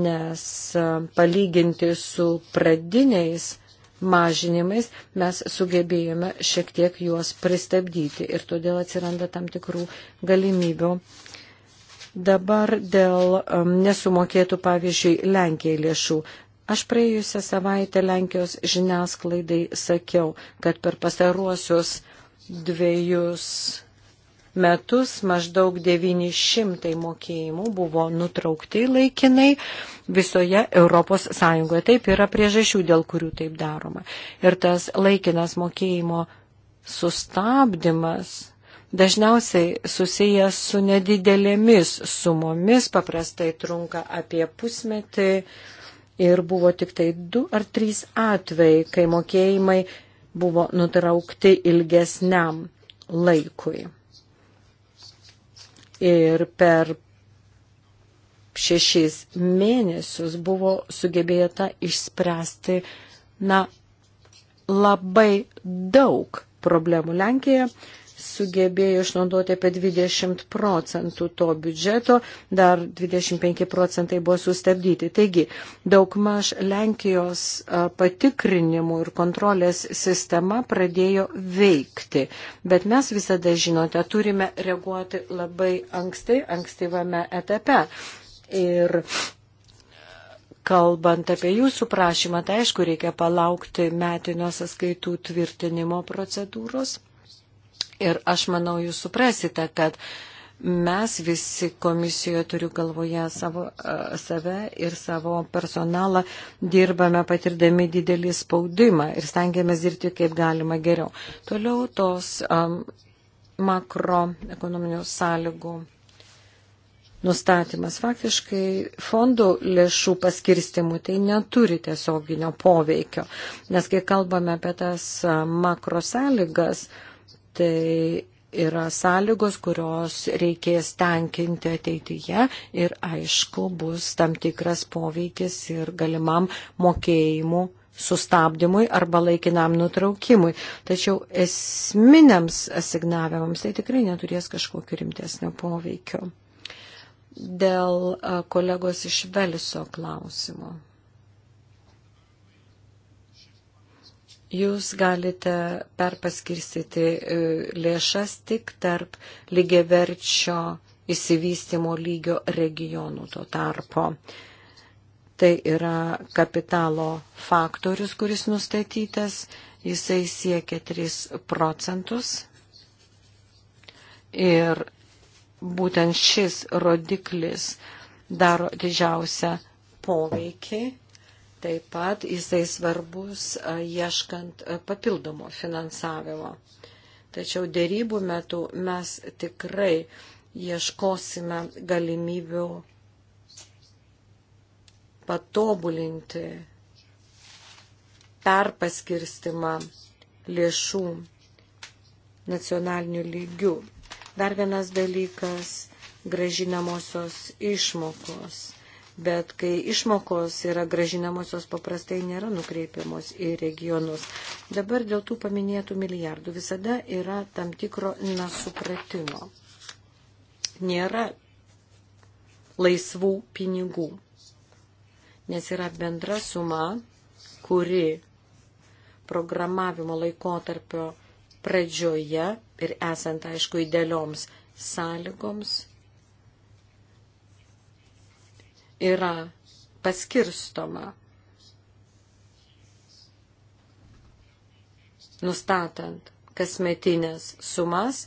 nes e, palyginti su pradiniais mažinimais mes sugebėjome šiek tiek juos pristabdyti ir todėl atsiranda tam tikrų galimybių. Dabar dėl um, nesumokėtų, pavyzdžiui, Lenkijai lėšų. Aš praėjusią savaitę Lenkijos žiniasklaidai sakiau, kad per pastaruosius dviejus metus maždaug 900 mokėjimų buvo nutraukti laikinai visoje Europos Sąjungoje. Taip yra priežasčių, dėl kurių taip daroma. Ir tas laikinas mokėjimo sustabdymas dažniausiai susijęs su nedidelėmis sumomis, paprastai trunka apie pusmetį ir buvo tik tai du ar trys atvejai, kai mokėjimai buvo nutraukti ilgesniam laikui ir per šešis mėnesius buvo sugebėta išspręsti, na, labai daug problemų Lenkijoje sugebėjo išnaudoti apie 20 procentų to biudžeto, dar 25 procentai buvo sustabdyti. Taigi, daugmaž Lenkijos patikrinimų ir kontrolės sistema pradėjo veikti. Bet mes visada, žinote, turime reaguoti labai anksti, ankstyvame etape. Ir Kalbant apie jūsų prašymą, tai aišku, reikia palaukti metinio sąskaitų tvirtinimo procedūros. Ir aš manau, jūs suprasite, kad mes visi komisijoje turiu galvoje savo, save ir savo personalą dirbame patirdami didelį spaudimą ir stengiamės dirbti kaip galima geriau. Toliau tos um, makroekonominių sąlygų nustatymas. Faktiškai fondų lėšų paskirstimų tai neturi tiesioginio poveikio, nes kai kalbame apie tas makrosąlygas, uh, tai yra sąlygos, kurios reikės tenkinti ateityje ir aišku bus tam tikras poveikis ir galimam mokėjimų sustabdymui arba laikinam nutraukimui. Tačiau esminiams asignavimams tai tikrai neturės kažkokio rimtesnio poveikio. Dėl kolegos iš Veliso klausimo. jūs galite perpaskirstyti e, lėšas tik tarp lygiaverčio įsivystimo lygio regionų tuo tarpo. Tai yra kapitalo faktorius, kuris nustatytas, jisai siekia 3 procentus. Ir būtent šis rodiklis daro didžiausią poveikį Taip pat jisai svarbus ieškant papildomo finansavimo. Tačiau dėrybų metu mes tikrai ieškosime galimybių patobulinti perpaskirstimą lėšų nacionalinių lygių. Dar vienas dalykas - gražinamosios išmokos bet kai išmokos yra gražinamosios, paprastai nėra nukreipiamos į regionus. Dabar dėl tų paminėtų milijardų visada yra tam tikro nesupratimo. Nėra laisvų pinigų, nes yra bendra suma, kuri programavimo laikotarpio pradžioje ir esant, aišku, idealioms sąlygoms yra paskirstoma, nustatant kasmetinės sumas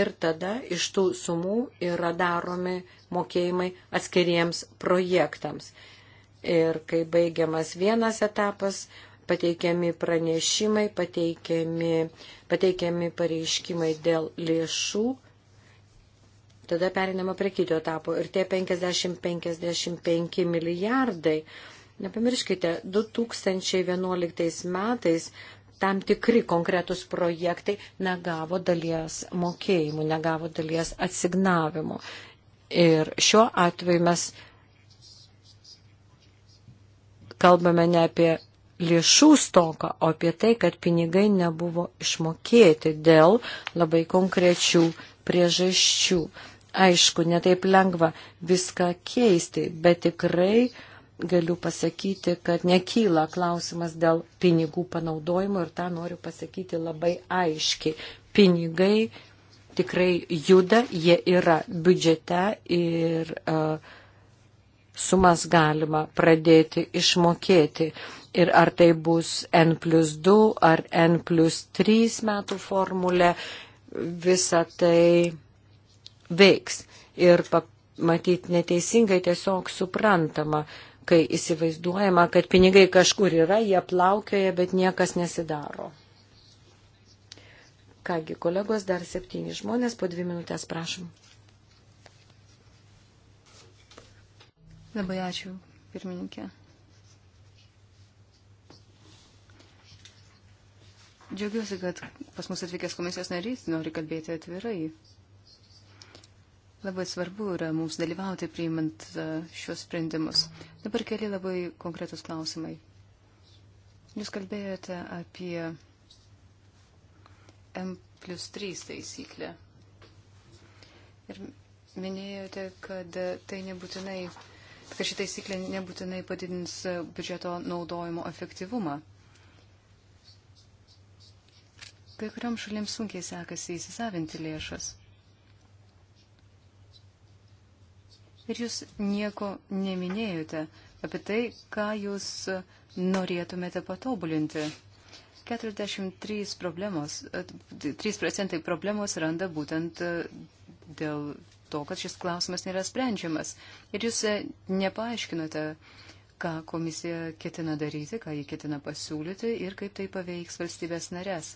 ir tada iš tų sumų yra daromi mokėjimai atskiriems projektams. Ir kai baigiamas vienas etapas, pateikiami pranešimai, pateikiami, pateikiami pareiškimai dėl lėšų Tada perinama prie kito etapo. Ir tie 50-55 milijardai, nepamirškite, 2011 metais tam tikri konkretus projektai negavo dalies mokėjimų, negavo dalies asignavimų. Ir šiuo atveju mes kalbame ne apie lėšų stoką, o apie tai, kad pinigai nebuvo išmokėti dėl labai konkrečių priežasčių. Aišku, netaip lengva viską keisti, bet tikrai galiu pasakyti, kad nekyla klausimas dėl pinigų panaudojimo ir tą noriu pasakyti labai aiškiai. Pinigai tikrai juda, jie yra biudžete ir uh, sumas galima pradėti išmokėti. Ir ar tai bus N plus 2 ar N plus 3 metų formulė, visa tai veiks. Ir matyti neteisingai tiesiog suprantama, kai įsivaizduojama, kad pinigai kažkur yra, jie plaukioja, bet niekas nesidaro. Kągi, kolegos, dar septyni žmonės, po dvi minutės prašom. Labai ačiū, pirmininkė. Džiaugiuosi, kad pas mus atvykęs komisijos narys nori kalbėti atvirai. Labai svarbu yra mums dalyvauti priimant e, šios sprendimus. Dabar keli labai konkretus klausimai. Jūs kalbėjote apie M plus 3 taisyklę. Ir minėjote, kad tai nebūtinai, kad ši taisyklė nebūtinai padidins biudžeto naudojimo efektyvumą. Kai kuriam šalims sunkiai sekasi įsisavinti lėšas. ir jūs nieko neminėjote apie tai, ką jūs norėtumėte patobulinti. 43 problemos, 3 procentai problemos randa būtent e, dėl to, kad šis klausimas nėra sprendžiamas. Ir jūs e, nepaaiškinote, ką komisija ketina daryti, ką jį ketina pasiūlyti ir kaip tai paveiks valstybės narės.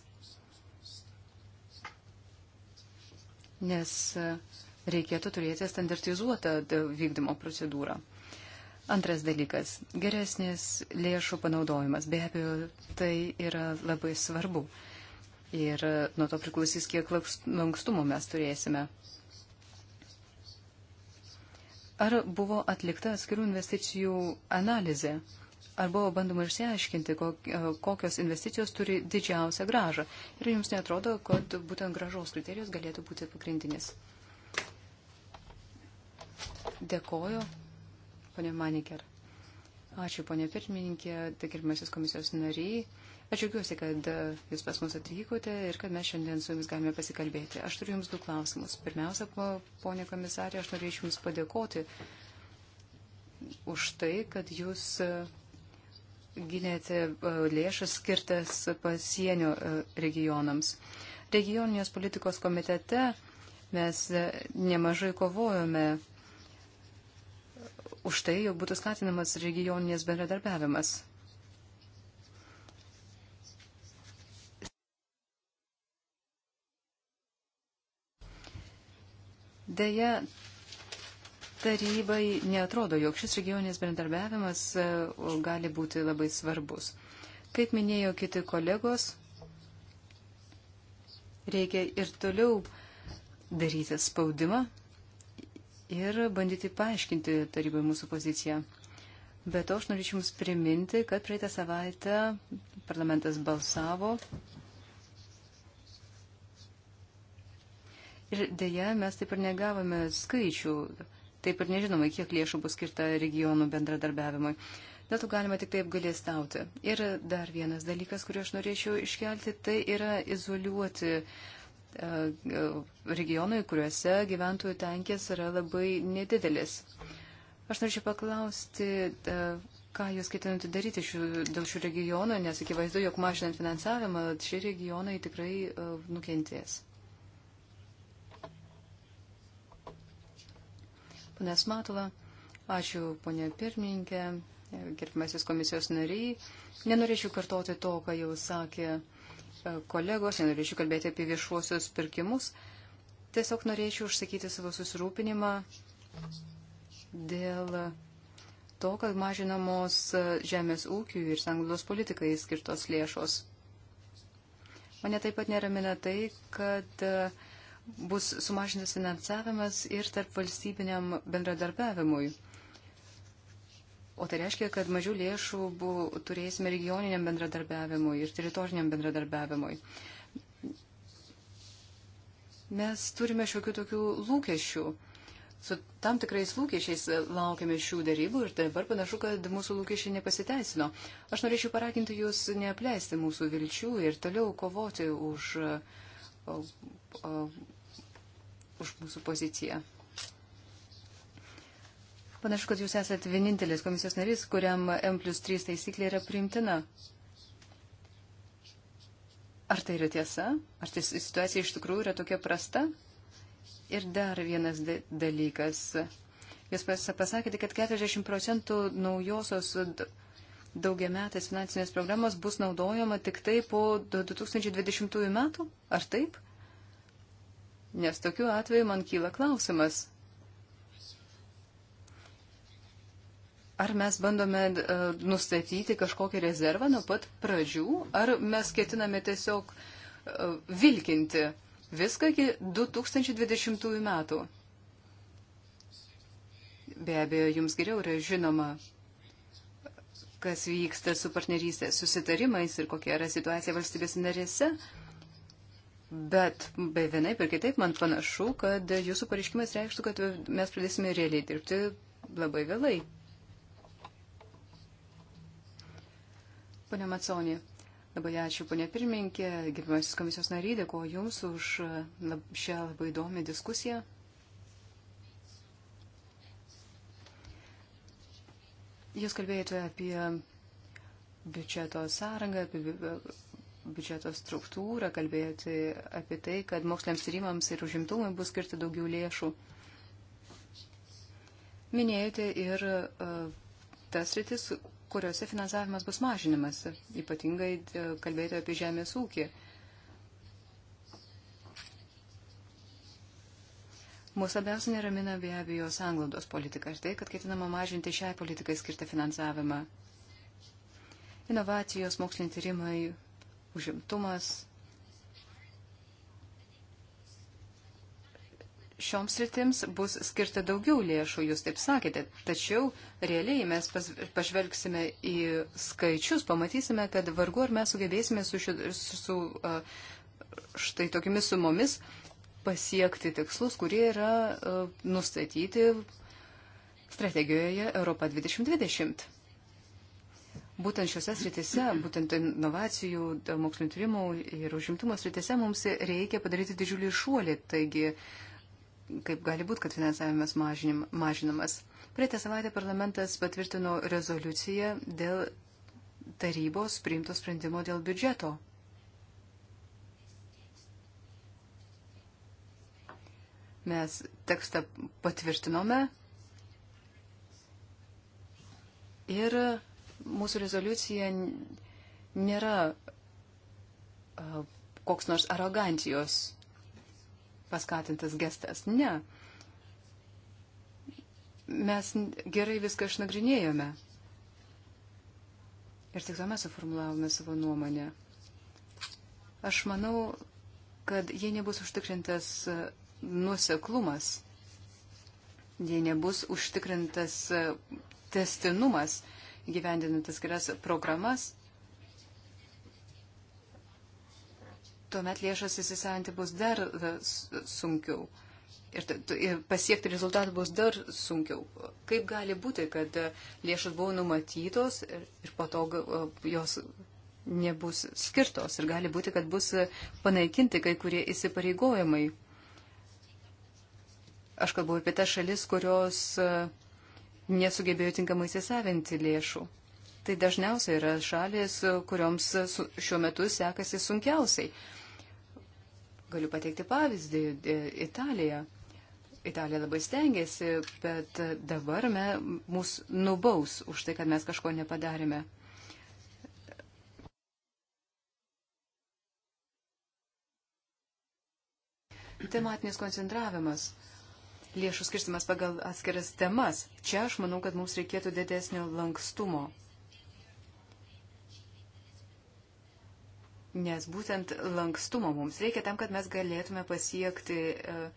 Nes uh, reikėtų turėti standartizuotą vykdymo procedūrą. Antras dalykas - geresnis lėšų panaudojimas. Be abejo, tai yra labai svarbu. Ir nuo to priklausys, kiek lankstumo mes turėsime. Ar buvo atlikta atskirų investicijų analizė? Ar buvo bandoma išsiaiškinti, e, kokios investicijos turi didžiausią gražą? Ir jums netrodo, kad būtent gražos kriterijus galėtų būti pagrindinis? Dėkoju, ponė Maniker. Ačiū, ponė pirmininkė, tikirmasis komisijos nariai. Aš džiaugiuosi, kad jūs pas mus atvykote ir kad mes šiandien su jumis galime pasikalbėti. Aš turiu jums du klausimus. Pirmiausia, ponė komisarė, aš norėčiau jums padėkoti už tai, kad jūs e, gynėte e, lėšas skirtas pasienio e, regionams. Regioninės politikos komitete mes nemažai kovojome už tai jau būtų skatinamas regioninės bendradarbiavimas. Deja, tarybai netrodo, jog šis regioninis bendradarbiavimas e, gali būti labai svarbus. Kaip minėjo kiti kolegos, reikia ir toliau daryti spaudimą ir bandyti paaiškinti tarybai mūsų poziciją. Bet to aš norėčiau Jums priminti, kad praeitą savaitę parlamentas balsavo ir dėja mes taip ir negavome skaičių, taip ir nežinome, kiek lėšų bus skirta regionų bendradarbiavimui. Dėl to galima tik taip galėstauti. Ir dar vienas dalykas, kurį aš norėčiau iškelti, tai yra izoliuoti uh, E, e, regionui, kuriuose gyventojų tenkės yra labai nedidelis. Aš norėčiau paklausti, e, ką jūs ketinate daryti šių, dėl šių regionų, nes akivaizdu, jog mažinant finansavimą, šie regionai tikrai nukentės. Panas Matula, ačiū ponė pirmininkė, gerbimasis komisijos nariai. Nenorėčiau kartoti to, ką jau sakė E, kolegos, nenorėčiau kalbėti apie viešuosius pirkimus, tiesiog norėčiau užsakyti savo susirūpinimą dėl to, kad mažinamos žemės ūkių ir sanglaudos politikai skirtos lėšos. Mane taip pat neramina tai, kad e, bus sumažintas finansavimas ir tarp valstybiniam bendradarbiavimui. O tai reiškia, kad mažiau lėšų buvo, turėsime regioniniam bendradarbiavimui ir teritoriniam bendradarbiavimui. Mes turime šiokių tokių lūkesčių. Su tam tikrais lūkesčiais laukiame šių darybų ir dabar panašu, kad mūsų lūkesčiai nepasiteisino. Aš norėčiau paraginti jūs neapleisti mūsų vilčių ir toliau kovoti už, už, už mūsų poziciją. Panašu, kad jūs esat vienintelis komisijos narys, kuriam M plus 3 taisyklė yra primtina. Ar tai yra tiesa? Ar tai situacija iš tikrųjų yra tokia prasta? Ir dar vienas dalykas. Jūs pasakėte, kad 40 procentų naujosios daugiametės finansinės programos bus naudojama tik tai po 2020 metų? Ar taip? Nes tokiu atveju man kyla klausimas. Ar mes bandome e, nustatyti kažkokį rezervą nuo pat pradžių, ar mes ketiname tiesiog e, vilkinti viską iki 2020 metų? Be abejo, jums geriau yra žinoma, kas vyksta su partnerystės susitarimais ir kokia yra situacija valstybės narėse. Bet be vienaip ir kitaip man panašu, kad jūsų pareiškimas reikštų, kad mes pradėsime realiai dirbti labai vėlai. Pone Maconė, labai ačiū, ponė pirmininkė, gerbiamasis komisijos nariai, dėkuoju Jums už e, lab, šią labai įdomią diskusiją. Jūs kalbėjote apie biudžeto sąrangą, apie e, biudžeto struktūrą, kalbėjote apie tai, kad moksliniams tyrimams ir užimtumui bus skirti daugiau lėšų. Minėjote ir uh, tas rytis, kuriuose finansavimas bus mažinimas, ypatingai e, kalbėti apie žemės ūkį. Mūsų labiausiai neramina be abejo sanglaudos politika ir tai, kad ketinama mažinti šiai politikai skirtą finansavimą. Inovacijos, moksliniai tyrimai, užimtumas, šioms sritims bus skirta daugiau lėšų, jūs taip sakėte. Tačiau realiai mes pas, pažvelgsime į skaičius, pamatysime, kad vargu ar mes sugebėsime su, ši, su štai tokiamis sumomis pasiekti tikslus, kurie yra nustatyti strategijoje Europa 2020. Būtent šiuose sritise, būtent inovacijų, mokslinio tyrimų ir užimtumo sritise mums reikia padaryti didžiulį šuolį. Taigi, uh, kaip gali būti, kad finansavimas mažinim, mažinamas. Praeitą savaitę parlamentas patvirtino rezoliuciją dėl tarybos priimto sprendimo dėl biudžeto. Mes tekstą patvirtinome ir mūsų rezoliucija nėra koks nors arogancijos paskatintas gestas. Ne. Mes gerai viską išnagrinėjome. Ir tik tuomet suformulavome savo nuomonę. Aš manau, kad jei nebus užtikrintas e, nuseklumas, jei nebus užtikrintas e, testinumas gyvendinantis geras programas, tuomet lėšas įsisavinti bus dar sunkiau. Ir, ir pasiekti rezultatų bus dar sunkiau. Kaip gali būti, kad lėšas buvo numatytos ir, ir po to jos nebus skirtos ir gali būti, kad bus panaikinti kai kurie įsipareigojimai. Aš kalbu apie tas šalis, kurios e, nesugebėjo tinkamai įsisavinti lėšų. Tai dažniausiai yra šalis, kurioms šiuo metu sekasi sunkiausiai. Galiu pateikti pavyzdį e, - Italija. Italija labai stengiasi, bet dabar me, mus nubaus už tai, kad mes kažko nepadarėme. Tematinis koncentravimas, lėšų skirstimas pagal atskiras temas. Čia aš manau, kad mums reikėtų didesnio lankstumo. nes būtent lankstumo mums reikia tam, kad mes galėtume pasiekti, e,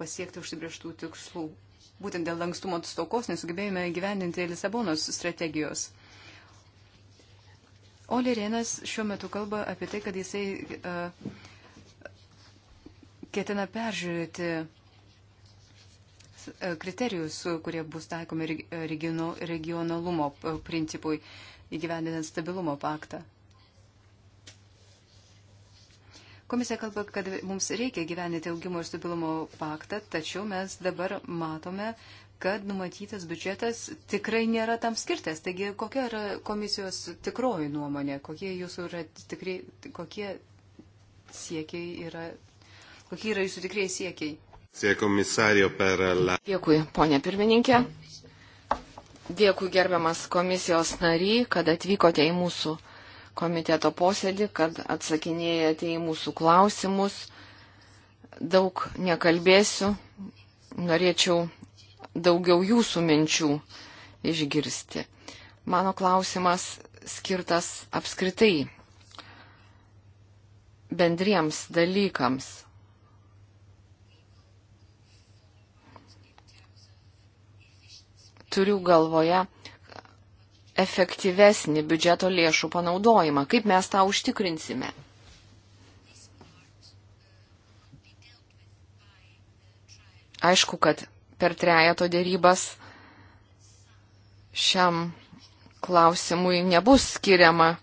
pasiekti užsibrieštų tikslų. Būtent dėl lankstumo stokos nesugebėjome gyveninti Lisabonos strategijos. Oli Rėnas šiuo metu kalba apie tai, kad jisai uh, ketina peržiūrėti e, kriterijus, kurie bus taikomi regiono, regionalumo principui įgyvendinant stabilumo paktą. Komisija kalba, kad mums reikia gyveninti augimo ir stabilumo paktą, tačiau mes dabar matome, kad numatytas biudžetas tikrai nėra tam skirtas. Taigi, kokia yra komisijos tikroji nuomonė, kokie jūsų yra tikrai, kokie siekiai yra, kokie yra jūsų tikrieji siekiai? Dėkui, ponė pirmininkė. Dėkui, gerbiamas komisijos nary, kad atvykote į mūsų komiteto posėdį, kad atsakinėjate į mūsų klausimus. Daug nekalbėsiu, norėčiau daugiau jūsų minčių išgirsti. Mano klausimas skirtas apskritai bendriems dalykams. Turiu galvoje, efektyvesnį biudžeto lėšų panaudojimą. Kaip mes tą užtikrinsime? Aišku, kad per trejato dėrybas šiam klausimui nebus skiriama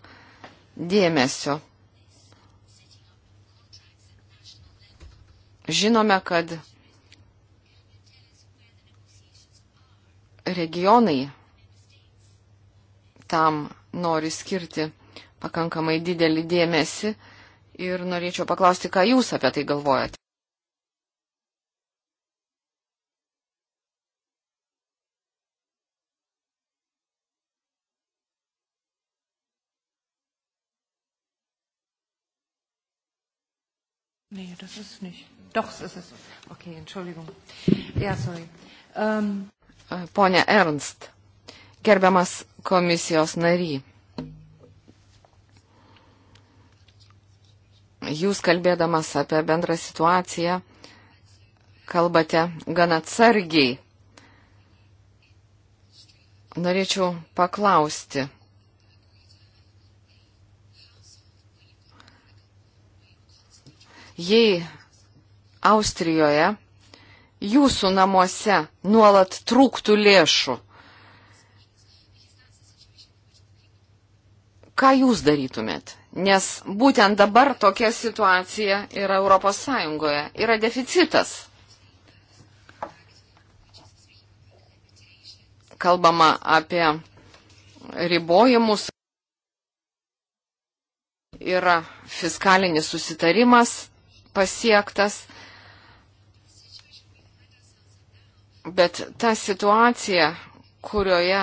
dėmesio. Žinome, kad regionai tam nori skirti pakankamai didelį dėmesį ir norėčiau paklausti, ką jūs apie tai galvojate. Nee, das ist nicht. Doch, es ist es. Okay, Entschuldigung. Ja, sorry. Um... Ähm, Ponia Ernst. Gerbiamas komisijos nary, jūs kalbėdamas apie bendrą situaciją kalbate gan atsargiai. Norėčiau paklausti. Jei Austrijoje jūsų namuose nuolat trūktų lėšų, ką jūs darytumėt? Nes būtent dabar tokia situacija yra Europos Sąjungoje. Yra deficitas. Kalbama apie ribojimus. Yra fiskalinis susitarimas pasiektas. Bet ta situacija, kurioje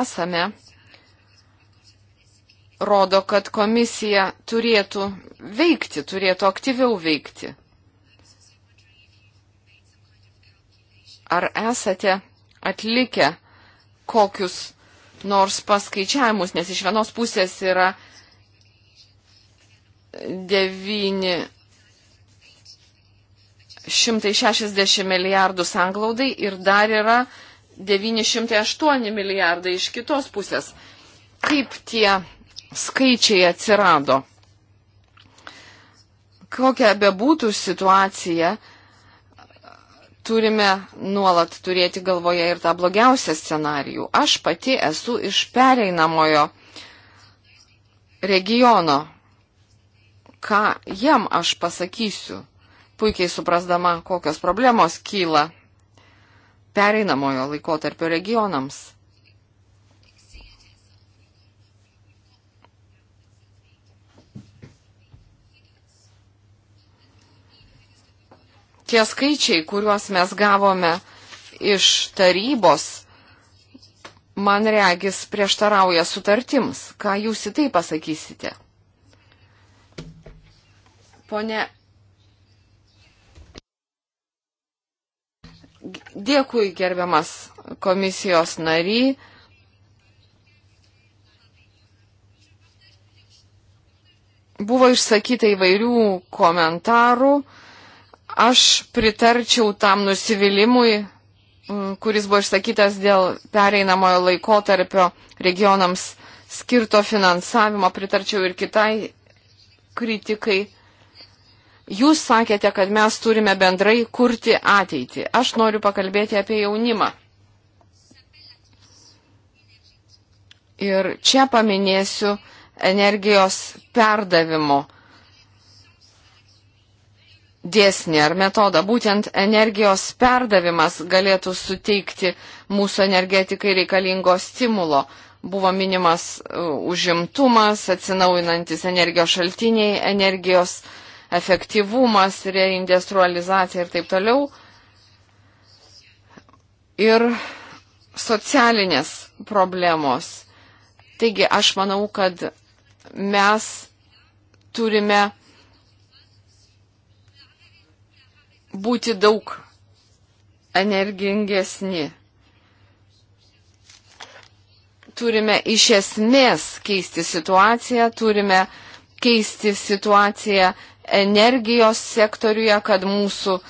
esame, rodo, kad komisija turėtų veikti, turėtų aktyviau veikti. Ar esate atlikę kokius nors paskaičiavimus, nes iš vienos pusės yra 960 milijardų sanglaudai ir dar yra 908 milijardai iš kitos pusės. Kaip tie skaičiai atsirado. Kokia bebūtų situacija, turime nuolat turėti galvoje ir tą blogiausią scenarijų. Aš pati esu iš pereinamojo regiono. Ką jam aš pasakysiu, puikiai suprasdama, kokios problemos kyla pereinamojo laikotarpio regionams. tie skaičiai, kuriuos mes gavome iš tarybos, man regis prieštarauja sutartims. Ką jūs į tai pasakysite? Pone. Dėkui, gerbiamas komisijos nary. Buvo išsakyta įvairių komentarų Aš pritarčiau tam nusivylimui, mm, kuris buvo išsakytas dėl pereinamojo laikotarpio regionams skirto finansavimo, pritarčiau ir kitai kritikai. Jūs sakėte, kad mes turime bendrai kurti ateitį. Aš noriu pakalbėti apie jaunimą. Ir čia paminėsiu energijos perdavimo dėsnį ar metodą. Būtent energijos perdavimas galėtų suteikti mūsų energetikai reikalingo stimulo. Buvo minimas e, užimtumas, atsinaujinantis energijos šaltiniai, energijos efektyvumas, reindustrializacija ir taip toliau. Ir socialinės problemos. Taigi aš manau, kad mes turime būti daug energingesni. Turime iš esmės keisti situaciją, turime keisti situaciją energijos sektoriuje, kad mūsų e,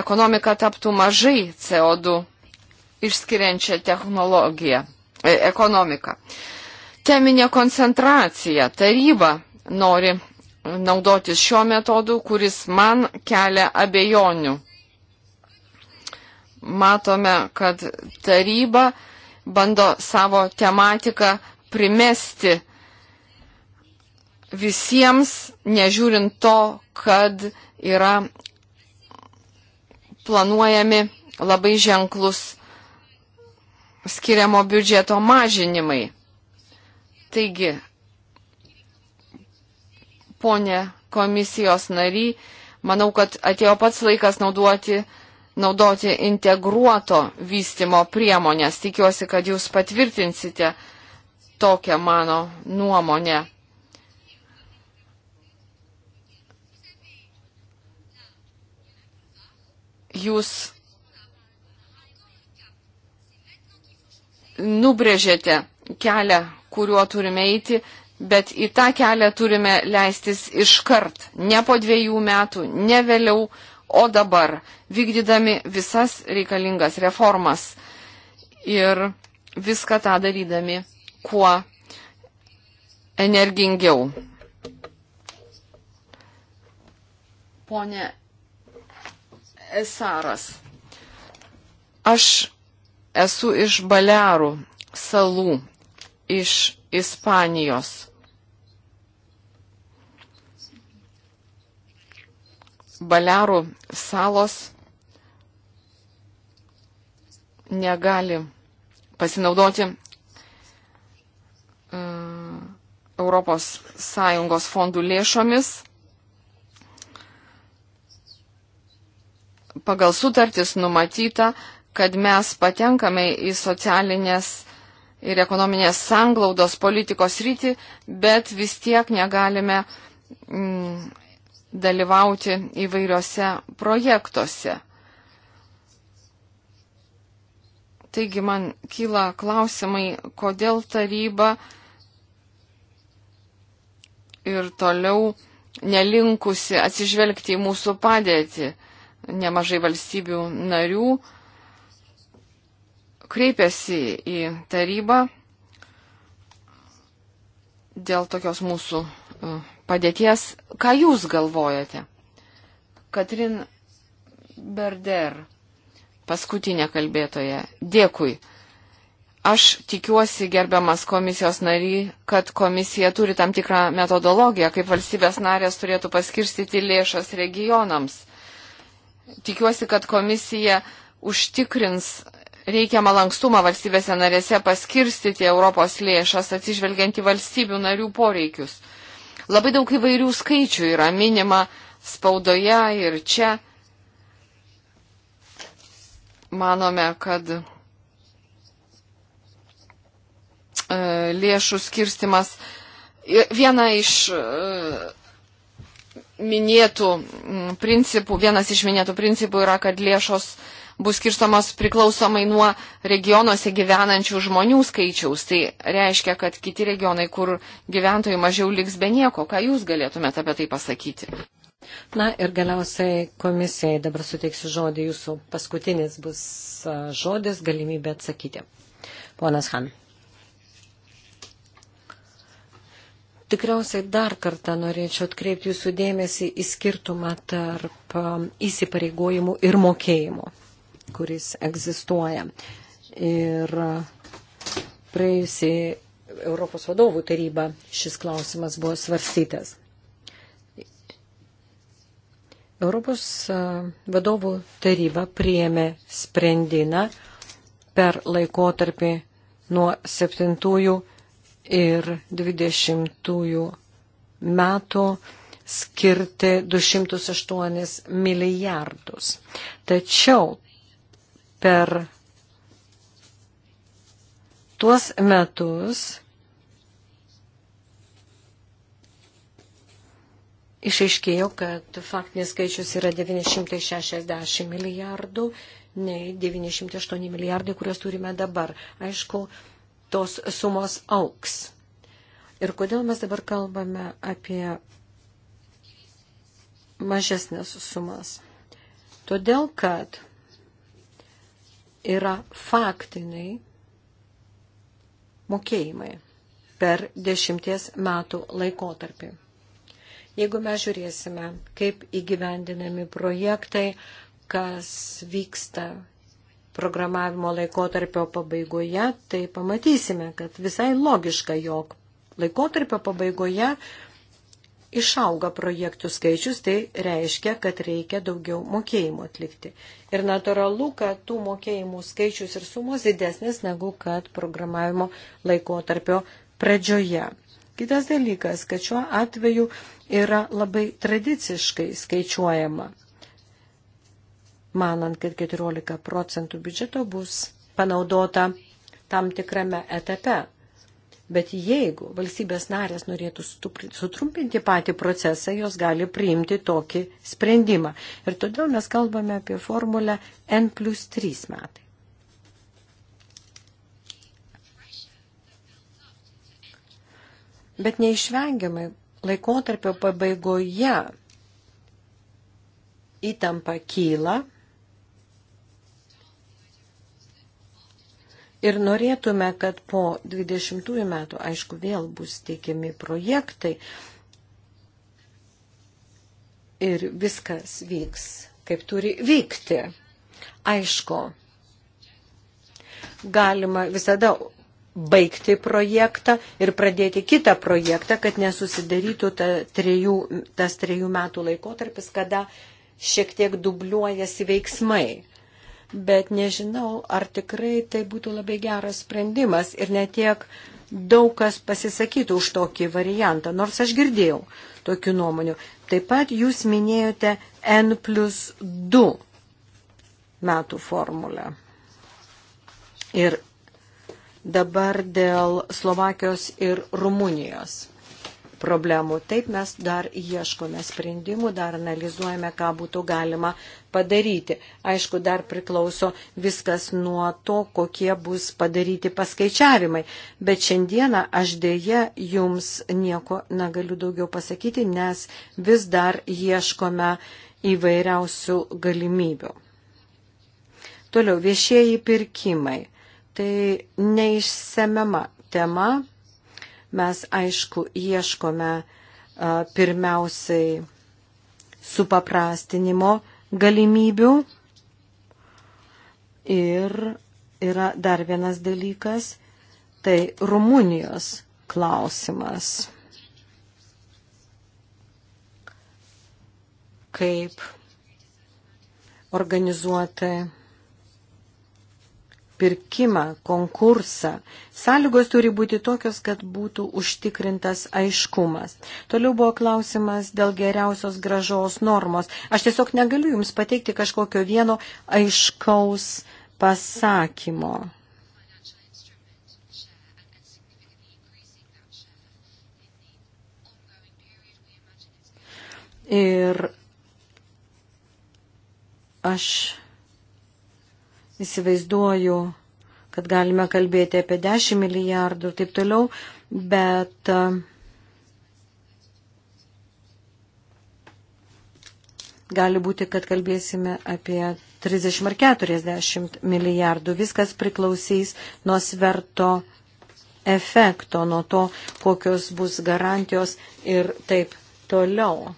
ekonomika taptų mažai CO2 išskiriančią technologiją, e, ekonomiką. Teminė koncentracija. Taryba nori naudotis šiuo metodu, kuris man kelia abejonių. Matome, kad taryba bando savo tematiką primesti visiems, nežiūrint to, kad yra planuojami labai ženklus skiriamo biudžeto mažinimai. Taigi, ponė komisijos nary, manau, kad atėjo pats laikas naudoti, naudoti integruoto vystimo priemonės. Tikiuosi, kad jūs patvirtinsite tokią mano nuomonę. Jūs nubrėžėte kelią, kuriuo turime eiti bet į tą kelią turime leistis iškart, ne po dviejų metų, ne vėliau, o dabar, vykdydami visas reikalingas reformas ir viską tą darydami kuo energingiau. Pone Esaras, aš esu iš Balearų salų, iš Ispanijos Balearų salos negali pasinaudoti uh, Europos Sąjungos fondų lėšomis. Pagal sutartis numatyta, kad mes patenkame į socialinės ir ekonominės sanglaudos politikos rytį, bet vis tiek negalime mm, dalyvauti įvairiose projektuose. Taigi man kyla klausimai, kodėl taryba ir toliau nelinkusi atsižvelgti į mūsų padėtį. Nemažai valstybių narių kreipėsi į tarybą dėl tokios mūsų e, padėties. Ką Jūs galvojate? Katrin Berder, paskutinė kalbėtoja. Dėkui. Aš tikiuosi, gerbiamas komisijos nary, kad komisija turi tam tikrą metodologiją, kaip valstybės narės turėtų paskirstyti lėšas regionams. Tikiuosi, kad komisija užtikrins reikiamą lankstumą valstybėse narėse paskirstyti Europos lėšas atsižvelgiant į valstybių narių poreikius. Labai daug įvairių skaičių yra minima spaudoje ir čia. Manome, kad e, lėšų skirstimas. E, viena iš e, minėtų principų, vienas iš minėtų principų yra, kad lėšos bus skirstomos priklausomai nuo regionuose gyvenančių žmonių skaičiaus. Tai reiškia, kad kiti regionai, kur gyventojų mažiau liks be nieko. Ką jūs galėtumėte apie tai pasakyti? Na ir galiausiai komisijai dabar suteiksiu žodį, jūsų paskutinis bus žodis, galimybė atsakyti. Ponas Han. Tikriausiai dar kartą norėčiau atkreipti jūsų dėmesį į skirtumą tarp įsipareigojimų ir mokėjimų kuris egzistuoja. Ir praėjusi Europos vadovų taryba šis klausimas buvo svarstytas. Europos vadovų taryba priėmė sprendimą per laikotarpį nuo 7 ir 20 metų skirti 208 milijardus. Tačiau per tuos metus išaiškėjo, kad faktinis skaičius yra 960 milijardų, nei 908 milijardai, kuriuos turime dabar. Aišku, tos sumos auks. Ir kodėl mes dabar kalbame apie mažesnės sumas? Todėl, kad yra faktiniai mokėjimai per dešimties metų laikotarpį. Jeigu mes žiūrėsime, kaip įgyvendinami projektai, kas vyksta programavimo laikotarpio pabaigoje, tai pamatysime, kad visai logiška, jog laikotarpio pabaigoje išauga projektų skaičius, tai reiškia, kad reikia daugiau mokėjimų atlikti. Ir natūralu, kad tų mokėjimų skaičius ir sumos didesnės negu kad programavimo laikotarpio pradžioje. Kitas dalykas, kad šiuo atveju yra labai tradiciškai skaičiuojama, manant, kad 14 procentų biudžeto bus panaudota tam tikrame etape Bet jeigu valstybės narės norėtų sutrumpinti patį procesą, jos gali priimti tokį sprendimą. Ir todėl mes kalbame apie formulę N plus 3 metai. Bet neišvengiamai laikotarpio pabaigoje įtampa kyla Ir norėtume, kad po 20 metų, aišku, vėl bus teikiami projektai ir viskas vyks, kaip turi vykti. Aišku, galima visada baigti projektą ir pradėti kitą projektą, kad nesusidarytų ta trejų, tas trejų metų laikotarpis, kada šiek tiek dubliuojasi veiksmai bet nežinau, ar tikrai tai būtų labai geras sprendimas ir netiek daug kas pasisakytų už tokį variantą, nors aš girdėjau tokių nuomonių. Taip pat jūs minėjote N plus 2 metų formulę. Ir dabar dėl Slovakijos ir Rumunijos problemų. Taip mes dar ieškome sprendimų, dar analizuojame, ką būtų galima padaryti. Aišku, dar priklauso viskas nuo to, kokie bus padaryti paskaičiavimai. Bet šiandieną aš dėje jums nieko negaliu daugiau pasakyti, nes vis dar ieškome įvairiausių galimybių. Toliau viešieji pirkimai. Tai neišsemiama tema, mes aišku ieškome pirmiausiai supaprastinimo galimybių ir yra dar vienas dalykas, tai Rumunijos klausimas. Kaip organizuoti pirkimą, konkursą. Sąlygos turi būti tokios, kad būtų užtikrintas aiškumas. Toliau buvo klausimas dėl geriausios gražos normos. Aš tiesiog negaliu Jums pateikti kažkokio vieno aiškaus pasakymo. Ir aš įsivaizduoju, kad galime kalbėti apie 10 milijardų ir taip toliau, bet e, gali būti, kad kalbėsime apie 30 ar 40 milijardų. Viskas priklausys nuo sverto efekto, nuo to, kokios bus garantijos ir taip toliau.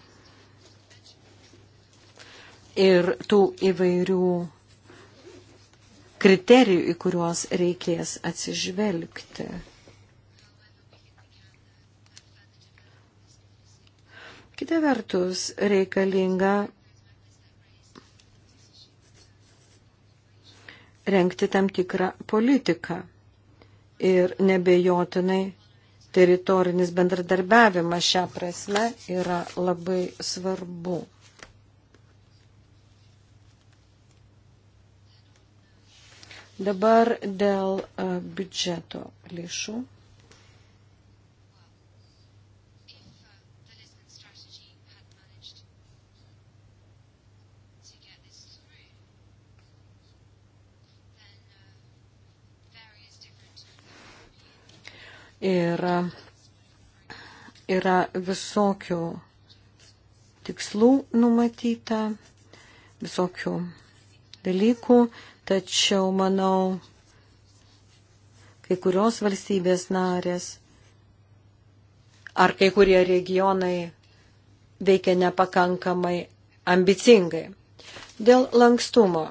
Ir tų įvairių kriterijų, į kuriuos reikės atsižvelgti. Kita vertus, reikalinga renkti tam tikrą politiką ir nebejotinai teritorinis bendradarbiavimas šią prasme yra labai svarbu. Dabar dėl e, biudžeto lėšų. Ir yra visokių tikslų numatyta, visokių dalykų, Tačiau, manau, kai kurios valstybės narės ar kai kurie regionai veikia nepakankamai ambicingai. Dėl lankstumo.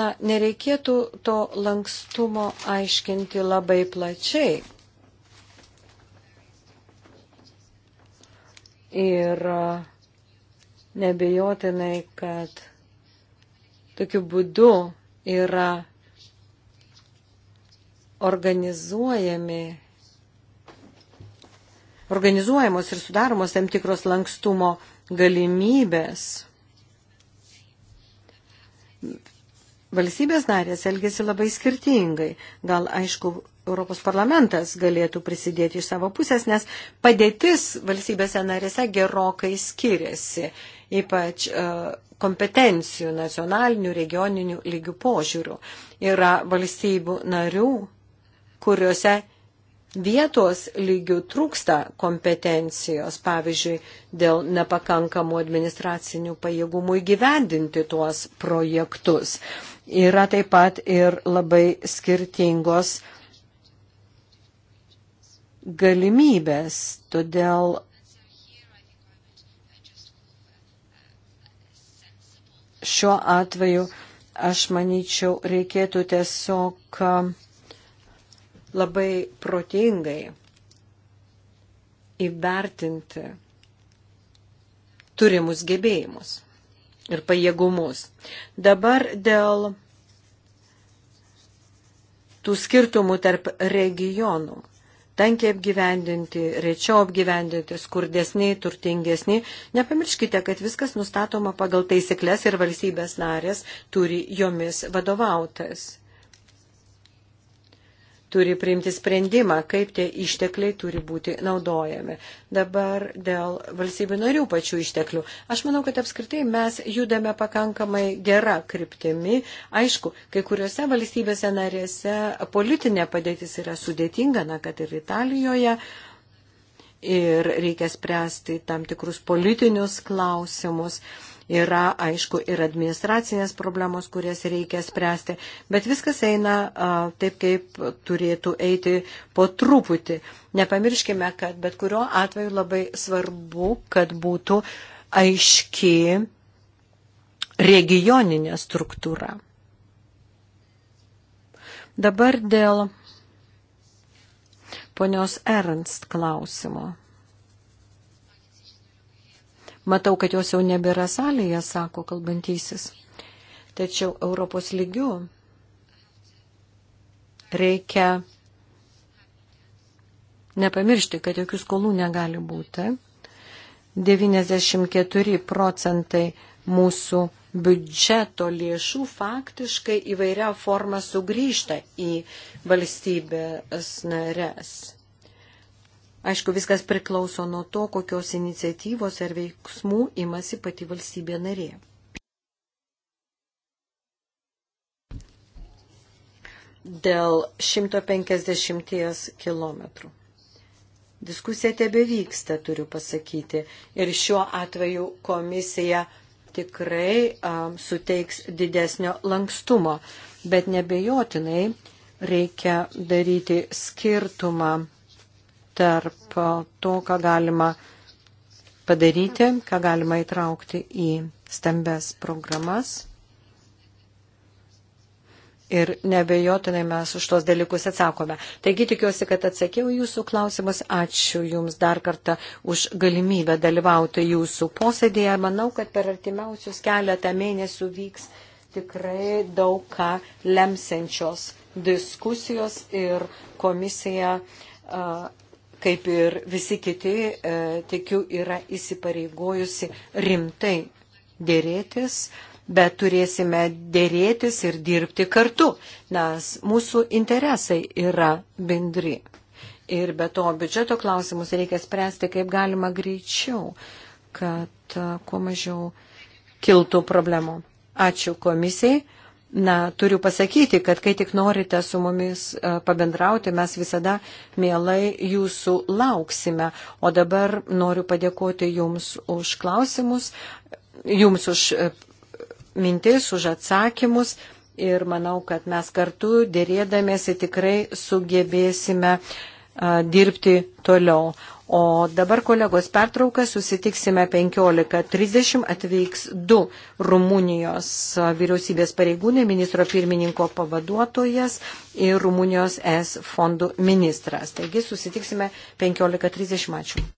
Na, nereikėtų to lankstumo aiškinti labai plačiai. Ir uh, nebejotinai, kad tokiu būdu yra organizuojami organizuojamos ir sudaromos tam tikros lankstumo galimybės. Valstybės narės elgesi labai skirtingai. Gal, aišku, Europos parlamentas galėtų prisidėti iš savo pusės, nes padėtis valstybėse narėse gerokai skiriasi ypač e, kompetencijų nacionalinių, regioninių lygių požiūrių. Yra valstybių narių, kuriuose vietos lygių trūksta kompetencijos, pavyzdžiui, dėl nepakankamų administracinių pajėgumų įgyvendinti tuos projektus. Yra taip pat ir labai skirtingos galimybės, todėl šiuo atveju aš manyčiau reikėtų tiesiog um, labai protingai įvertinti turimus gebėjimus ir pajėgumus. Dabar dėl tų skirtumų tarp regionų tankiai apgyvendinti, rečiau apgyvendinti, skurdesniai, turtingesniai. Nepamirškite, kad viskas nustatoma pagal taisyklės ir valstybės narės turi jomis vadovautas turi priimti sprendimą, kaip tie ištekliai turi būti naudojami. Dabar dėl valstybių narių pačių išteklių. Aš manau, kad apskritai mes judame pakankamai gera kryptimi. Aišku, kai kuriuose valstybėse narėse politinė padėtis yra sudėtinga, na, kad ir Italijoje. Ir reikia spręsti tam tikrus politinius klausimus. Uh, Yra, aišku, ir administracinės problemos, kurias reikia spręsti, bet viskas eina a, taip, kaip turėtų eiti po truputį. Nepamirškime, kad bet kurio atveju labai svarbu, kad būtų aiški regioninė struktūra. Dabar dėl ponios Ernst klausimo. Matau, kad jos jau nebėra salėje, sako kalbantysis. Tačiau Europos lygių reikia nepamiršti, kad jokių skolų negali būti. 94 procentai mūsų biudžeto lėšų faktiškai įvairia forma sugrįžta į valstybės nares. Aišku, viskas priklauso nuo to, kokios iniciatyvos ar veiksmų imasi pati valstybė narė. Dėl 150 km. Diskusija tebe vyksta, turiu pasakyti. Ir šiuo atveju komisija tikrai um, suteiks didesnio lankstumo. Bet nebejotinai reikia daryti skirtumą tarp to, ką galima padaryti, ką galima įtraukti į stambes programas. Ir nebejotinai mes už tos dalykus atsakome. Taigi tikiuosi, kad atsakiau jūsų klausimus. Ačiū Jums dar kartą už galimybę dalyvauti jūsų posėdėje. Manau, kad per artimiausius keletą mėnesių vyks tikrai daug ką lemsenčios diskusijos ir komisija. Uh, kaip ir visi kiti, e, tikiu, yra įsipareigojusi rimtai dėrėtis, bet turėsime dėrėtis ir dirbti kartu, nes mūsų interesai yra bendri. Ir be to biudžeto klausimus reikia spręsti kaip galima greičiau, kad e, kuo mažiau kiltų problemų. Ačiū komisijai. Na, turiu pasakyti, kad kai tik norite su mumis e, pabendrauti, mes visada mielai jūsų lauksime. O dabar noriu padėkoti Jums už klausimus, Jums už e, mintis, už atsakymus. Ir manau, kad mes kartu dėrėdamėsi tikrai sugebėsime e, dirbti toliau. O dabar, kolegos, pertrauką susitiksime 15.30, atvyks du Rumunijos vyriausybės pareigūnai, ministro pirmininko pavaduotojas ir Rumunijos S fondų ministras. Taigi susitiksime 15.30. Ačiū.